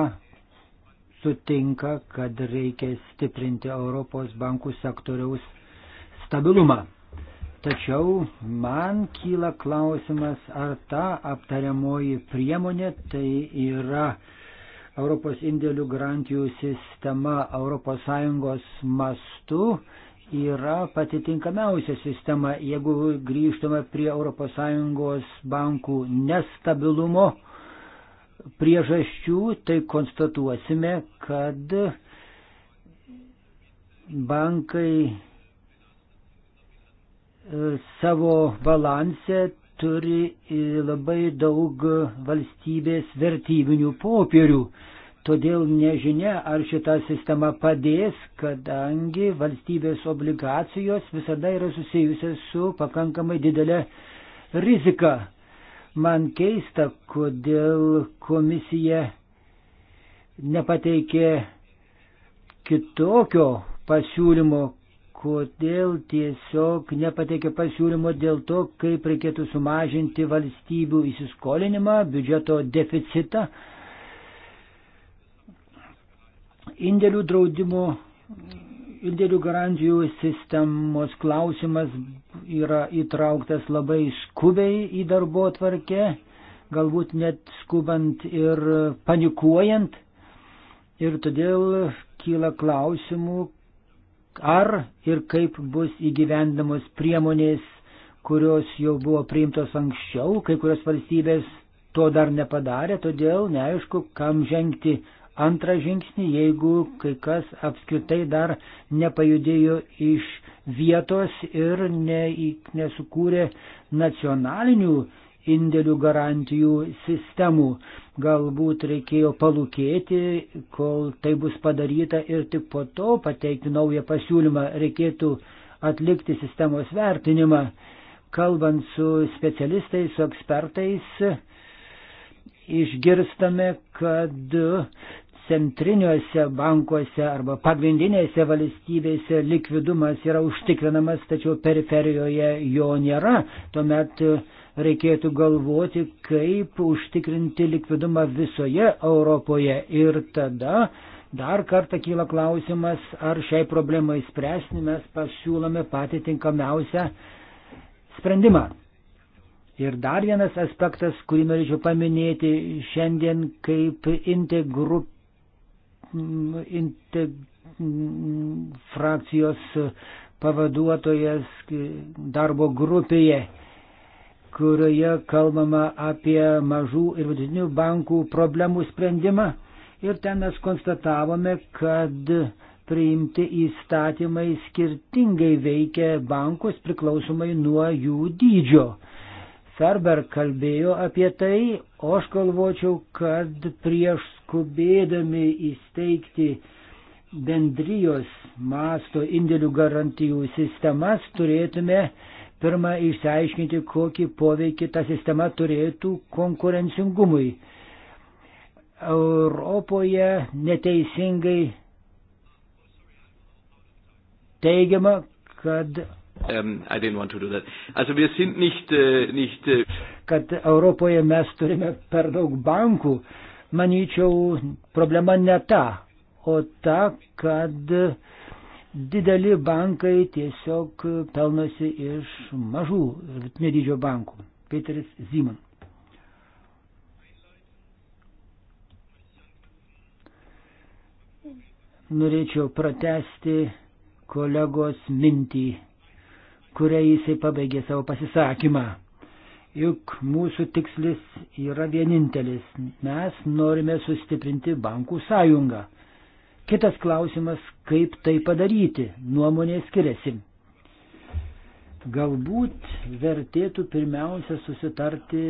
sutinka, kad reikia stiprinti Europos bankų sektoriaus stabilumą. Tačiau man kyla klausimas, ar ta aptariamoji priemonė tai yra Europos indėlių garantijų sistema ES mastu, yra pati tinkamiausia sistema, jeigu grįžtume prie ES bankų nestabilumo priežasčių, tai konstatuosime, kad bankai e, savo balansę turi e, labai daug valstybės vertybinių popierių. Todėl nežinia, ar šita sistema padės, kadangi valstybės obligacijos visada yra susijusios su pakankamai didelė rizika. Man keista, kodėl komisija nepateikė kitokio pasiūlymo, kodėl tiesiog nepateikė pasiūlymo dėl to, kaip reikėtų sumažinti valstybių įsiskolinimą, biudžeto deficitą Indėlių draudimo, indėlių garantijų sistemos klausimas yra įtrauktas labai skubiai į darbo tvarkę, galbūt net skubant ir panikuojant. Ir todėl kyla klausimų, ar ir kaip bus įgyvendamos priemonės, kurios jau buvo priimtos anksčiau, kai kurios valstybės to dar nepadarė, todėl neaišku, kam žengti antrą žingsnį, jeigu kai kas apskritai dar nepajudėjo iš vietos ir ne, nesukūrė nacionalinių indėlių garantijų sistemų. Galbūt reikėjo palūkėti, kol tai bus padaryta ir tik po to pateikti naują pasiūlymą reikėtų atlikti sistemos vertinimą. Kalbant su specialistais, su ekspertais, išgirstame, kad centriniuose bankuose arba pagrindinėse valstybėse likvidumas yra užtikrinamas, tačiau periferijoje jo nėra. Tuomet e, reikėtų galvoti, kaip užtikrinti likvidumą visoje Europoje. Ir tada dar kartą kyla klausimas, ar šiai problemai spręsni mes pasiūlome patį tinkamiausią sprendimą. Ir dar vienas aspektas, kurį norėčiau paminėti šiandien, kaip Inte grup integ... frakcijos pavaduotojas darbo grupėje, kurioje kalbama apie mažų ir vidutinių bankų problemų sprendimą. Ir ten mes konstatavome, kad priimti įstatymai skirtingai veikia bankus priklausomai nuo jų dydžio. Ferber kalbėjo apie tai, o aš galvočiau, kad prieš skubėdami įsteigti bendrijos masto indėlių garantijų sistemas, turėtume pirmą išsiaiškinti, kokį poveikį ta sistema turėtų konkurencingumui. Europoje neteisingai teigiama, kad Um, I didn't want to do that. Also wir sind nicht, äh, nicht äh kad Europoje mes turime per daug bankų, Manyčiau, problema ne ta, o ta, kad dideli bankai tiesiog pelnosi iš mažų ir vidutinio dydžio bankų. Peteris Ziman. Norėčiau pratesti kolegos mintį, kurią jisai pabaigė savo pasisakymą. Juk mūsų tikslis yra vienintelis. Mes norime sustiprinti bankų sąjungą. Kitas klausimas, kaip tai padaryti. Nuomonė skiriasi. Galbūt vertėtų pirmiausia susitarti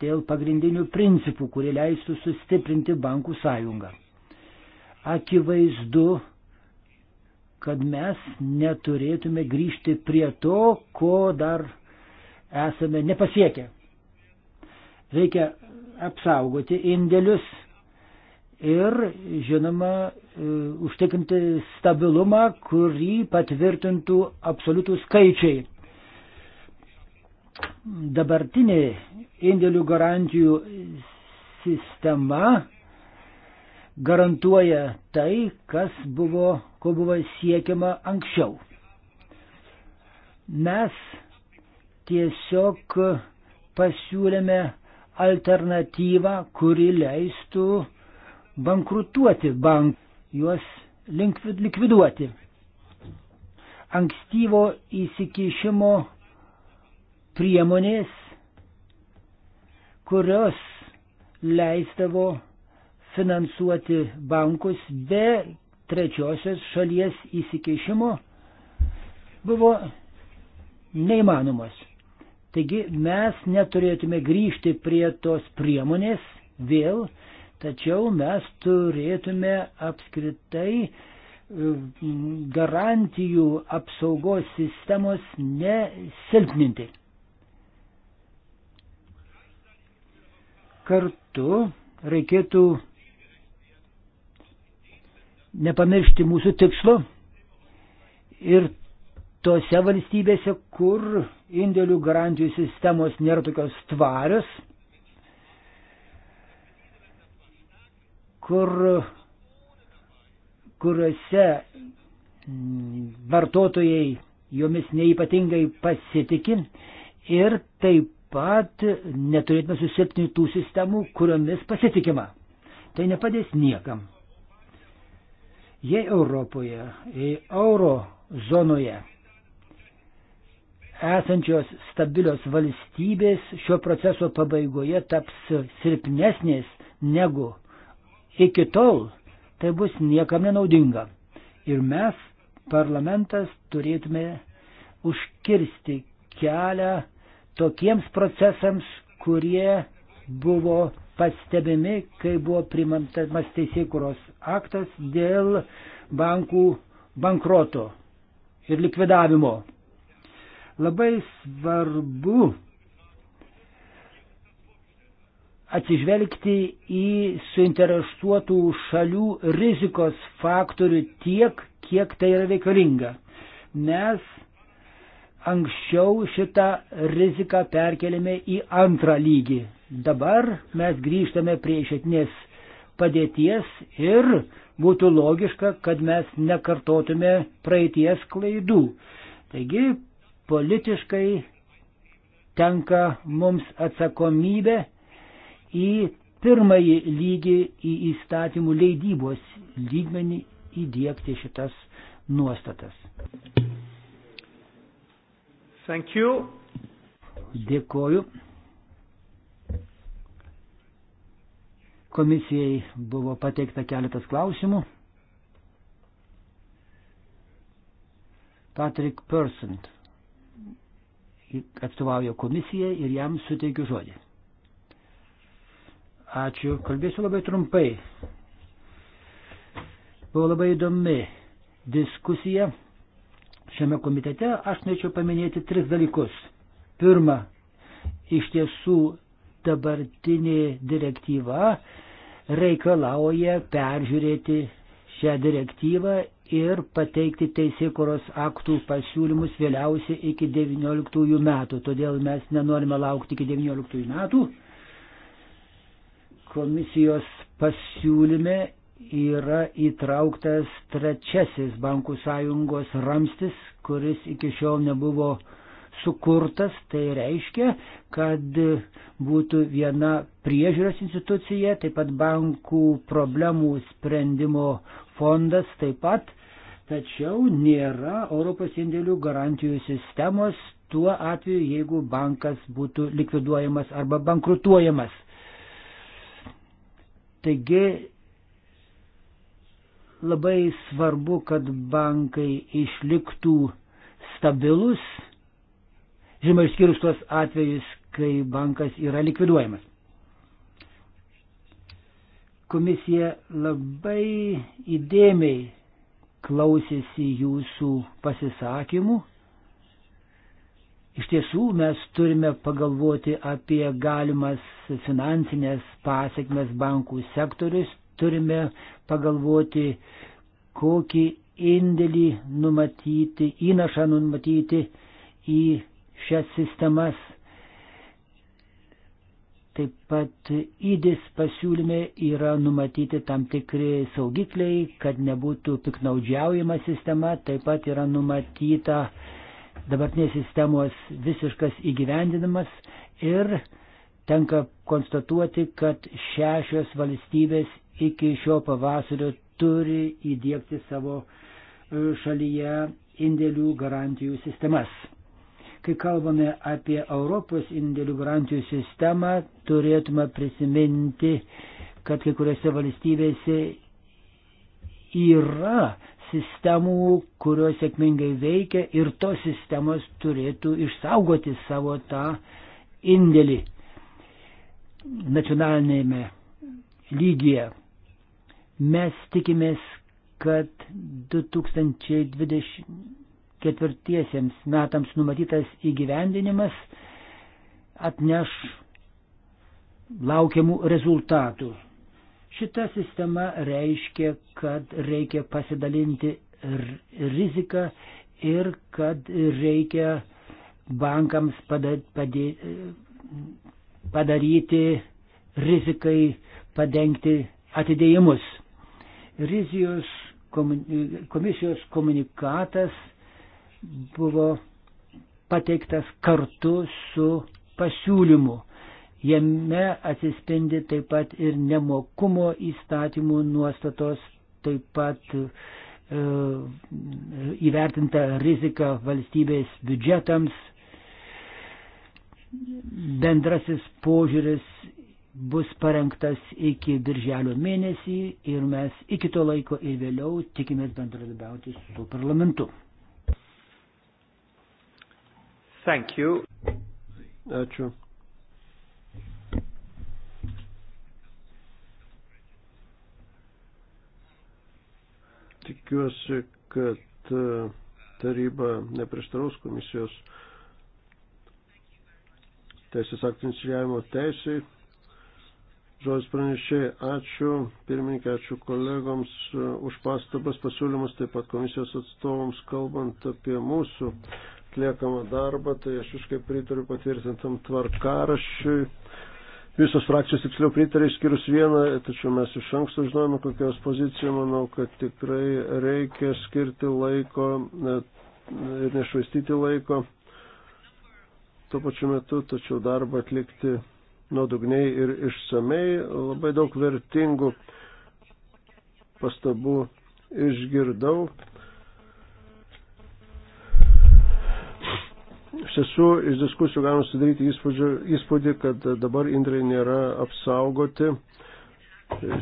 dėl pagrindinių principų, kurie leistų sustiprinti bankų sąjungą. Akivaizdu, kad mes neturėtume grįžti prie to, ko dar esame nepasiekę. Reikia apsaugoti indėlius ir, žinoma, e, užtikrinti stabilumą, kurį patvirtintų absoliutų skaičiai. Dabartinė indėlių garantijų sistema garantuoja tai, kas buvo, ko buvo siekiama anksčiau. Mes tiesiog pasiūlėme alternatyvą, kuri leistų bankrutuoti bank, juos likviduoti. Ankstyvo įsikišimo priemonės, kurios leistavo finansuoti bankus be trečiosios šalies įsikišimo, buvo neįmanomos. Taigi mes neturėtume grįžti prie tos priemonės vėl, tačiau mes turėtume apskritai e, garantijų apsaugos sistemos nesilpninti. Kartu reikėtų nepamiršti mūsų tikslo ir tose valstybėse, kur indėlių garantijų sistemos nėra tokios tvarios, kur, kuriuose vartotojai jomis neįpatingai pasitiki ir taip pat neturėtume susilpninti tų sistemų, kuriomis pasitikima. Tai nepadės niekam. Jei Europoje, jei euro zonoje esančios stabilios valstybės šio proceso pabaigoje taps silpnesnės negu iki tol, tai bus niekam nenaudinga. Ir mes, parlamentas, turėtume užkirsti kelią tokiems procesams, kurie buvo pastebimi, kai buvo primantamas teisėkuros aktas dėl bankų bankroto ir likvidavimo. Labai svarbu atsižvelgti į suinteresuotų šalių rizikos faktorių tiek, kiek tai yra reikalinga. Mes anksčiau šitą riziką perkeliame į antrą lygį. Dabar mes grįžtame prie išėtinės padėties ir būtų logiška, kad mes nekartotume praeities klaidų. Taigi politiškai tenka mums atsakomybė į pirmąjį lygį, į įstatymų leidybos lygmenį įdėkti šitas nuostatas. Thank you. Dėkoju. Komisijai buvo pateikta keletas klausimų. Patrick Persant atstovauja komisija ir jam suteikiu žodį. Ačiū, kalbėsiu labai trumpai. Buvo labai įdomi diskusija šiame komitete. Aš norėčiau paminėti tris dalykus. Pirma, iš tiesų dabartinė direktyva reikalauja peržiūrėti šią direktyvą ir pateikti teisėkuros aktų pasiūlymus vėliausiai iki 19 metų. Todėl mes nenorime laukti iki 19 metų. Komisijos pasiūlyme yra įtrauktas trečiasis bankų sąjungos ramstis, kuris iki šiol nebuvo sukurtas. Tai reiškia, kad būtų viena priežiūros institucija, taip pat bankų problemų sprendimo fondas taip pat Tačiau nėra Europos indėlių garantijų sistemos tuo atveju, jeigu bankas būtų likviduojamas arba bankrutuojamas. Taigi labai svarbu, kad bankai išliktų stabilus, žinoma, išskyrus tuos atvejus, kai bankas yra likviduojamas. Komisija labai įdėmiai klausėsi jūsų pasisakymų. Iš tiesų mes turime pagalvoti apie galimas finansinės pasiekmes bankų sektorius, turime pagalvoti, kokį indėlį numatyti, įnašą numatyti į šias sistemas. Taip pat įdis pasiūlyme yra numatyti tam tikri saugikliai, kad nebūtų piknaudžiaujama sistema, taip pat yra numatyta dabartinės sistemos visiškas įgyvendinimas ir tenka konstatuoti, kad šešios valstybės iki šio pavasario turi įdėkti savo e, šalyje indėlių garantijų sistemas. Kai kalbame apie Europos indėlių garantijų sistemą, turėtume prisiminti, kad kai kuriuose valstybėse yra sistemų, kurios sėkmingai veikia ir tos sistemos turėtų išsaugoti savo tą indėlį nacionalinėme lygyje. Mes tikimės, kad 2020 ketvirtiesiems metams numatytas įgyvendinimas atneš laukiamų rezultatų. Šita sistema reiškia, kad reikia pasidalinti riziką ir kad reikia bankams padaryti rizikai padengti atidėjimus. Rizijos komisijos komunikatas buvo pateiktas kartu su pasiūlymu. Jame atsispindi taip pat ir nemokumo įstatymų nuostatos, taip pat e, įvertinta rizika valstybės biudžetams, bendrasis požiūris bus parengtas iki birželio mėnesį ir mes iki to laiko ir vėliau tikimės bendradarbiauti su parlamentu. Thank you. Ačiū. Tikiuosi, kad e, taryba neprieštaraus komisijos teisės aktų inicijavimo teisai. Žodis pranešėjai, ačiū pirmininkė, ačiū kolegoms e, už pastabas, pasiūlymus, taip pat komisijos atstovams, kalbant apie mūsų atliekamą darbą, tai aš iškai pritariu patvirtintam tvarkarašiui. Visos frakcijos tiksliau pritarė, išskyrus vieną, tačiau mes iš anksto žinojame, kokios pozicijos, manau, kad tikrai reikia skirti laiko ir nešvaistyti laiko tuo pačiu metu, tačiau darbą atlikti nuodugniai ir išsamei. Labai daug vertingų pastabų išgirdau Iš tiesų, iš diskusijų galima sudaryti įspūdį, įspūdį, kad dabar indrai nėra apsaugoti,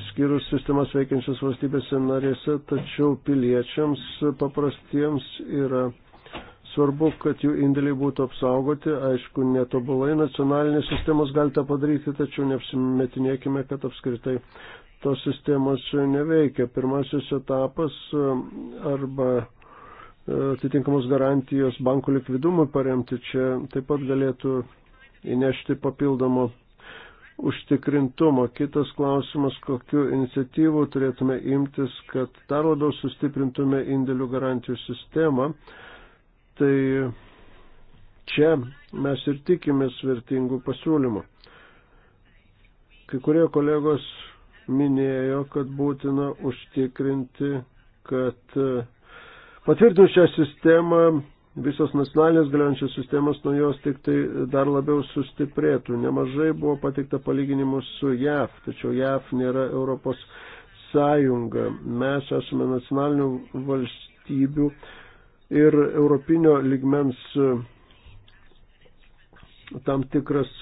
skyrus sistemas veikiančias valstybėse narėse, tačiau piliečiams paprastiems yra svarbu, kad jų indėliai būtų apsaugoti. Aišku, netobulai nacionalinės sistemos gali tą padaryti, tačiau neapsimetinėkime, kad apskritai tos sistemos neveikia. Pirmasis etapas arba atitinkamos garantijos bankų likvidumui paremti čia taip pat galėtų įnešti papildomo užtikrintumo. Kitas klausimas, kokiu iniciatyvu turėtume imtis, kad dar labiau sustiprintume indėlių garantijų sistemą. Tai čia mes ir tikimės vertingų pasiūlymų. Kai kurie kolegos minėjo, kad būtina užtikrinti, kad uh, Patvirtinus šią sistemą, visos nacionalinės galiojančios sistemos nuo jos tik tai dar labiau sustiprėtų. Nemažai buvo pateikta palyginimų su JAV, tačiau JAV nėra Europos sąjunga. Mes esame nacionalinių valstybių ir europinio ligmens tam tikras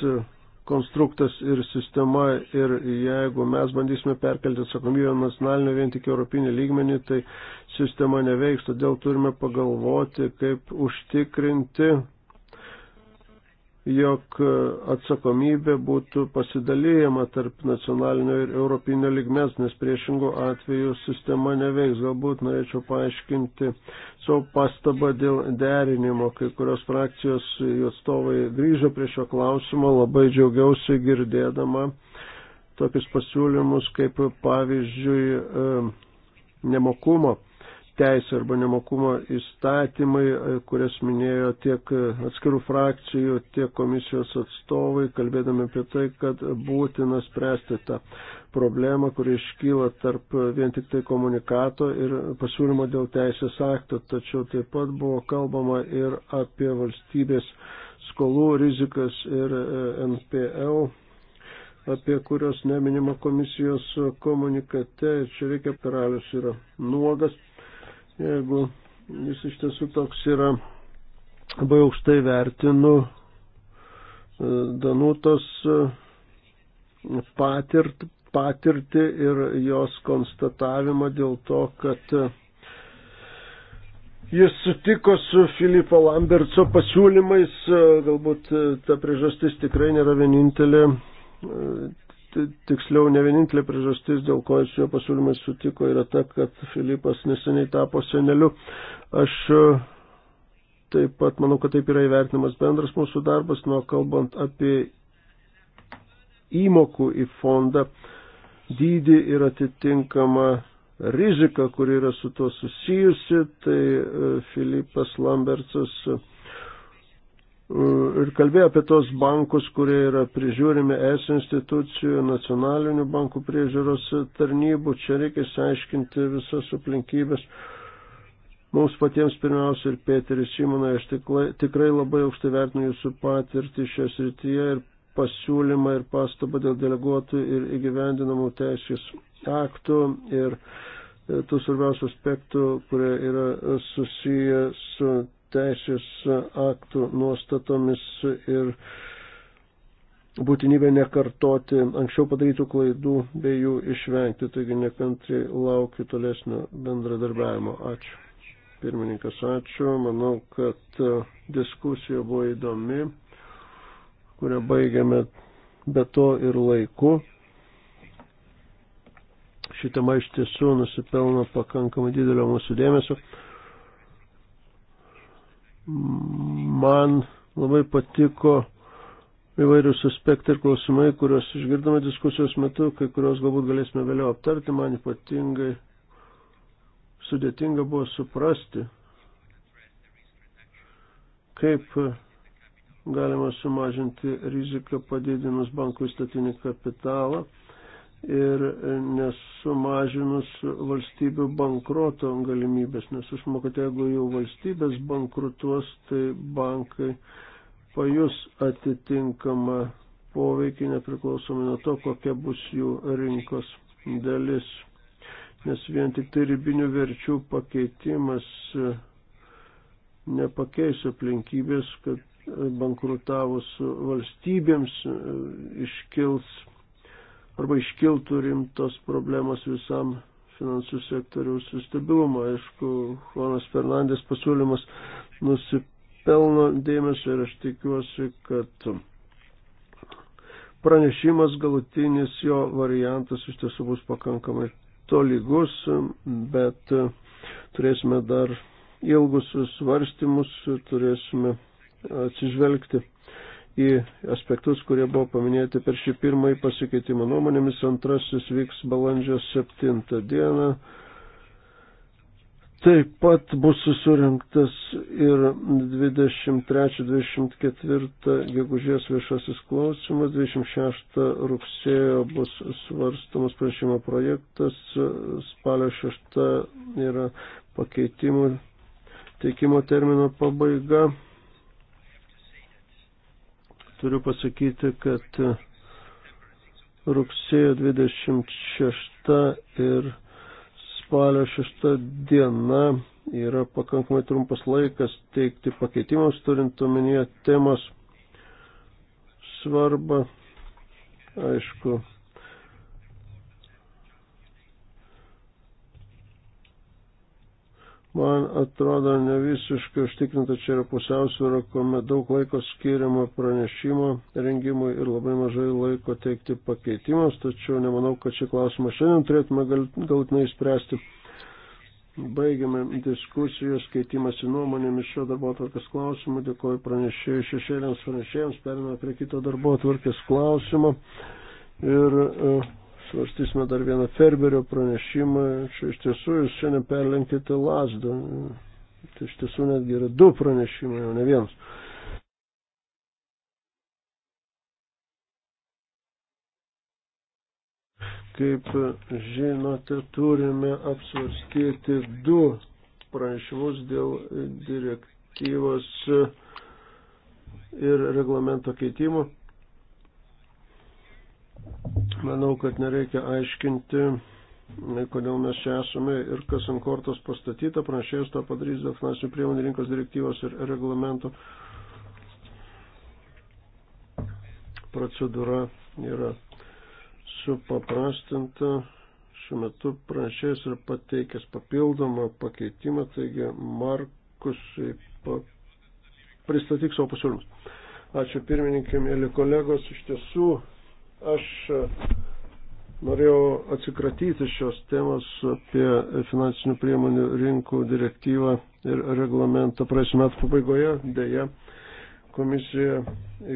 konstruktas ir sistema ir jeigu mes bandysime perkelti atsakomybę nacionalinio vien tik europinį lygmenį, tai sistema neveiks, todėl turime pagalvoti, kaip užtikrinti jog e, atsakomybė būtų pasidalyjama tarp nacionalinio ir europinio ligmens, nes priešingų atveju sistema neveiks. Galbūt norėčiau paaiškinti savo pastabą dėl derinimo. Kai kurios frakcijos atstovai grįžo prie šio klausimo, labai džiaugiausi girdėdama tokius pasiūlymus kaip pavyzdžiui e, nemokumo teisė arba nemokumo įstatymai, e, kurias minėjo tiek e, atskirų frakcijų, tiek komisijos atstovai, kalbėdami apie tai, kad būtina spręsti tą problemą, kuri iškyla tarp e, vien tik tai komunikato ir pasiūlymo dėl teisės akto. Tačiau taip pat buvo kalbama ir apie valstybės skolų rizikas ir NPL apie kurios neminima komisijos komunikate, čia reikia karalius yra nuogas. Jeigu jis iš tiesų toks yra, labai aukštai vertinu e, Danutos e, patirt, patirtį ir jos konstatavimą dėl to, kad e, Jis sutiko su Filipo Lambertso pasiūlymais, galbūt ta priežastis tikrai nėra vienintelė, tiksliau ne vienintelė priežastis, dėl ko jis jo pasiūlymai sutiko, yra ta, kad Filipas neseniai tapo seneliu. Aš e, taip pat manau, kad taip yra įvertinamas bendras mūsų darbas, nuo kalbant apie įmokų į fondą dydį ir atitinkamą riziką, kuri yra su tuo susijusi, tai e, Filipas Lambertsas Uh, ir kalbėjo apie tos bankus, kurie yra prižiūrimi es institucijų, nacionalinių bankų priežiūros tarnybų. Čia reikia išsiaiškinti visas aplinkybės. Mums patiems pirmiausia ir Peteris Šimonai, aš tikrai, tikrai labai aukštai vertinu jūsų patirtį šią srityje ir pasiūlymą ir pastabą dėl deleguotų ir įgyvendinamų teisės aktų ir e, tų svarbiausių aspektų, kurie yra susiję su teisės aktų nuostatomis ir būtinybė nekartoti anksčiau padarytų klaidų bei jų išvengti. Taigi nekantriai laukiu tolesnio bendradarbiavimo. Ačiū. Pirmininkas, ačiū. Manau, kad e, diskusija buvo įdomi, kurią baigėme be to ir laiku. Ši tema iš tiesų nusipelno pakankamai didelio mūsų dėmesio. Man labai patiko įvairius aspektai ir klausimai, kuriuos išgirdome diskusijos metu, kai kuriuos galbūt galėsime vėliau aptarti. Man ypatingai sudėtinga buvo suprasti, kaip galima sumažinti riziką padidinus bankų įstatinį kapitalą ir e, nesumažinus valstybių bankruoto galimybės, nes aš manau, kad jeigu jau valstybės bankrutuos, tai bankai pajus atitinkamą poveikį nepriklausomai nuo to, kokia bus jų rinkos dalis. Nes vien tik tai ribinių verčių pakeitimas e, nepakeis aplinkybės, kad bankrutavusių valstybėms e, iškils arba iškiltų rimtos problemos visam finansų sektoriaus stabilumą. Aišku, Juanas Fernandės pasiūlymas nusipelno dėmesio ir aš tikiuosi, kad pranešimas galutinis jo variantas iš tiesų bus pakankamai tolygus, bet turėsime dar ilgus svarstymus, turėsime atsižvelgti į aspektus, kurie buvo paminėti per šį pirmąjį pasikeitimą nuomonėmis. Antrasis vyks balandžio 7 dieną. Taip pat bus susirinktas ir 23-24 gegužės viešasis klausimas, 26 rugsėjo bus svarstamas prašymo projektas, spalio 6 yra pakeitimų teikimo termino pabaiga turiu pasakyti, kad rugsėjo 26 ir spalio 6 diena yra pakankamai trumpas laikas teikti pakeitimams, turint omenyje temos svarbą. Aišku, man atrodo ne visiškai užtikrinta čia yra pusiausvėra, kuomet daug laiko skiriama pranešimo rengimui ir labai mažai laiko teikti pakeitimams, tačiau nemanau, kad šį klausimą šiandien turėtume galutinai spręsti. Baigiame diskusijos, keitimasi nuomonėmis šio darbo atvarkės klausimų. Dėkoju pranešėjai šešėliams pranešėjams, perėmė prie kito darbo atvarkės klausimo. Ir uh, svarstysime dar vieną Ferberio pranešimą. Čia iš tiesų jūs šiandien perlenkite lasdą. Tai iš tiesų netgi yra du pranešimai, o ne vienas. Kaip žinote, turime apsvarstyti du pranešimus dėl direktyvos ir reglamento keitimo. Manau, kad nereikia aiškinti, kodėl mes čia esame ir kas ant kortos pastatyta. Pranešėjus tą padarys dėl finansinių priemonių rinkos direktyvos ir reglamento. Procedūra yra supaprastinta. Šiuo metu pranešėjas yra pateikęs papildomą pakeitimą, taigi Markusui pa... pristatyk savo pasiūlymus. Ačiū pirmininkėm, mėly kolegos, iš tiesų Aš e, norėjau atsikratyti šios temos apie finansinių priemonių rinkų direktyvą ir reglamentą praėjusiu metu pabaigoje. Deja, komisija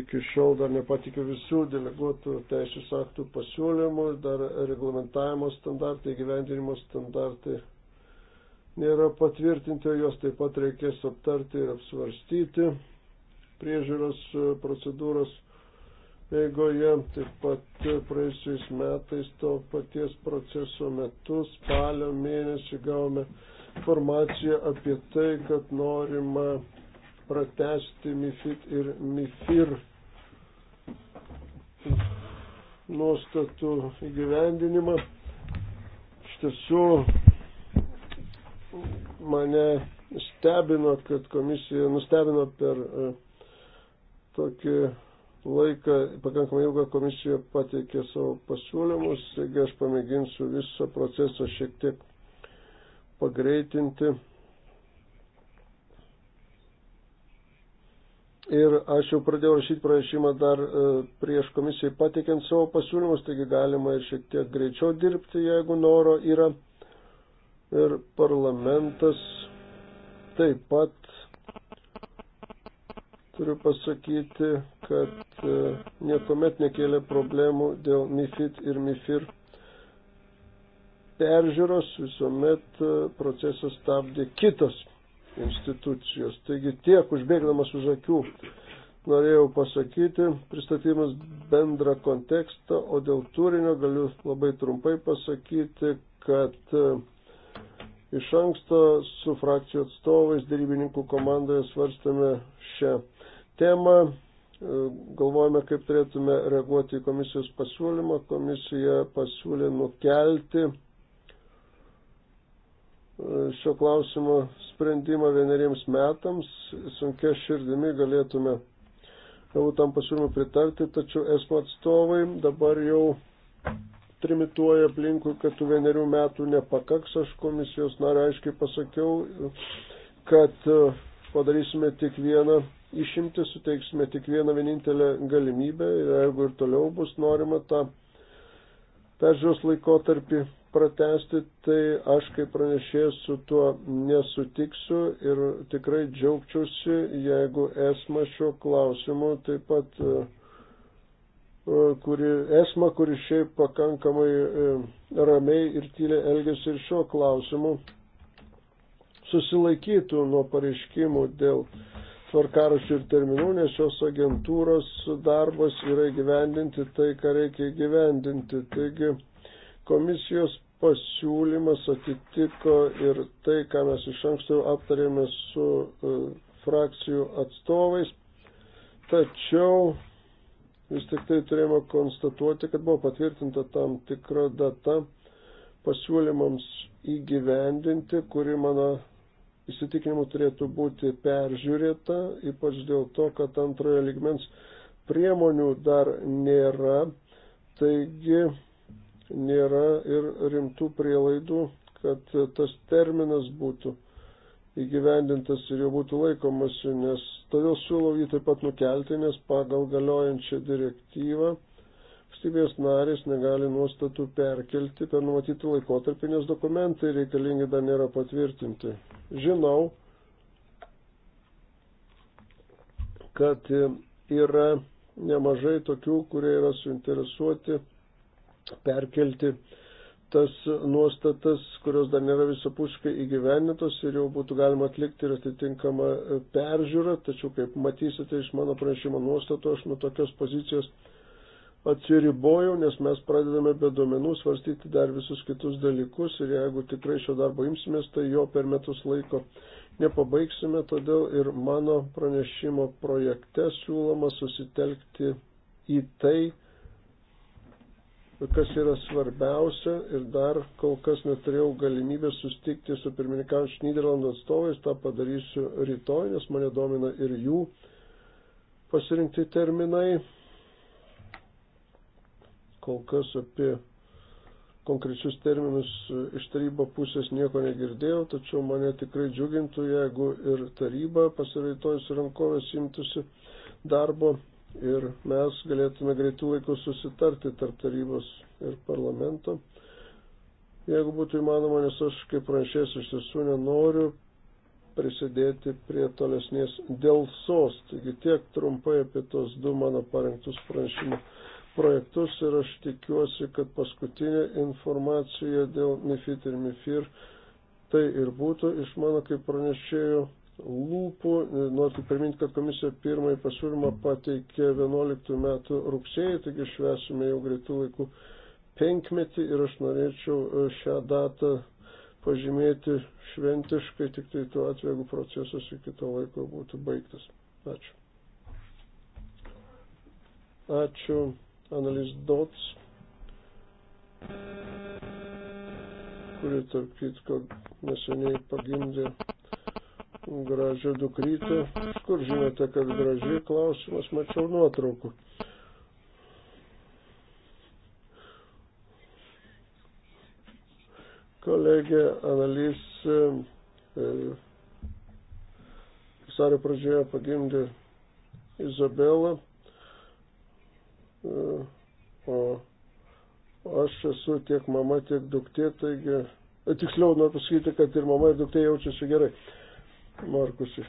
iki šiol dar nepatikė visų deleguotų teisės aktų pasiūlymų, dar reglamentavimo standartai, gyvendinimo standartai nėra patvirtinti, juos taip pat reikės aptarti ir apsvarstyti. Priežiūros procedūros eigoje, taip pat praėjusiais metais to paties proceso metu spalio mėnesį gavome informaciją apie tai, kad norima pratesti MIFID ir MIFIR nuostatų įgyvendinimą. Iš tiesų mane stebino, kad komisija nustebino per e, tokį laiką, pakankamai ilgą komisija pateikė savo pasiūlymus, taigi aš pamėginsiu visą procesą šiek tiek pagreitinti. Ir aš jau pradėjau rašyti prašymą dar e, prieš komisijai pateikiant savo pasiūlymus, taigi galima ir šiek tiek greičiau dirbti, jeigu noro yra. Ir parlamentas taip pat Turiu pasakyti, kad e, niekuomet nekėlė problemų dėl MIFID ir MIFIR peržiūros, visuomet e, procesas stabdė kitos institucijos. Taigi tiek užbėgdamas už akių norėjau pasakyti, pristatymas bendrą kontekstą, o dėl turinio galiu labai trumpai pasakyti, kad e, Iš anksto su frakcijų atstovais darybininkų komandoje svarstame šią temą, e, galvojame, kaip turėtume reaguoti į komisijos pasiūlymą. Komisija pasiūlė nukelti e, šio klausimo sprendimą vieneriems metams. Sunkia širdimi galėtume galbūt tam pasiūlymui pritarti, tačiau esmo atstovai dabar jau trimituoja aplinkui, kad tų vienerių metų nepakaks, aš komisijos narė aiškiai pasakiau, kad e, padarysime tik vieną išimtį, suteiksime tik vieną vienintelę galimybę ir jeigu ir toliau bus norima tą peržiūros laikotarpį pratesti, tai aš kaip pranešėjas su tuo nesutiksiu ir tikrai džiaugčiausi, jeigu esma šiuo klausimu taip pat uh, E, kuri esma, kuri šiaip pakankamai e, ramiai ir tyliai elgesi ir šiuo klausimu, susilaikytų nuo pareiškimų dėl tvarkarašių ir terminų, nes šios agentūros darbas yra gyvendinti tai, ką reikia gyvendinti. Taigi komisijos pasiūlymas atitiko ir tai, ką mes iš anksto aptarėme su e, frakcijų atstovais. Tačiau vis tik tai turėjome konstatuoti, kad buvo patvirtinta tam tikra data pasiūlymams įgyvendinti, kuri mano įsitikinimu turėtų būti peržiūrėta, ypač dėl to, kad antrojo ligmens priemonių dar nėra, taigi nėra ir rimtų prielaidų, kad tas terminas būtų įgyvendintas ir jo būtų laikomasi, nes Todėl siūlau jį taip pat nukelti, nes pagal galiojančią direktyvą valstybės narės negali nuostatų perkelti per numatyti laikotarpį, nes dokumentai reikalingi dar nėra patvirtinti. Žinau, kad yra nemažai tokių, kurie yra suinteresuoti perkelti tas nuostatas, kurios dar nėra visapuškai įgyvenintos ir jau būtų galima atlikti ir atitinkamą e, peržiūrą, tačiau kaip matysite iš mano pranešimo nuostato, aš nuo tokios pozicijos atsiribojau, nes mes pradedame be duomenų svarstyti dar visus kitus dalykus ir jeigu tikrai šio darbo imsimės, tai jo per metus laiko nepabaigsime, todėl ir mano pranešimo projekte siūloma susitelkti į tai, kas yra svarbiausia ir dar kol kas neturėjau galimybės sustikti su pirmininkaujančiu Niderlandų atstovais, tą padarysiu rytoj, nes mane domina ir jų pasirinkti terminai. Kol kas apie konkrečius terminus iš tarybo pusės nieko negirdėjau, tačiau mane tikrai džiugintų, jeigu ir taryba pasiraitoj su rankovės imtųsi darbo ir mes galėtume greitų laikų susitarti tarp tarybos ir parlamento. Jeigu būtų įmanoma, nes aš kaip pranšės iš tiesų nenoriu prisidėti prie tolesnės dėlsos. Taigi tiek trumpai apie tos du mano parengtus pranešimų projektus ir aš tikiuosi, kad paskutinė informacija dėl MIFID ir MIFIR tai ir būtų iš mano kaip pranešėjų lūpų. Noriu tik priminti, kad komisija pirmąjį pasiūlymą pateikė 11 metų rugsėjai, taigi švesime jau greitų laikų penkmetį ir aš norėčiau e, šią datą pažymėti šventiškai, tik tai tuo atveju, jeigu procesas iki to laiko būtų baigtas. Ačiū. Ačiū, Analis Dots, kuri, tarp kitko, neseniai pagimdė gražią dukrytę. Kur žinote, kad graži klausimas, mačiau nuotraukų. Kolegė Analys e, e, vasario pradžioje pagimdė Izabelą, e, o aš esu tiek mama, tiek duktė, taigi, tiksliau noriu pasakyti, kad ir mama ir duktė jaučiasi gerai. Markusui.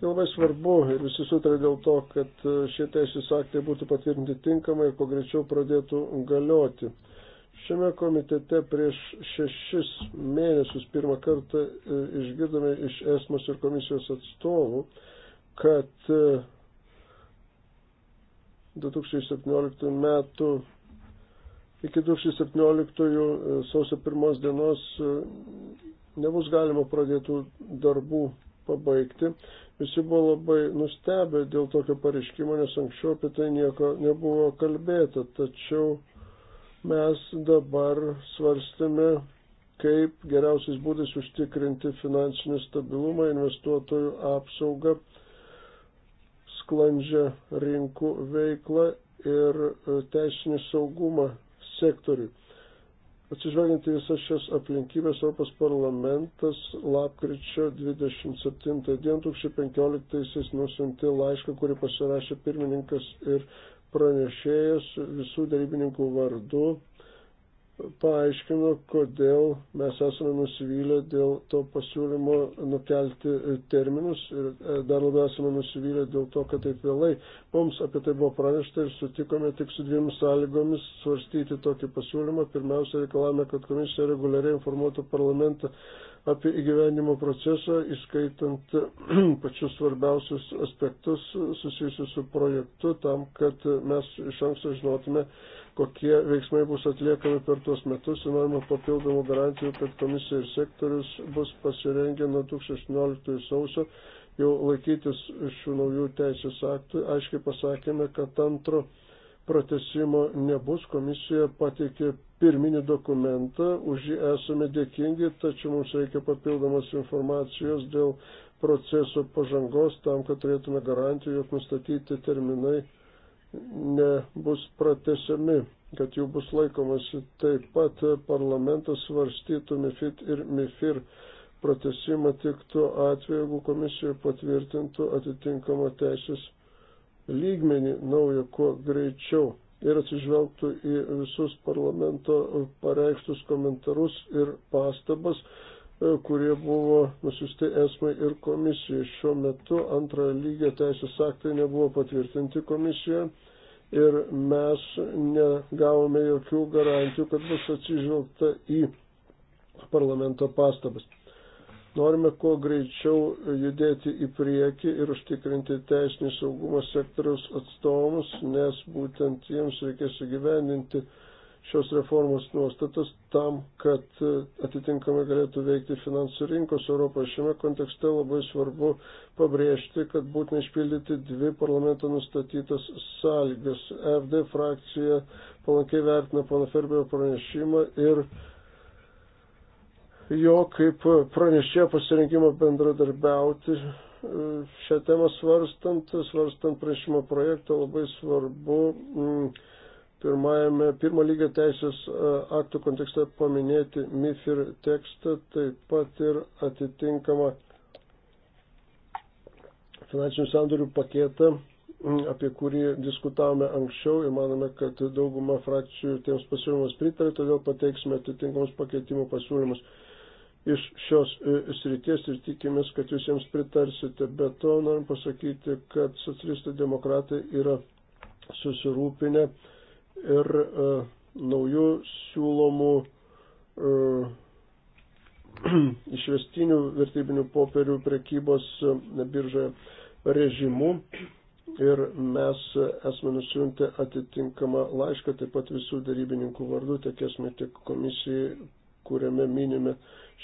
Tai labai svarbu ir visi sutarė dėl to, kad šie teisės aktai būtų patvirtinti tinkamai ir kuo greičiau pradėtų galioti. Šiame komitete prieš šešis mėnesius pirmą kartą e, išgirdome iš esmos ir komisijos atstovų, kad 2017 e, metų iki 2017 e, sausio pirmos dienos nebus galima pradėtų darbų pabaigti. Visi buvo labai nustebę dėl tokio pareiškimo, nes anksčiau apie tai nieko nebuvo kalbėta. Tačiau mes dabar svarstėme, kaip geriausiais būdais užtikrinti finansinį stabilumą, investuotojų apsaugą, sklandžią rinkų veiklą ir teisinį saugumą sektoriui. Atsižvelgiant į visas šias aplinkybės, Europos parlamentas lapkričio 27 dieną 2015 nusinti laišką, kurį pasirašė pirmininkas ir pranešėjas visų darybininkų vardu paaiškino, kodėl mes esame nusivylę dėl to pasiūlymo nukelti terminus ir e, dar labiau esame nusivylę dėl to, kad taip vėlai mums apie tai buvo pranešta ir sutikome tik su dviem sąlygomis svarstyti tokį pasiūlymą. Pirmiausia, reikalavome, kad komisija reguliariai informuotų parlamentą apie įgyvenimo procesą, įskaitant pačius svarbiausius aspektus susijusius su projektu, tam, kad mes iš anksto žinotume, kokie veiksmai bus atliekami per tuos metus ir norime papildomų garantijų, kad komisija ir sektorius bus pasirengę nuo 2016 sausio jau laikytis šių naujų teisės aktų. Aiškiai pasakėme, kad antro pratesimo nebus. Komisija pateikė pirminį dokumentą, už jį esame dėkingi, tačiau mums reikia papildomas informacijos dėl proceso pažangos tam, kad turėtume garantijų, jog nustatyti terminai nebus pratesiami, kad jų bus laikomasi. Taip pat parlamentas svarstytų MIFID ir MIFIR pratesimą tik tuo atveju, jeigu komisija patvirtintų atitinkamą teisės lygmenį naują kuo greičiau ir atsižvelgtų į visus parlamento pareikštus komentarus ir pastabas kurie buvo nusiusti esmai ir komisijai. Šiuo metu antrojo lygio teisės aktai nebuvo patvirtinti komisijoje ir mes negavome jokių garantijų, kad bus atsižvelgta į parlamento pastabas. Norime kuo greičiau judėti į priekį ir užtikrinti teisinį saugumo sektoriaus atstovus, nes būtent jiems reikės įgyvendinti šios reformos nuostatas tam, kad e, atitinkamai galėtų veikti finansų rinkos Europoje. Šiame kontekste labai svarbu pabrėžti, kad būtina išpildyti dvi parlamento nustatytas sąlygas. FD frakcija palankiai vertina pana Ferberio pranešimą ir jo kaip pranešėjo pasirinkimą bendradarbiauti e, šią temą svarstant, svarstant prašymo projektą labai svarbu. Mm, pirmajame, pirmo lygio teisės e, aktų kontekste paminėti MIFIR tekstą, taip pat ir atitinkamą finansinių sandorių paketą, apie kurį diskutavome anksčiau ir manome, kad dauguma frakcijų tiems pasiūlymams pritarė, todėl pateiksime atitinkamus pakeitimų pasiūlymus iš šios e, srities ir tikimės, kad jūs jiems pritarsite. Be to norim pasakyti, kad socialistų demokratai yra susirūpinę ir e, naujų siūlomų e, išvestinių vertybinių popierių prekybos e, biržoje režimų. Ir mes esame nusiuntę atitinkamą laišką, taip pat visų darybininkų vardų, tiek esame tiek komisijai, kuriame minime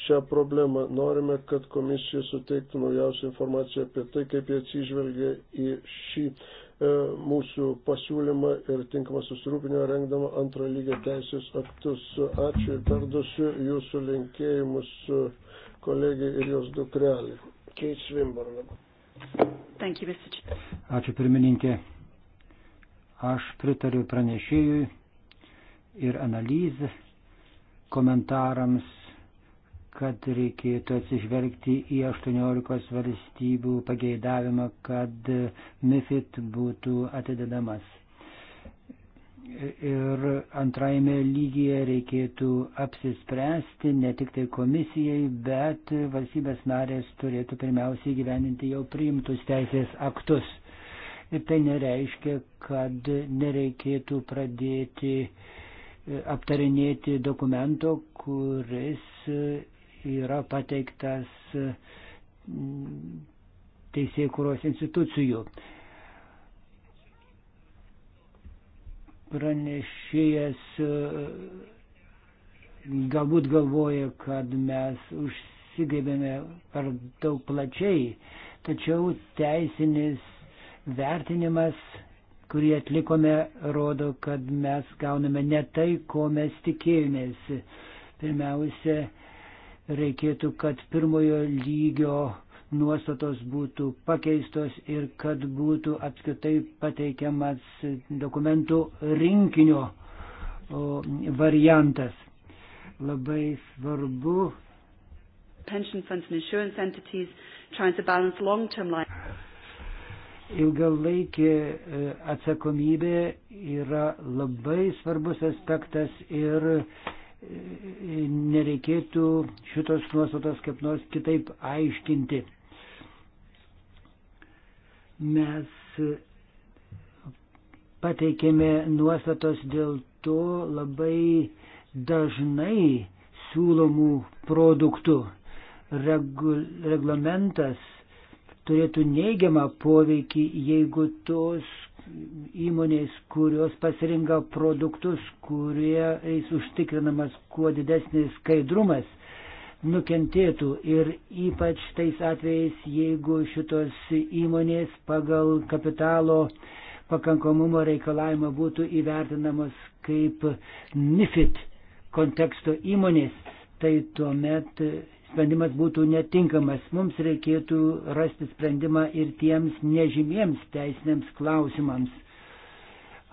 šią problemą. Norime, kad komisija suteiktų naujausią informaciją apie tai, kaip jie atsižvelgia į šį E, mūsų pasiūlymą ir tinkamą susirūpinimą rengdama antrą lygio teisės aktus. Ačiū ir perduosiu jūsų linkėjimus e, kolegiai ir jos dukrelį. Keit Svimborna. Ačiū pirmininkė. Aš pritariu pranešėjui ir analizė komentarams kad reikėtų atsižvelgti į 18 valstybių pageidavimą, kad MIFID būtų atidedamas. Ir antrajame lygyje reikėtų apsispręsti ne tik tai komisijai, bet valstybės narės turėtų pirmiausiai gyveninti jau priimtus teisės aktus. Ir tai nereiškia, kad nereikėtų pradėti aptarinėti dokumento, kuris yra pateiktas mm, teisėjų kūros institucijų. Pranešėjas mm, galbūt galvoja, kad mes užsigaibėme per daug plačiai, tačiau teisinis vertinimas, kurį atlikome, rodo, kad mes gauname ne tai, ko mes tikėjomės. Pirmiausia, reikėtų, kad pirmojo lygio nuostatos būtų pakeistos ir kad būtų apskritai pateikiamas dokumentų rinkinio variantas. Labai svarbu. Pension funds and insurance entities trying to balance long-term life ilgalaikė e, atsakomybė yra labai svarbus aspektas ir nereikėtų šitos nuostatos kaip nors kitaip aiškinti. Mes pateikėme nuostatos dėl to labai dažnai siūlomų produktų. Regul, reglamentas turėtų neigiamą poveikį, jeigu tos įmonės, kurios pasirinka produktus, kuriais užtikrinamas kuo didesnis skaidrumas, nukentėtų ir ypač tais atvejais, jeigu šitos įmonės pagal kapitalo pakankamumo reikalavimą būtų įvertinamos kaip NIFIT konteksto įmonės, tai tuomet sprendimas būtų netinkamas. Mums reikėtų rasti sprendimą ir tiems nežymiems teisiniams klausimams.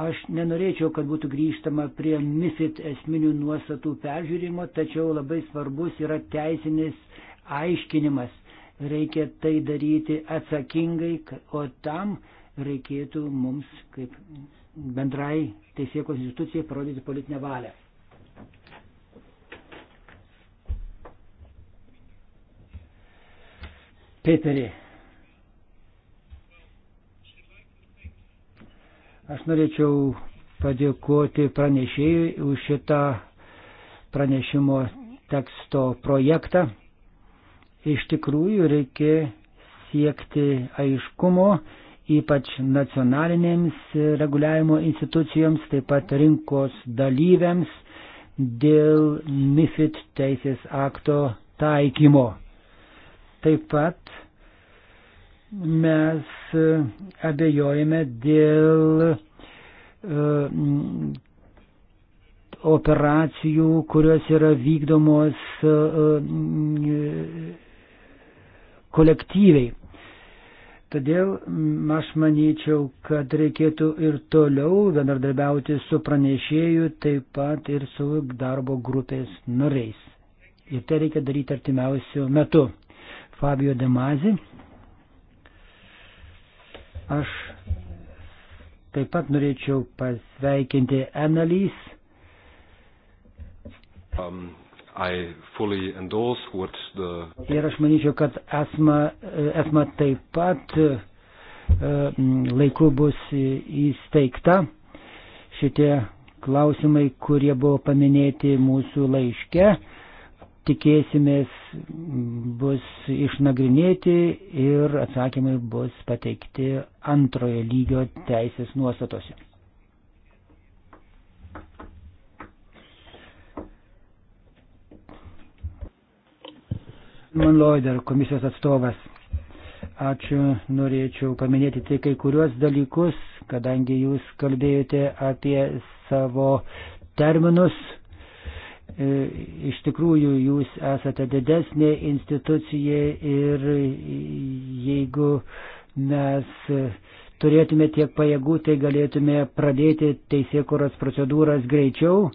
Aš nenorėčiau, kad būtų grįžtama prie MIFID esminių nuostatų peržiūrimo, tačiau labai svarbus yra teisinis aiškinimas. Reikia tai daryti atsakingai, o tam reikėtų mums kaip bendrai teisėkos institucijai parodyti politinę valią. Peterį. Aš norėčiau padėkoti pranešėjui už šitą pranešimo teksto projektą. Iš tikrųjų reikia siekti aiškumo, ypač nacionalinėms reguliavimo institucijoms, taip pat rinkos dalyviams dėl MIFID teisės akto taikymo. Taip pat mes e, abejojame dėl e, operacijų, kurios yra vykdomos e, kolektyviai. Todėl aš manyčiau, kad reikėtų ir toliau bendradarbiauti su pranešėju, taip pat ir su darbo grupės nariais. Ir tai reikia daryti artimiausių metų. Fabio Demazi. Aš taip pat norėčiau pasveikinti Annalys. Um, the... Ir aš manyčiau, kad esma, esma taip pat uh, laiku bus įsteigta. Šitie klausimai, kurie buvo paminėti mūsų laiške, uh, tikėsimės bus išnagrinėti ir atsakymai bus pateikti antrojo lygio teisės nuostatose. Man Loider, komisijos atstovas. Ačiū, norėčiau paminėti tik kai kuriuos dalykus, kadangi jūs kalbėjote apie savo terminus E, iš tikrųjų jūs esate didesnė institucija ir jeigu mes turėtume tiek pajėgų, tai galėtume pradėti teisėkuros procedūras greičiau.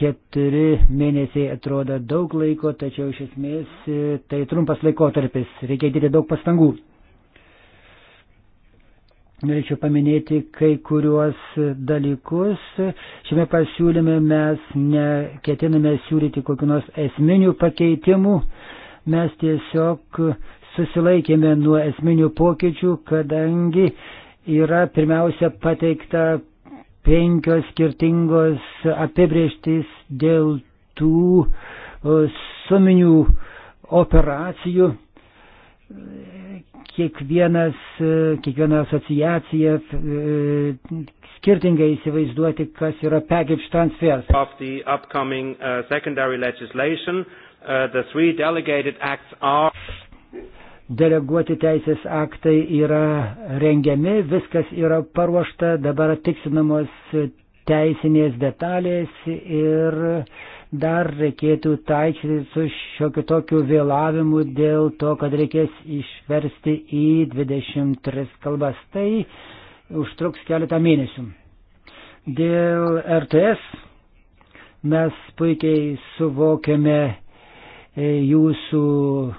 Keturi mėnesiai atrodo daug laiko, tačiau iš esmės e, tai trumpas laikotarpis, reikia dėti daug pastangų norėčiau paminėti kai kuriuos dalykus. Šiame pasiūlyme mes neketiname siūlyti kokiu nors esminių pakeitimų, mes tiesiog susilaikėme nuo esminių pokyčių, kadangi yra pirmiausia pateikta penkios skirtingos apibrieštys dėl tų suminių operacijų kiekvienas, kiekviena asociacija e, skirtingai įsivaizduoti, kas yra package transfers. Of the upcoming uh, secondary legislation, uh, the three delegated acts are. Deleguoti teisės aktai yra rengiami, viskas yra paruošta, dabar tiksinamos teisinės detalės ir uh, dar reikėtų taikyti su šiokiu tokiu vėlavimu dėl to, kad reikės išversti į 23 kalbas. Tai užtruks keletą mėnesių. Dėl RTS mes puikiai suvokiame e, jūsų e,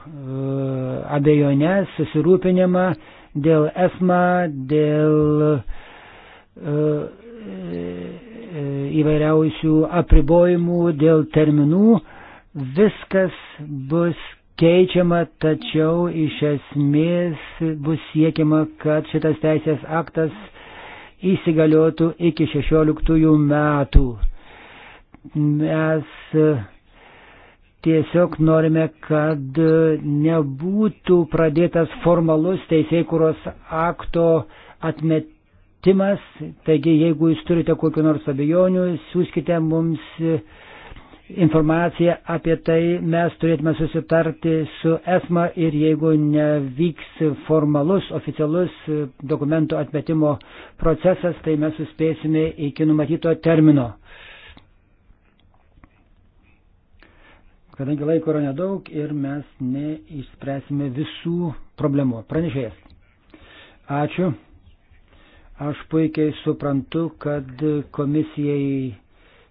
abejonę, susirūpinimą dėl esmą, dėl uh, įvairiausių apribojimų, dėl terminų, viskas bus keičiama, tačiau iš esmės bus siekiama, kad šitas teisės aktas įsigaliotų iki 16 metų. Mes e, tiesiog norime, kad nebūtų pradėtas formalus teisėkuros akto atmetimas vertimas. Taigi, jeigu jūs turite kokiu nors abejonių, siūskite mums e, informaciją apie tai. Mes turėtume susitarti su ESMA ir jeigu nevyks formalus, oficialus e, dokumento atmetimo procesas, tai mes suspėsime iki numatyto termino. Kadangi laiko yra nedaug ir mes neišspręsime visų problemų. Pranešėjas. Ačiū. Aš puikiai suprantu, kad komisijai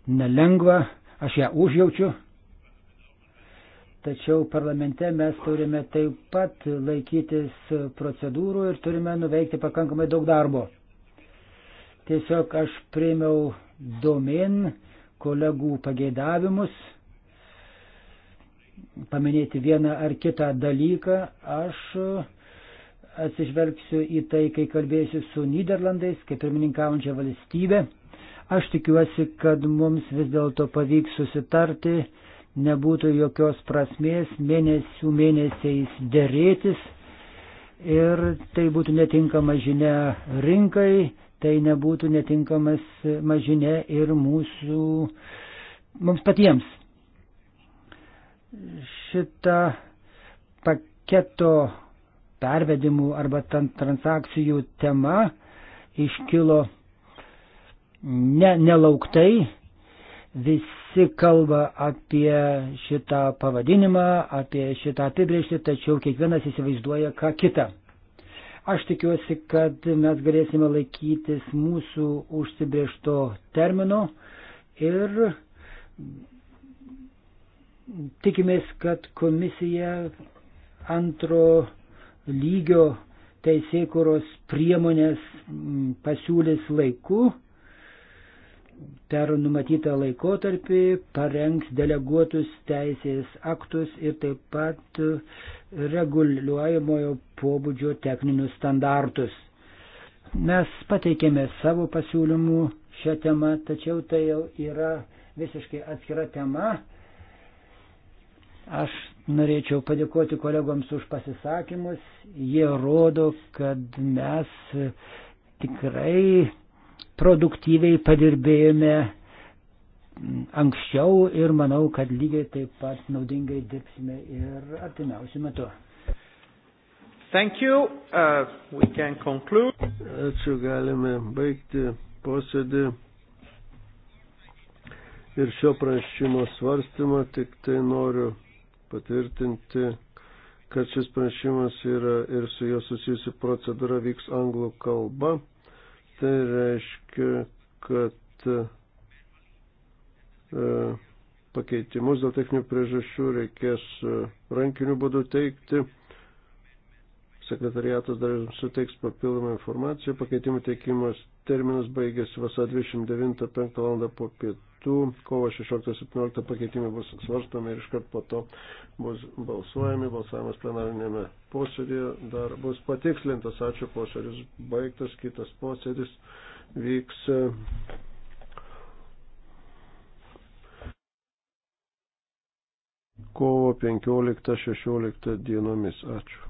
nelengva, aš ją užjaučiu. Tačiau parlamente mes turime taip pat laikytis procedūrų ir turime nuveikti pakankamai daug darbo. Tiesiog aš priėmiau domin kolegų pageidavimus paminėti vieną ar kitą dalyką. Aš atsižvelgsiu į tai, kai kalbėsiu su Niderlandais, kaip pirmininkaujančia valstybė. Aš tikiuosi, kad mums vis dėlto pavyks susitarti, nebūtų jokios prasmės mėnesių mėnesiais dėrėtis ir tai būtų netinkama žinia rinkai, tai nebūtų netinkamas žinia ir mūsų, mums patiems. Šita paketo pervedimų arba transakcijų tema iškilo ne, nelauktai. Visi kalba apie šitą pavadinimą, apie šitą apibrėžtį, tačiau kiekvienas įsivaizduoja ką kitą. Aš tikiuosi, kad mes galėsime laikytis mūsų užsibriežto termino ir tikimės, kad komisija antro lygio teisėkuros priemonės mm, pasiūlys laiku per numatytą laikotarpį parengs deleguotus teisės aktus ir taip pat reguliuojamojo pobūdžio techninius standartus. Mes pateikėme savo pasiūlymų šią temą, tačiau tai jau yra visiškai atskira tema Aš norėčiau padėkoti kolegoms už pasisakymus. Jie rodo, kad mes tikrai produktyviai padirbėjome anksčiau ir manau, kad lygiai taip pat naudingai dirbsime ir artimiausių metų. Thank you. Uh, we can conclude. Ačiū, galime baigti posėdį ir šio prašymo svarstymą, tik tai noriu patvirtinti, kad šis pranešimas yra ir su juo susijusi procedūra vyks anglų kalba. Tai reiškia, kad e, pakeitimus dėl techninių priežasčių reikės e, rankiniu būdu teikti. Sekretariatas dar suteiks papildomą informaciją. Pakeitimų teikimas terminas baigėsi vasarą 29.5 val. po pietų aktų. Kovo 16-17 pakeitimai bus svarstomi ir iškart po to bus balsuojami. Balsavimas plenarinėme posėdėje dar bus patikslintas. Ačiū, posėdis baigtas. Kitas posėdis vyks. Kovo 15-16 dienomis. Ačiū.